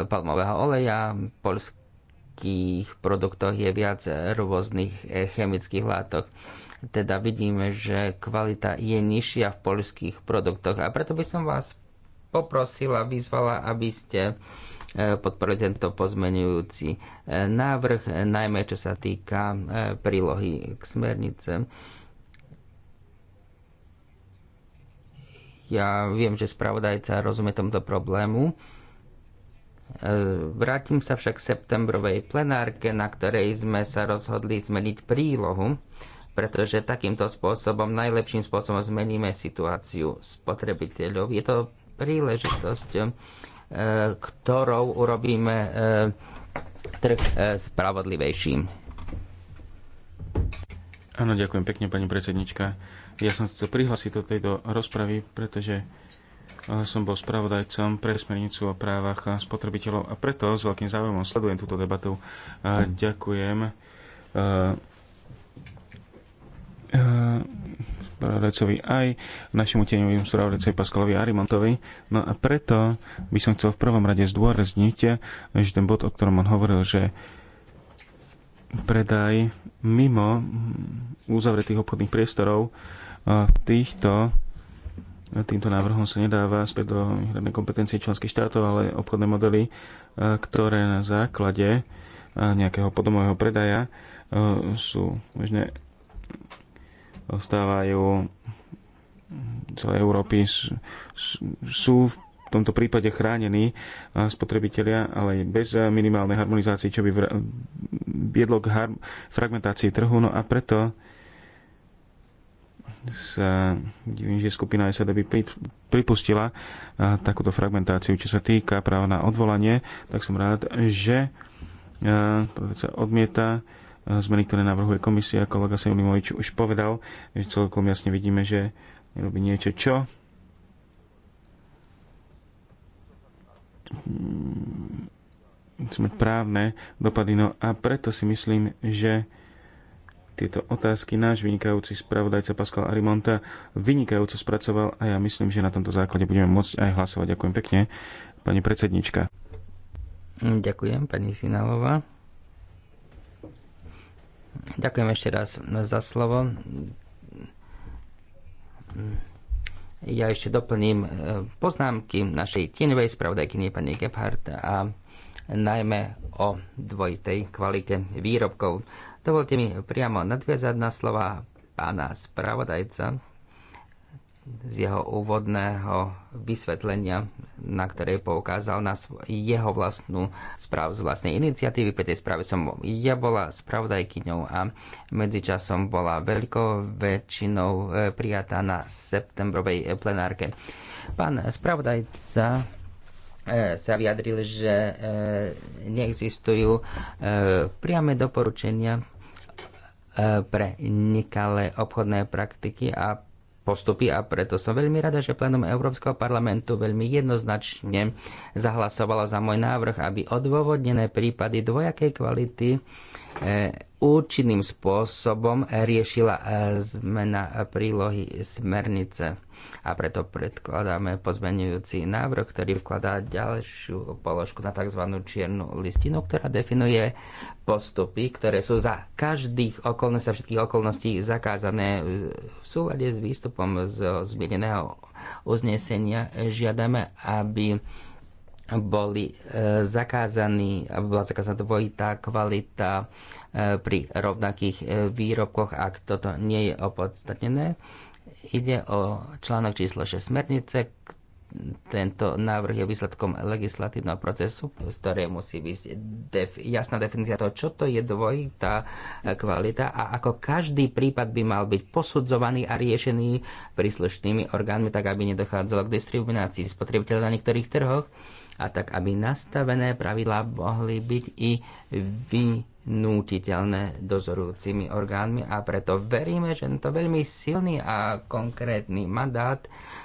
palmového oleja, polských produktoch je viac rôznych e, chemických látok teda vidíme, že kvalita je nižšia v poľských produktoch. A preto by som vás poprosila, vyzvala, aby ste e, podporili tento pozmenujúci e, návrh, najmä čo sa týka e, prílohy k smernice. Ja viem, že spravodajca rozumie tomto problému. Vrátim sa však k septembrovej plenárke, na ktorej sme sa rozhodli zmeniť prílohu pretože takýmto spôsobom, najlepším spôsobom zmeníme situáciu spotrebiteľov. Je to príležitosť, e, ktorou urobíme e, trh e, spravodlivejším. Áno, ďakujem pekne, pani predsednička. Ja som chcel prihlásiť do tejto rozpravy, pretože som bol spravodajcom pre smernicu o právach spotrebiteľov a preto s veľkým záujmom sledujem túto debatu. Ďakujem spravodajcovi aj našemu tieňovým spravodajcovi Paskalovi Arimontovi. No a preto by som chcel v prvom rade zdôrazniť, že ten bod, o ktorom on hovoril, že predaj mimo uzavretých obchodných priestorov týchto týmto návrhom sa nedáva späť do hradnej kompetencie členských štátov, ale obchodné modely, ktoré na základe nejakého podomového predaja sú možné ostávajú celej Európy, sú v tomto prípade chránení spotrebitelia, ale bez minimálnej harmonizácie, čo by viedlo k fragmentácii trhu. No a preto sa divím, že skupina SAD by pripustila takúto fragmentáciu. Čo sa týka práva na odvolanie, tak som rád, že sa odmieta E, zmeny, ktoré navrhuje komisia. Kolega Sejlimovič už povedal, že celkom jasne vidíme, že robí niečo, čo sme právne dopady. No a preto si myslím, že tieto otázky náš vynikajúci spravodajca Pascal Arimonta vynikajúco spracoval a ja myslím, že na tomto základe budeme môcť aj hlasovať. Ďakujem pekne, pani predsednička. Ďakujem, pani Sinalová. Ďakujem ešte raz za slovo. Ja ešte doplním e, poznámky našej tieňovej spravodajkyne pani Gebhardt a najmä o dvojitej kvalite výrobkov. Dovolte mi priamo nadviazať na slova pána spravodajca z jeho úvodného vysvetlenia, na ktorej poukázal na jeho vlastnú správu z vlastnej iniciatívy. Pre tej správe som ja bola spravodajkyňou a medzičasom bola veľkou väčšinou e, prijatá na septembrovej e, plenárke. Pán spravodajca e, sa vyjadril, že neexistujú priame doporučenia pre nekalé obchodné praktiky a postupy a preto som veľmi rada, že plénum Európskeho parlamentu veľmi jednoznačne zahlasovala za môj návrh, aby odôvodnené prípady dvojakej kvality E, účinným spôsobom riešila e, zmena prílohy smernice. A preto predkladáme pozmenujúci návrh, ktorý vkladá ďalšiu položku na tzv. čiernu listinu, ktorá definuje postupy, ktoré sú za každých okolností, za všetkých okolností zakázané. V súlade s výstupom z zmieneného uznesenia žiadame, aby boli e, zakázaní, bola zakázaná dvojitá kvalita e, pri rovnakých e, výrobkoch, ak toto nie je opodstatnené. Ide o článok číslo 6 smernice. Tento návrh je výsledkom legislatívneho procesu, z ktorej musí byť def- jasná definícia toho, čo to je dvojitá kvalita a ako každý prípad by mal byť posudzovaný a riešený príslušnými orgánmi, tak aby nedochádzalo k diskriminácii spotrebiteľa na niektorých trhoch a tak, aby nastavené pravidlá mohli byť i vynútiteľné dozorujúcimi orgánmi a preto veríme, že to veľmi silný a konkrétny mandát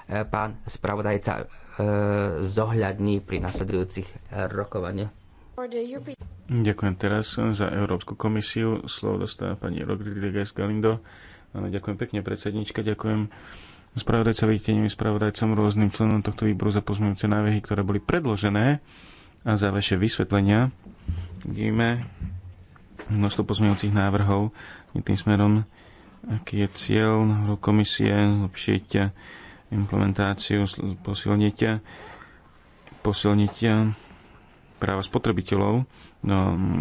e, pán spravodajca e, zohľadní pri nasledujúcich rokovaniach. Ďakujem teraz za Európsku komisiu. Slovo dostáva pani Rodriguez Galindo. ďakujem pekne, predsednička, ďakujem spravodajcovi, tieňovým spravodajcom, rôznym členom tohto výboru za pozmeňujúce návrhy, ktoré boli predložené a za vaše vysvetlenia. Vidíme množstvo pozmeňujúcich návrhov tým smerom, aký je cieľ komisie zlepšiť implementáciu, posilniť, posilniť práva spotrebiteľov, no,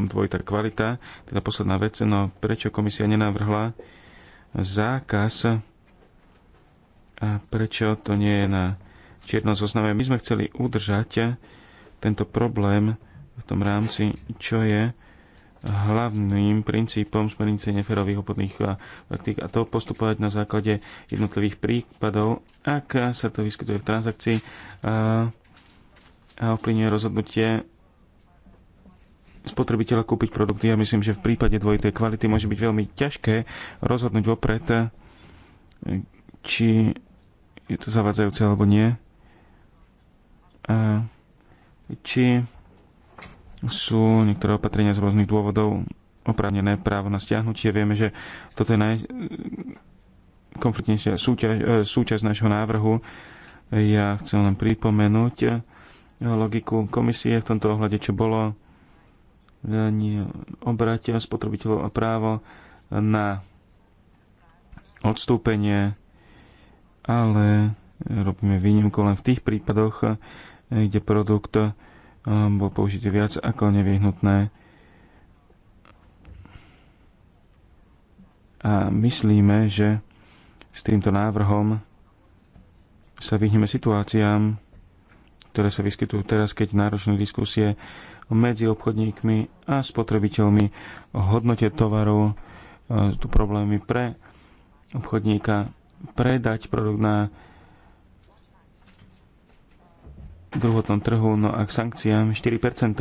dvojitá kvalita, teda posledná vec, no prečo komisia nenavrhla zákaz a prečo to nie je na čiernom zozname. My sme chceli udržať tento problém v tom rámci, čo je hlavným princípom smernice neferových obchodných praktík a to postupovať na základe jednotlivých prípadov, ak sa to vyskytuje v transakcii a, a ovplyvňuje rozhodnutie spotrebiteľa kúpiť produkty. Ja myslím, že v prípade dvojitej kvality môže byť veľmi ťažké rozhodnúť vopred, či je to zavadzajúce alebo nie. či sú niektoré opatrenia z rôznych dôvodov oprávnené právo na stiahnutie. Vieme, že toto je najkonfliktnejšia súťaž, e, súčasť našho návrhu. Ja chcem len pripomenúť logiku komisie v tomto ohľade, čo bolo e, obratia spotrebiteľov a právo na odstúpenie ale robíme výnimku len v tých prípadoch, eh, kde produkt eh, bol použitý viac ako nevyhnutné. A myslíme, že s týmto návrhom sa vyhneme situáciám, ktoré sa vyskytujú teraz, keď náročné diskusie medzi obchodníkmi a spotrebiteľmi o hodnote tovarov sú eh, tu problémy pre obchodníka predať produkt na druhotnom trhu, no a k sankciám 4%, 4%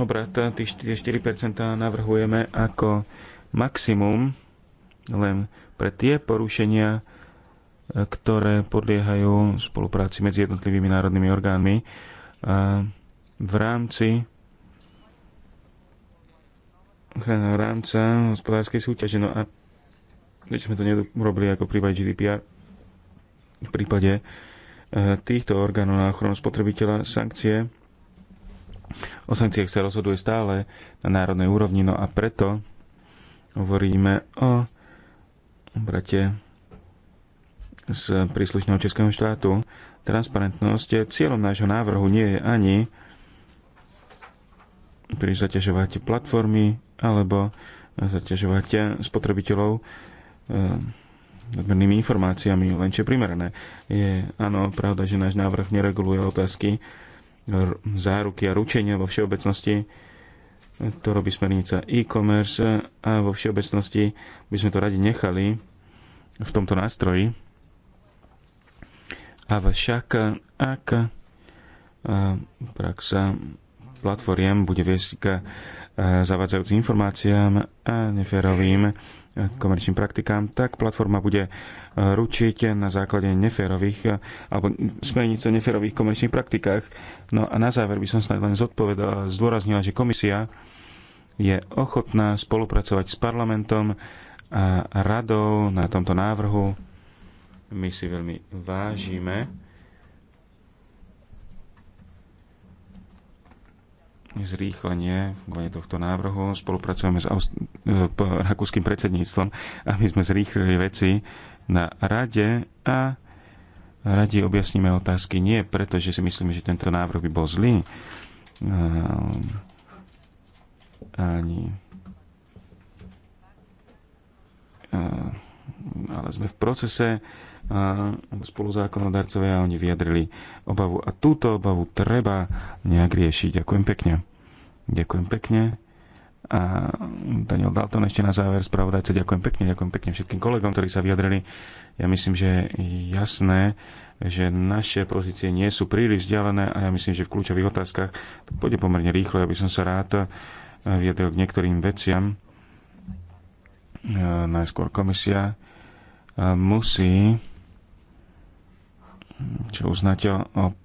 obrat, tie 4% navrhujeme ako maximum len pre tie porušenia, ktoré podliehajú spolupráci medzi jednotlivými národnými orgánmi v rámci ochranného rámca hospodárskej súťaže. No a keď sme to nerobili ako prípade GDPR, v prípade eh, týchto orgánov na ochranu spotrebiteľa sankcie, o sankciách sa rozhoduje stále na národnej úrovni, no a preto hovoríme o brate z príslušného Českého štátu. Transparentnosť eh, cieľom nášho návrhu nie je ani pri zaťažovať platformy, alebo zaťažovať spotrebiteľov eh, nadmernými informáciami, len čo primerané. Je áno, pravda, že náš návrh nereguluje otázky záruky a ručenia vo všeobecnosti. To robí smernica e-commerce a vo všeobecnosti by sme to radi nechali v tomto nástroji. však, ak eh, praxa platformiem bude viesť k Eh, zavadzajúcim informáciám a neférovým eh, komerčným praktikám, tak platforma bude eh, ručiť na základe neférových alebo smernice o neférových komerčných praktikách. No a na záver by som snad len zodpovedal, zdôraznila, že komisia je ochotná spolupracovať s parlamentom a radou na tomto návrhu. My si veľmi vážime zrýchlenie fungovania tohto návrhu. Spolupracujeme s Aust- rakúskym predsedníctvom, aby sme zrýchlili veci na rade a radi objasníme otázky. Nie preto, že si myslíme, že tento návrh by bol zlý, ani ale sme v procese spoluzákonodarcovia oni vyjadrili obavu. A túto obavu treba nejak riešiť. Ďakujem pekne. Ďakujem pekne. A Daniel Dalton ešte na záver, spravodajca, ďakujem pekne, ďakujem pekne všetkým kolegom, ktorí sa vyjadrili. Ja myslím, že je jasné, že naše pozície nie sú príliš vzdialené a ja myslím, že v kľúčových otázkach to pôjde pomerne rýchlo, aby som sa rád vyjadril k niektorým veciam. E, najskôr komisia e, musí čo uznať o,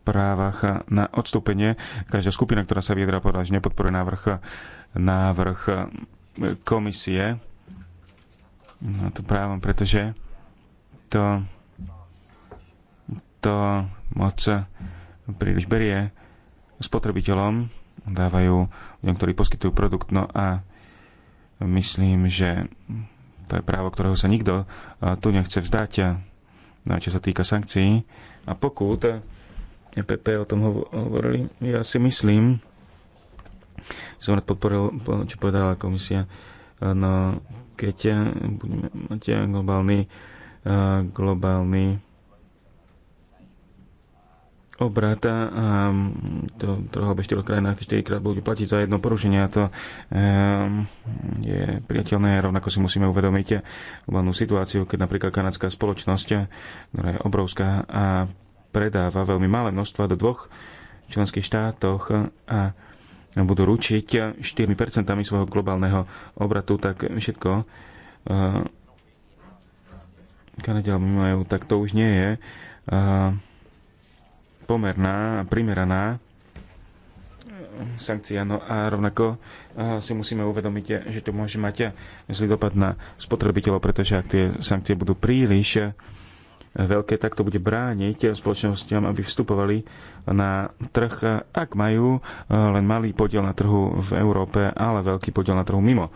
právach na odstúpenie. Každá skupina, ktorá sa vyjadrila, povedala, že nepodporuje návrh, návrh komisie na to právom, pretože to, to moc príliš berie spotrebiteľom, dávajú ľuďom, ktorí poskytujú produkt. No a myslím, že to je právo, ktorého sa nikto tu nechce vzdať. No a čo sa týka sankcií, a pokút. EPP o tom hovorili. Ja si myslím, som rád podporil, čo povedala komisia, eh, no keď eh, budeme mať eh, globálny, globálny obrata a to troch alebo štyroch krajinách 4 krát budú platiť za jedno porušenie a to e, je priateľné. Rovnako si musíme uvedomiť globálnu situáciu, keď napríklad kanadská spoločnosť, ktorá je obrovská a predáva veľmi malé množstva do dvoch členských štátoch a budú ručiť 4% svojho globálneho obratu, tak všetko e, Kanadiaľmi majú, e tak to už nie je pomerná a primeraná sankcia. No a rovnako eh, si musíme uvedomiť, že to môže mať zlý dopad na spotrebiteľov, pretože ak tie sankcie budú príliš eh, veľké, tak to bude brániť spoločnosťam, aby vstupovali na trh, ak majú eh, len malý podiel na trhu v Európe, ale veľký podiel na trhu mimo.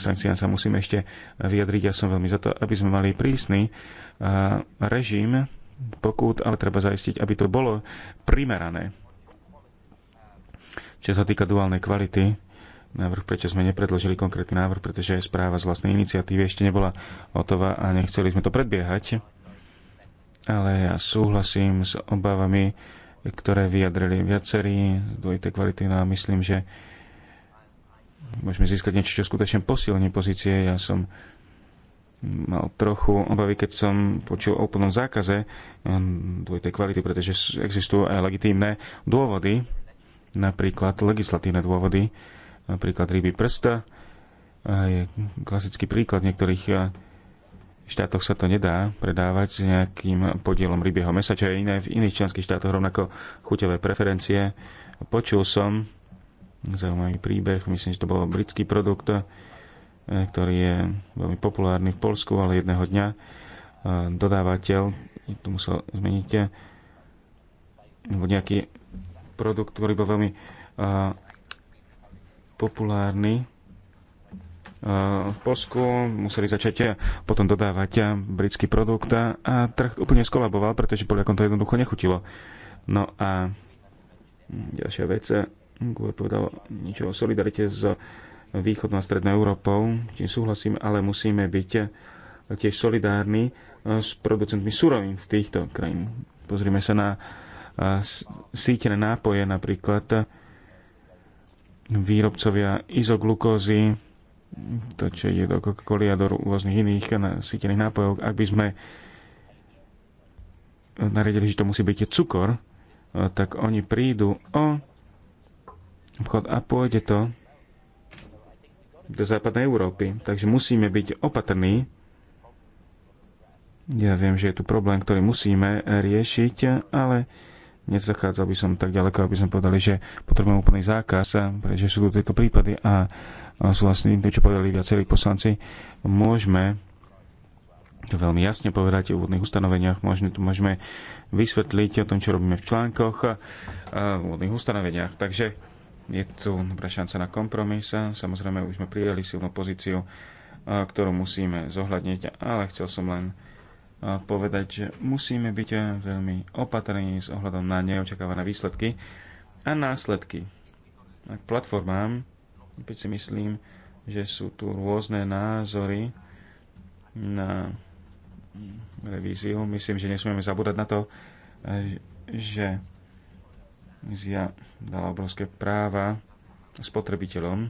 Sankciám sa musím ešte vyjadriť. Ja som veľmi za to, aby sme mali prísny režim pokút, ale treba zaistiť, aby to bolo primerané. Čo sa týka duálnej kvality, návrh, prečo sme nepredložili konkrétny návrh, pretože správa z vlastnej iniciatívy ešte nebola hotová a nechceli sme to predbiehať. Ale ja súhlasím s obavami, ktoré vyjadrili viacerí dvojité kvality no a myslím, že môžeme získať niečo, čo skutočne posilní pozície. Ja som mal trochu obavy, keď som počul o úplnom zákaze eh, dvojitej kvality, pretože existujú aj legitímne dôvody, napríklad legislatívne dôvody, napríklad ryby prsta. Je klasický príklad, v niektorých eh, štátoch sa to nedá predávať s nejakým podielom rybieho mesa, čo je iné v iných členských štátoch, rovnako chuťové preferencie. Počul som zaujímavý príbeh, myslím, že to bol britský produkt, Eh, ktorý je veľmi populárny v Polsku, ale jedného dňa eh, dodávateľ, tu musel zmeniť, eh, alebo nejaký produkt, ktorý bol veľmi populárny v Polsku, museli začať potom dodávať britský produkt a trh úplne skolaboval, pretože Poliakom to jednoducho nechutilo. No a hm, ďalšia vec, Google povedal niečo o solidarite s východnou a strednou Európou, čím súhlasím, ale musíme byť tiež solidárni s producentmi surovín z týchto krajín. Pozrieme sa na sítené nápoje, napríklad výrobcovia izoglukózy, to, čo ide do Coca-Cola a do rôznych iných sítených nápojov. Ak by sme naredili, že to musí byť cukor, tak oni prídu o obchod a pôjde to do západnej Európy. Takže musíme byť opatrní. Ja viem, že je tu problém, ktorý musíme riešiť, ale nezachádzal by som tak ďaleko, aby sme povedali, že potrebujeme úplný zákaz, pretože sú tu tieto prípady a sú vlastne to, čo povedali viacerí poslanci. Môžeme to veľmi jasne povedať o úvodných ustanoveniach, možno tu môžeme vysvetliť o tom, čo robíme v článkoch a v úvodných ustanoveniach. Takže je tu dobrá šanca na kompromis. Samozrejme, už sme prijali silnú pozíciu, ktorú musíme zohľadniť, ale chcel som len povedať, že musíme byť veľmi opatrní s ohľadom na neočakávané výsledky a následky. k platformám, keď si myslím, že sú tu rôzne názory na revíziu, myslím, že nesmieme zabúdať na to, že Komisia dala obrovské práva spotrebiteľom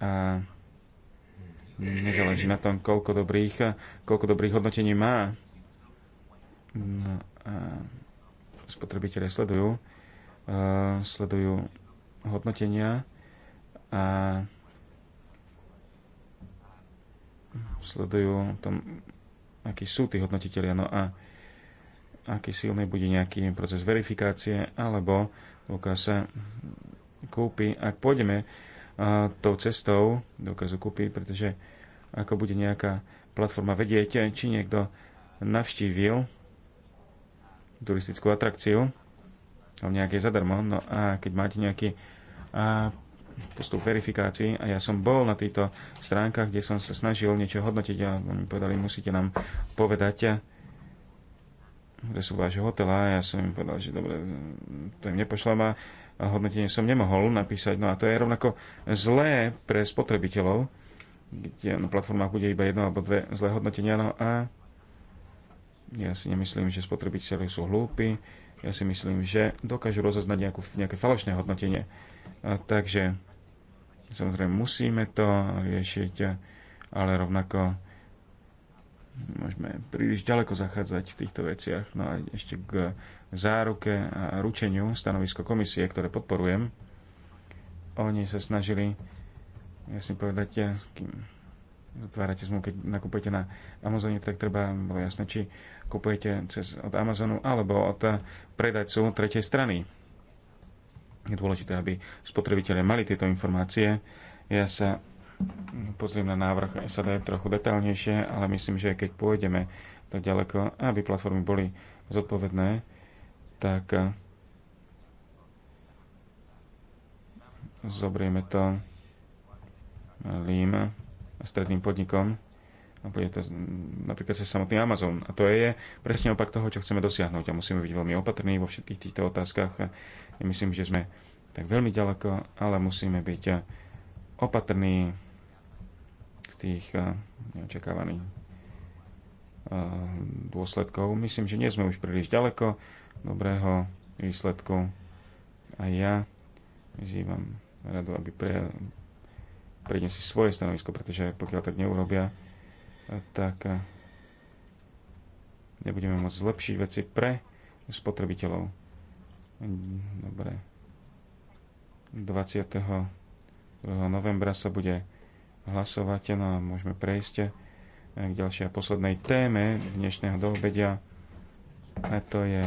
a nezáleží na tom, koľko dobrých, koľko dobrých hodnotení má. No a sledujú, uh, sledujú hodnotenia a sledujú tom, akí sú tí hodnotiteľia. No a aký silný bude nejaký proces verifikácie alebo dokáza kúpi, ak pôjdeme tou cestou dokazu kúpi, pretože ako bude nejaká platforma vedieť, či niekto navštívil turistickú atrakciu, tam no nejaké zadarmo, no a keď máte nejaký a, postup verifikácií, a ja som bol na týchto stránkach, kde som sa snažil niečo hodnotiť a oni povedali, musíte nám povedať, ktoré sú vášho hotela. Ja som im povedal, že dobre, to im ma a hodnotenie som nemohol napísať. No a to je rovnako zlé pre spotrebiteľov, kde na platformách bude iba jedno alebo dve zlé hodnotenia. No a ja si nemyslím, že spotrebiteľi sú hlúpi. Ja si myslím, že dokážu rozoznať nejakú, nejaké falošné hodnotenie. A takže samozrejme musíme to riešiť, ale rovnako môžeme príliš ďaleko zachádzať v týchto veciach. No a ešte k záruke a ručeniu stanovisko komisie, ktoré podporujem. Oni sa snažili, jasne povedať, s kým zatvárate zmluvu, keď nakupujete na Amazone, tak treba bolo jasné, či kupujete cez, od Amazonu alebo od predajcu tretej strany. Je dôležité, aby spotrebitelia mali tieto informácie. Ja sa pozriem na návrh SAD trochu detaľnejšie, ale myslím, že keď pôjdeme tak ďaleko, aby platformy boli zodpovedné, tak eh, zobrieme to malým stredným podnikom a bude to napríklad sa samotný Amazon. A to je presne opak toho, čo chceme dosiahnuť a musíme byť veľmi opatrní vo všetkých týchto otázkach. Myslím, že sme tak veľmi ďaleko, ale musíme byť opatrní z tých eh, neočakávaných eh, dôsledkov. Myslím, že nie sme už príliš ďaleko dobrého výsledku a ja vyzývam radu, aby pre, prejdem si svoje stanovisko, pretože pokiaľ tak neurobia, tak eh, nebudeme môcť zlepšiť veci pre spotrebiteľov. Dobre. 22. novembra sa bude hlasovať. No a môžeme prejsť eh, k ďalšej a poslednej téme dnešného doobedia. A to je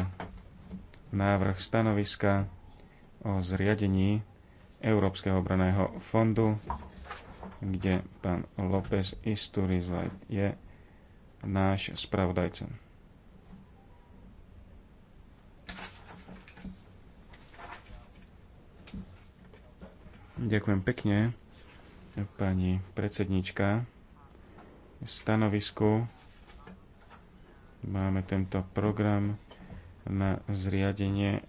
návrh stanoviska o zriadení Európskeho obraného fondu, kde pán López Isturizaj je náš spravodajca. Ďakujem pekne pani predsednička. stanovisku máme tento program na zriadenie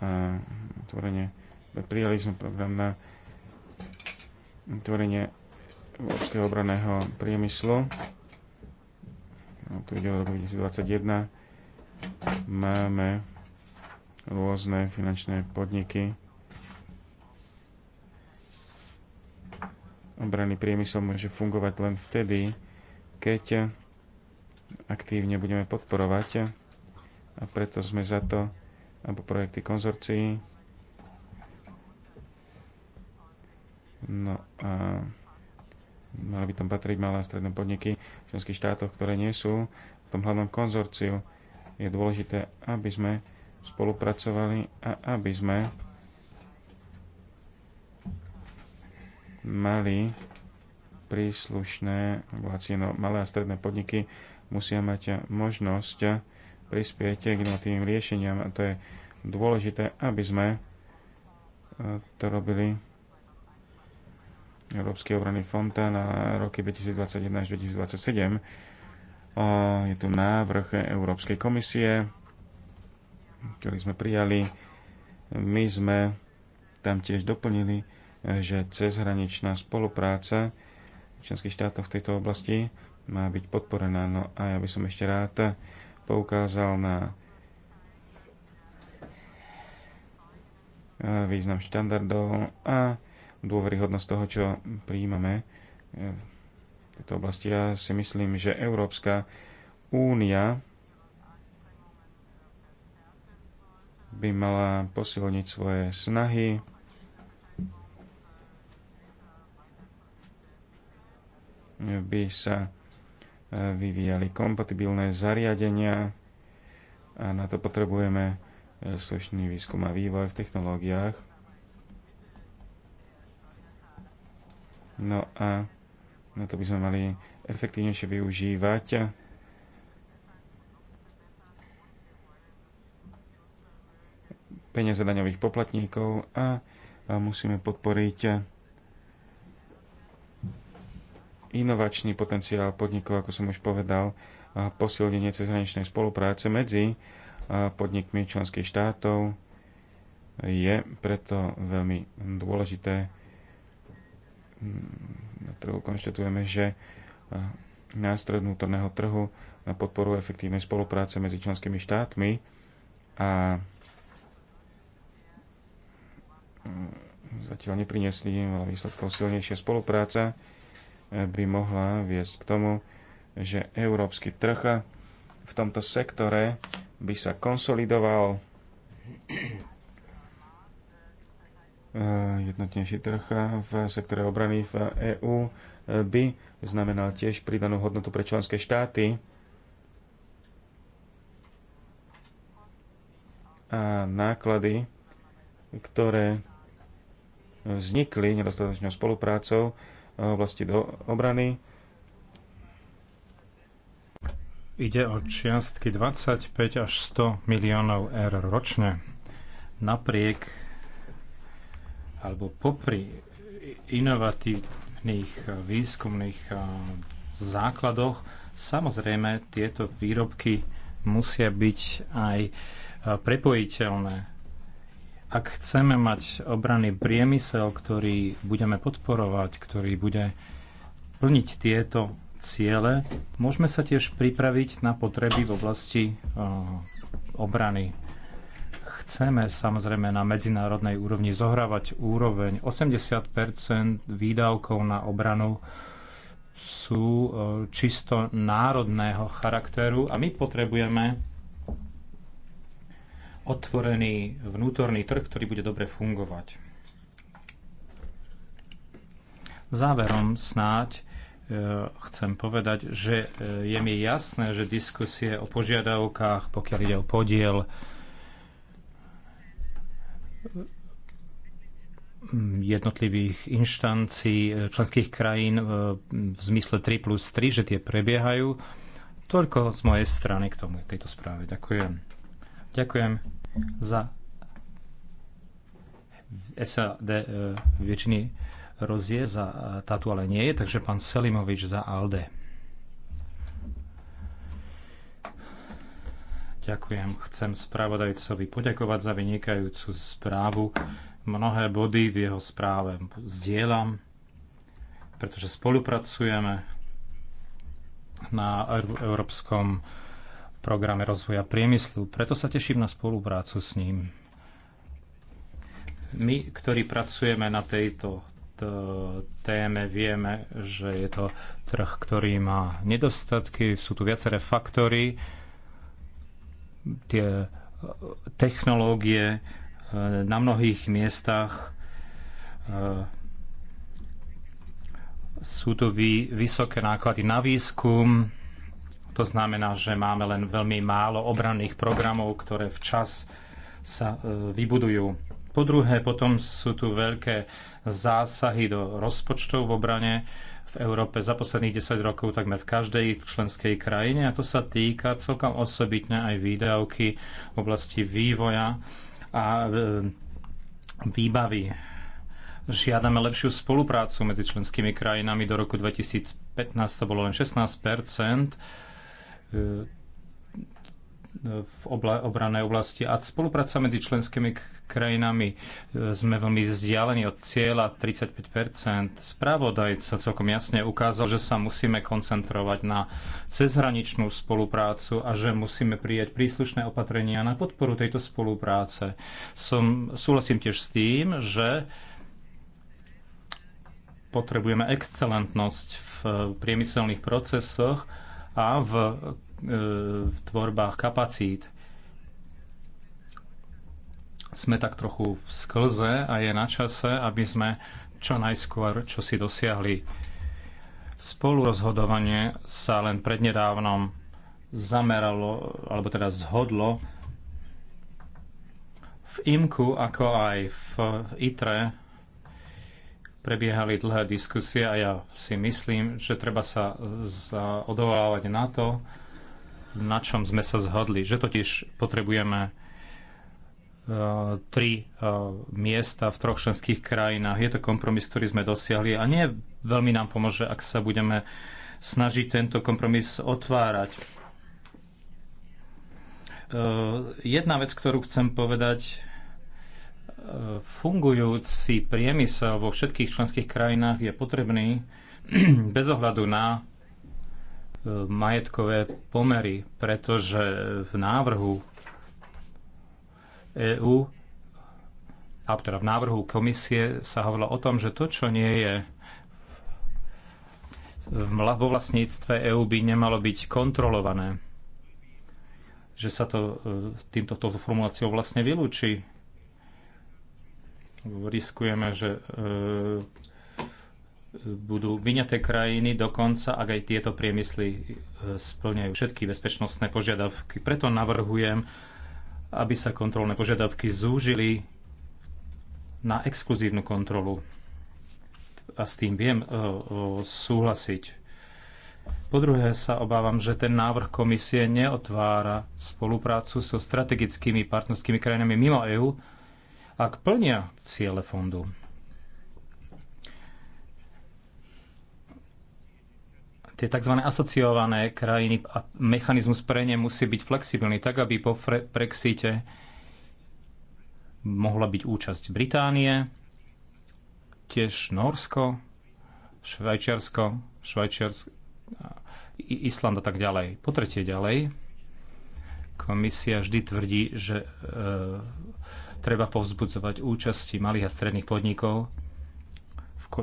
a tvorenie prijali sme program na tvorenie európskeho obraného priemyslu. No, tu ide o roku 2021. Máme rôzne finančné podniky, obranný priemysel môže fungovať len vtedy, keď aktívne budeme podporovať a preto sme za to, alebo projekty konzorcií. No a mali by tam patriť malé a stredné podniky v členských štátoch, ktoré nie sú v tom hlavnom konzorciu. Je dôležité, aby sme spolupracovali a aby sme mali príslušné vlácie, no, malé a stredné podniky musia mať možnosť prispieť k inovatívnym riešeniam a to je dôležité, aby sme e, to robili Európsky obranný fond na roky 2021 až 2027. Je tu návrh Európskej komisie, ktorý sme prijali. My sme tam tiež doplnili že cezhraničná spolupráca členských štátov v tejto oblasti má byť podporená. No a ja by som ešte rád poukázal na význam štandardov a dôveryhodnosť toho, čo prijímame v tejto oblasti. Ja si myslím, že Európska únia by mala posilniť svoje snahy by sa e, vyvíjali kompatibilné zariadenia a na to potrebujeme e, slušný výskum a vývoj v technológiách. No a na to by sme mali efektívnejšie využívať e, peniaze daňových poplatníkov a musíme podporiť inovačný potenciál podnikov, ako som už povedal, a posilnenie cezhraničnej spolupráce medzi podnikmi členských štátov je preto veľmi dôležité. Mm, na trhu konštatujeme, že nástroj vnútorného trhu na podporu efektívnej spolupráce medzi členskými štátmi a mm, zatiaľ nepriniesli veľa výsledkov silnejšia spolupráca by mohla viesť k tomu, že európsky trh v tomto sektore by sa konsolidoval eh, jednotnejší trh v sektore obrany v EÚ eh, by znamenal tiež pridanú hodnotu pre členské štáty. A náklady, ktoré vznikli nedostatočnou spoluprácou, oblasti do obrany. Ide o čiastky 25 až 100 miliónov eur ročne. Napriek alebo popri inovatívnych eh, výskumných eh, základoch samozrejme tieto výrobky musia byť aj eh, prepojiteľné ak chceme mať obranný priemysel, ktorý budeme podporovať, ktorý bude plniť tieto ciele, môžeme sa tiež pripraviť na potreby v oblasti eh, obrany. Chceme samozrejme na medzinárodnej úrovni zohrávať úroveň. 80 výdavkov na obranu sú eh, čisto národného charakteru a my potrebujeme otvorený vnútorný trh, ktorý bude dobre fungovať. Záverom snáď e, chcem povedať, že e, je mi jasné, že diskusie o požiadavkách, pokiaľ ide o podiel, jednotlivých inštancií e, členských krajín v zmysle 3 plus 3, že tie prebiehajú. Toľko z mojej strany k tomu, tejto správe. Ďakujem. Ďakujem za SAD e, väčšiny Rozie za e, tátu ale nie je, takže pán Selimovič za ALDE. Ďakujem. Chcem spravodajcovi poďakovať za vynikajúcu správu. Mnohé body v jeho správe zdieľam, pretože spolupracujeme na európskom programe rozvoja priemyslu. Preto sa teším na spoluprácu s ním. My, ktorí pracujeme na tejto téme, vieme, že je to trh, ktorý má nedostatky, sú tu viaceré faktory, tie e, technológie e, na mnohých miestach e, sú tu vysoké náklady na výskum, to znamená, že máme len veľmi málo obranných programov, ktoré včas sa e, vybudujú. Po druhé, potom sú tu veľké zásahy do rozpočtov v obrane v Európe za posledných 10 rokov takmer v každej členskej krajine a to sa týka celkom osobitne aj výdavky v oblasti vývoja a e, výbavy. Žiadame lepšiu spoluprácu medzi členskými krajinami. Do roku 2015 to bolo len 16 v obla, obranej oblasti a spolupráca medzi členskými krajinami. E, sme veľmi vzdialení od cieľa 35 Správodajca celkom jasne ukázal, že sa musíme koncentrovať na cezhraničnú spoluprácu a že musíme prijať príslušné opatrenia na podporu tejto spolupráce. Som, súhlasím tiež s tým, že potrebujeme excelentnosť v priemyselných procesoch, a v, e, v tvorbách kapacít. Sme tak trochu v sklze a je na čase, aby sme čo najskôr čo si dosiahli. Spolurozhodovanie sa len prednedávnom zameralo, alebo teda zhodlo v IMKU, ako aj v ITRE Prebiehali dlhé diskusie a ja si myslím, že treba sa odvolávať na to, na čom sme sa zhodli. Že totiž potrebujeme e, tri e, miesta v troch členských krajinách. Je to kompromis, ktorý sme dosiahli a nie veľmi nám pomôže, ak sa budeme snažiť tento kompromis otvárať. E, jedna vec, ktorú chcem povedať, fungujúci priemysel vo všetkých členských krajinách je potrebný bez ohľadu na e, majetkové pomery, pretože v návrhu EÚ, a teda v návrhu komisie sa hovorilo o tom, že to, čo nie je vo vlastníctve EÚ by nemalo byť kontrolované. Že sa to e, týmto formuláciou vlastne vylúči riskujeme, že e, budú vyňaté krajiny dokonca, ak aj tieto priemysly e, splňajú všetky bezpečnostné požiadavky. Preto navrhujem, aby sa kontrolné požiadavky zúžili na exkluzívnu kontrolu. A s tým viem e, súhlasiť. Po druhé sa obávam, že ten návrh komisie neotvára spoluprácu so strategickými partnerskými krajinami mimo EÚ, ak plnia ciele fondu. Tie tzv. asociované krajiny a mechanizmus pre ne musí byť flexibilný, tak aby po Brexite mohla byť účasť Británie, tiež Norsko, Švajčiarsko, Švajčiarsko, Island a tak ďalej. Po tretie ďalej, komisia vždy tvrdí, že e, Treba povzbudzovať účasti malých a stredných podnikov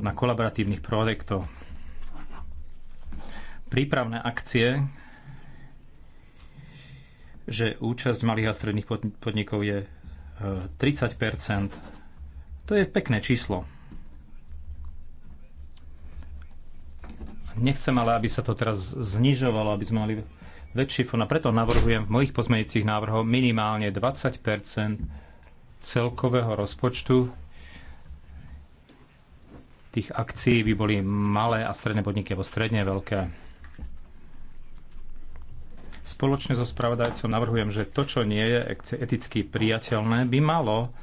na kolaboratívnych projektoch. Prípravné akcie, že účasť malých a stredných podnikov je 30 e, To je pekné číslo. Nechcem ale, aby sa to teraz znižovalo, aby sme mali väčší fond a preto navrhujem v mojich pozmeňujúcich návrhoch minimálne 20 celkového rozpočtu tých akcií by boli malé a stredné podniky alebo stredne veľké. Spoločne so spravodajcom navrhujem, že to, čo nie je eticky priateľné, by malo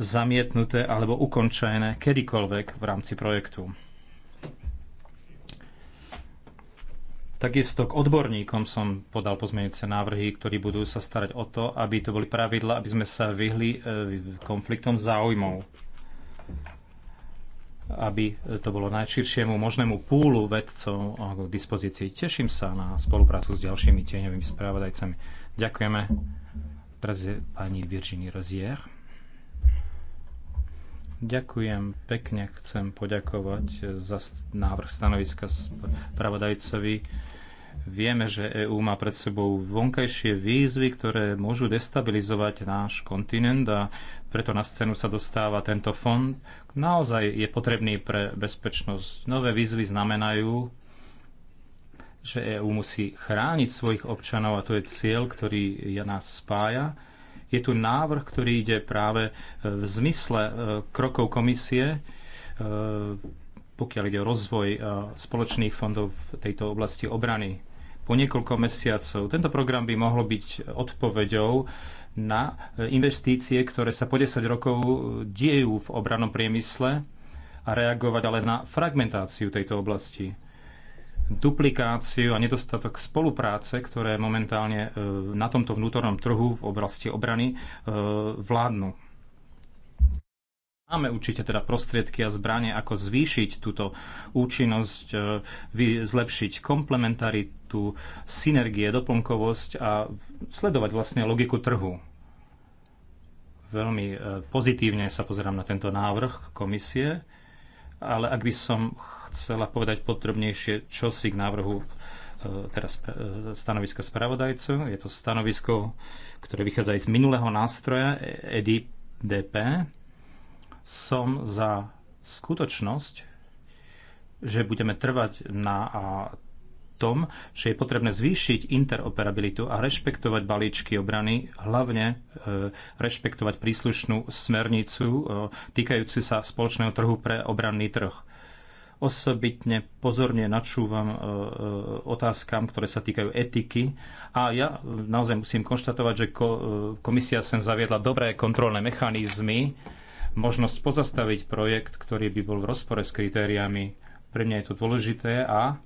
zamietnuté alebo ukončené kedykoľvek v rámci projektu. Takisto k odborníkom som podal pozmeňujúce návrhy, ktorí budú sa starať o to, aby to boli pravidla, aby sme sa vyhli e, konfliktom záujmov. Aby e, to bolo najširšiemu možnému púlu vedcov k dispozícii. Teším sa na spoluprácu s ďalšími tieňovými správodajcami. Ďakujeme. Teraz je pani Virginie Rozier. Ďakujem pekne. Chcem poďakovať za návrh stanoviska spravodajcovi. Vieme, že EÚ má pred sebou vonkajšie výzvy, ktoré môžu destabilizovať náš kontinent a preto na scénu sa dostáva tento fond. Naozaj je potrebný pre bezpečnosť. Nové výzvy znamenajú, že EÚ musí chrániť svojich občanov a to je cieľ, ktorý nás spája je tu návrh, ktorý ide práve e, v zmysle e, krokov komisie, e, pokiaľ ide o rozvoj spoločných fondov v tejto oblasti obrany. Po niekoľko mesiacov tento program by mohol byť odpoveďou na investície, ktoré sa po 10 rokov diejú v obranom priemysle a reagovať ale na fragmentáciu tejto oblasti duplikáciu a nedostatok spolupráce, ktoré momentálne e, na tomto vnútornom trhu v oblasti obrany e, vládnu. Máme určite teda prostriedky a zbranie, ako zvýšiť túto účinnosť, e, zlepšiť komplementaritu, synergie, doplnkovosť a sledovať vlastne logiku trhu. Veľmi pozitívne sa pozerám na tento návrh komisie ale ak by som chcela povedať podrobnejšie, čo si k návrhu e, teraz e, stanoviska spravodajcu. Je to stanovisko, ktoré vychádza aj z minulého nástroja EDIDP. Som za skutočnosť, že budeme trvať na tom, že je potrebné zvýšiť interoperabilitu a rešpektovať balíčky obrany, hlavne e, rešpektovať príslušnú smernicu e, týkajúcu sa spoločného trhu pre obranný trh. Osobitne pozorne načúvam e, otázkam, ktoré sa týkajú etiky a ja naozaj musím konštatovať, že komisia sem zaviedla dobré kontrolné mechanizmy, možnosť pozastaviť projekt, ktorý by bol v rozpore s kritériami. Pre mňa je to dôležité a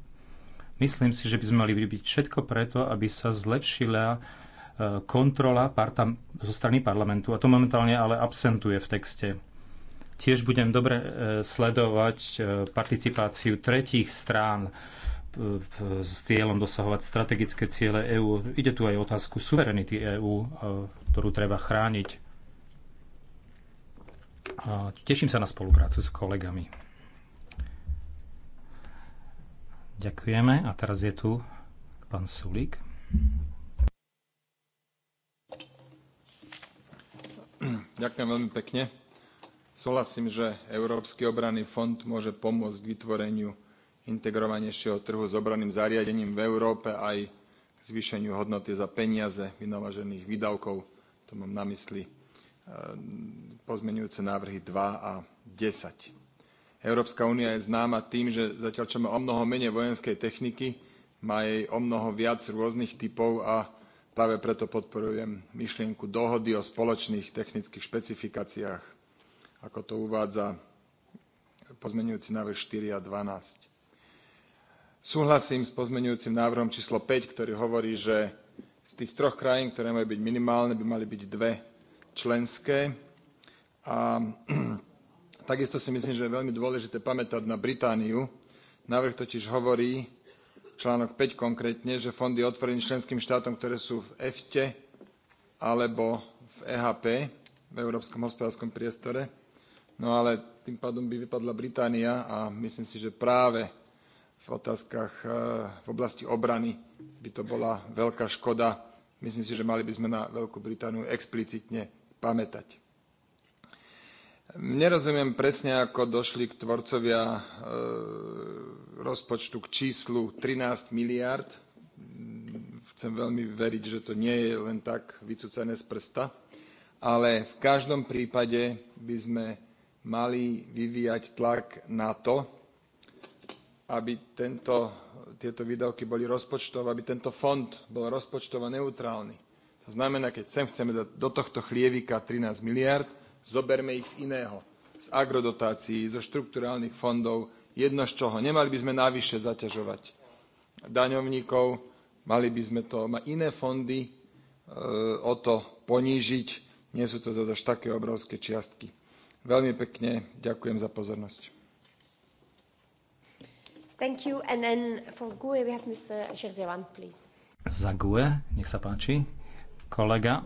Myslím si, že by sme mali vybiť všetko preto, aby sa zlepšila e, kontrola parta, zo strany parlamentu. A to momentálne ale absentuje v texte. Tiež budem dobre e, sledovať e, participáciu tretích strán s cieľom dosahovať strategické ciele EÚ. Ide tu aj otázku suverenity EÚ, ktorú treba chrániť. Teším sa na spoluprácu s kolegami. Ďakujeme. A teraz je tu pán Sulík. Ďakujem veľmi pekne. Súhlasím, že Európsky obranný fond môže pomôcť k vytvoreniu integrovanejšieho trhu s obranným zariadením v Európe aj k zvýšeniu hodnoty za peniaze vynaložených výdavkov. To mám na mysli eh, pozmenujúce návrhy 2 a 10. Európska únia je známa tým, že zatiaľ čo má o mnoho menej vojenskej techniky, má jej o mnoho viac rôznych typov a práve preto podporujem myšlienku dohody o spoločných technických špecifikáciách, ako to uvádza pozmenujúci návrh 4 a 12. Súhlasím s pozmenujúcim návrhom číslo 5, ktorý hovorí, že z tých troch krajín, ktoré majú byť minimálne, by mali byť dve členské. A Takisto si myslím, že je veľmi dôležité pamätať na Britániu. Návrh totiž hovorí, článok 5 konkrétne, že fond je otvorený členským štátom, ktoré sú v EFTE alebo v EHP, v Európskom hospodárskom priestore. No ale tým pádom by vypadla Británia a myslím si, že práve v otázkach e, v oblasti obrany by to bola veľká škoda. Myslím si, že mali by sme na Veľkú Britániu explicitne pamätať. Nerozumiem presne, ako došli k tvorcovia e, rozpočtu k číslu 13 miliard. Chcem veľmi veriť, že to nie je len tak vycúcané z prsta, ale v každom prípade by sme mali vyvíjať tlak na to, aby tento, tieto výdavky boli rozpočtové, aby tento fond bol rozpočtovo neutrálny. To znamená, keď sem chceme dať do tohto chlievika 13 miliard, Zoberme ich z iného, z agrodotácií, zo štrukturálnych fondov, jedno z čoho. Nemali by sme navyše zaťažovať daňovníkov, mali by sme to, iné fondy e, o to ponížiť, nie sú to zase také obrovské čiastky. Veľmi pekne ďakujem za pozornosť. Thank you. And then for GUE we have Mr. please. Za GUE, nech sa páči, kolega.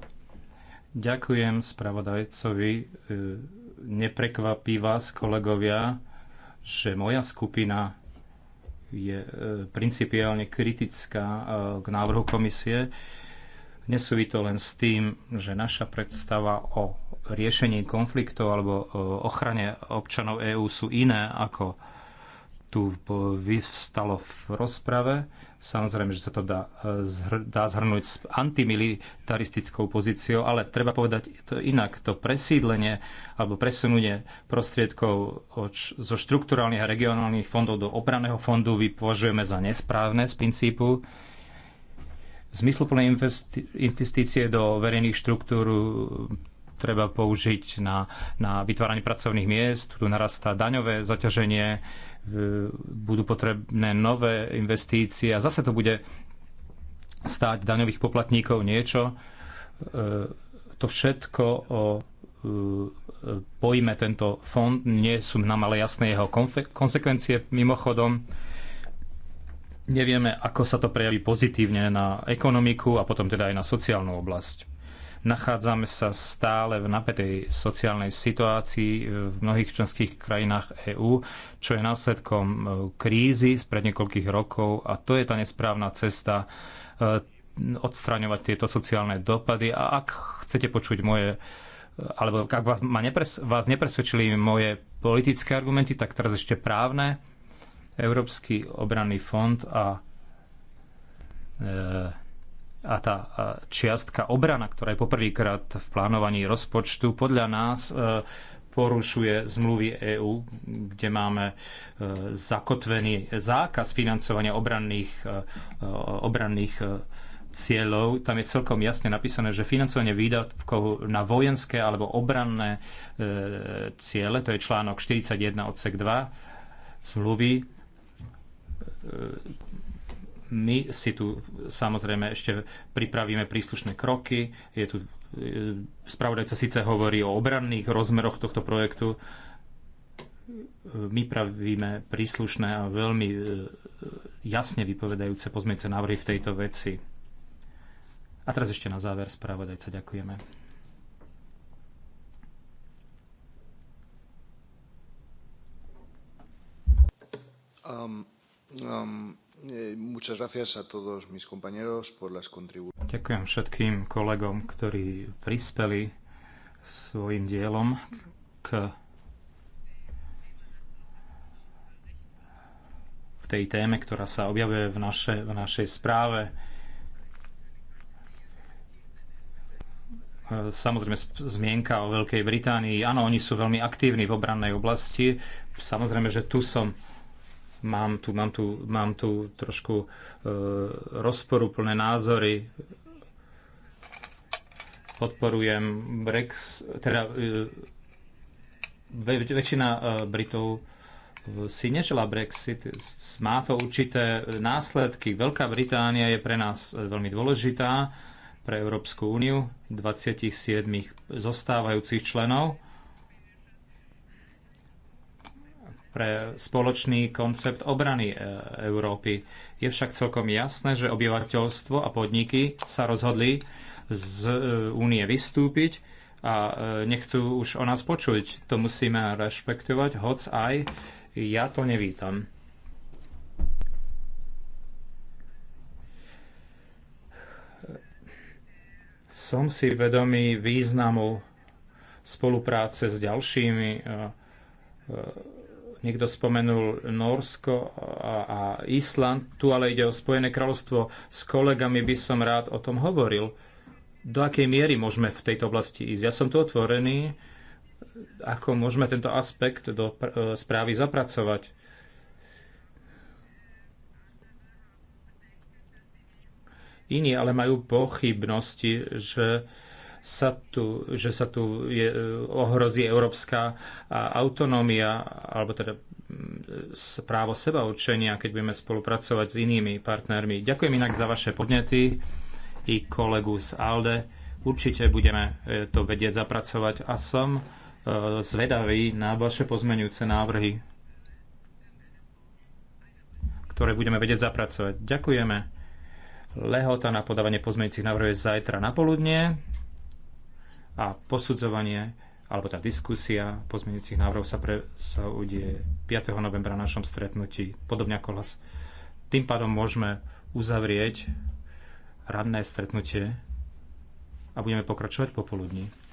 Ďakujem spravodajcovi. E, neprekvapí vás, kolegovia, že moja skupina je e, principiálne kritická e, k návrhu komisie. Nesúvi to len s tým, že naša predstava o riešení konfliktov alebo ochrane občanov EÚ sú iné ako tu vyvstalo v rozprave. Samozrejme, že sa to dá, e, dá zhrnúť s antimilitaristickou pozíciou, ale treba povedať to inak. To presídlenie alebo presunutie prostriedkov zo štrukturálnych a regionálnych fondov do obraného fondu vypovažujeme za nesprávne z princípu. Zmysluplné investície do verejných štruktúr treba použiť na, na vytváranie pracovných miest, tu narastá daňové zaťaženie, budú potrebné nové investície a zase to bude stáť daňových poplatníkov niečo. E, to všetko o e, pojme tento fond, nie sú nám ale jasné jeho konsekvencie. Mimochodom, nevieme, ako sa to prejaví pozitívne na ekonomiku a potom teda aj na sociálnu oblasť. Nachádzame sa stále v napätej sociálnej situácii v mnohých členských krajinách EÚ, čo je následkom e, krízy spred niekoľkých rokov a to je tá nesprávna cesta e, odstraňovať tieto sociálne dopady. A ak chcete počuť moje alebo ak vás, ma nepres, vás nepresvedčili moje politické argumenty, tak teraz ešte právne. Európsky obranný fond a e, a tá čiastka obrana, ktorá je poprvýkrát v plánovaní rozpočtu, podľa nás e, porušuje zmluvy EÚ, kde máme e, zakotvený zákaz financovania obranných, e, obranných cieľov. Tam je celkom jasne napísané, že financovanie výdavkov na vojenské alebo obranné ciele, to je článok 41 odsek 2 zmluvy, my si tu samozrejme ešte pripravíme príslušné kroky. Je tu e, spravodajca síce hovorí o obranných rozmeroch tohto projektu, my pravíme príslušné a veľmi e, jasne vypovedajúce pozmiece návrhy v tejto veci. A teraz ešte na záver spravodajca ďakujeme. Um, um... Ďakujem všetkým kolegom, ktorí prispeli svojim dielom k tej téme, ktorá sa objavuje v, naše, v našej správe. Eh, samozrejme, zmienka o Veľkej Británii. Áno, oni sú veľmi aktívni v obrannej oblasti. Samozrejme, že tu som Mám tu, mám tu, mám tu trošku e, rozporúplné názory. Podporujem Brex, teda e, väč, väčšina e, Britov e, si nežela Brexit. Má to určité následky. Veľká Británia je pre nás veľmi dôležitá, pre Európsku úniu, 27 zostávajúcich členov pre spoločný koncept obrany e, Európy. Je však celkom jasné, že obyvateľstvo a podniky sa rozhodli z e, únie vystúpiť a e, nechcú už o nás počuť. To musíme rešpektovať, hoc aj ja to nevítam. Som si vedomý významu spolupráce s ďalšími Niekto spomenul Norsko a, a Island, tu ale ide o Spojené kráľovstvo. S kolegami by som rád o tom hovoril. Do akej miery môžeme v tejto oblasti ísť? Ja som tu otvorený, ako môžeme tento aspekt do e, správy zapracovať. Iní ale majú pochybnosti, že sa tu, že sa tu je, e, ohrozí európska autonómia, alebo teda právo seba určenia, keď budeme spolupracovať s inými partnermi. Ďakujem inak za vaše podnety i kolegu z ALDE. Určite budeme e, to vedieť zapracovať a som e, zvedavý na vaše pozmenujúce návrhy, ktoré budeme vedieť zapracovať. Ďakujeme. Lehota na podávanie pozmeňujúcich návrhov je zajtra na poludnie a posudzovanie alebo tá diskusia pozmeňujúcich návrhov sa, pre, sa udie 5. novembra na našom stretnutí, podobne ako hlas. Tým pádom môžeme uzavrieť radné stretnutie a budeme pokračovať popoludní.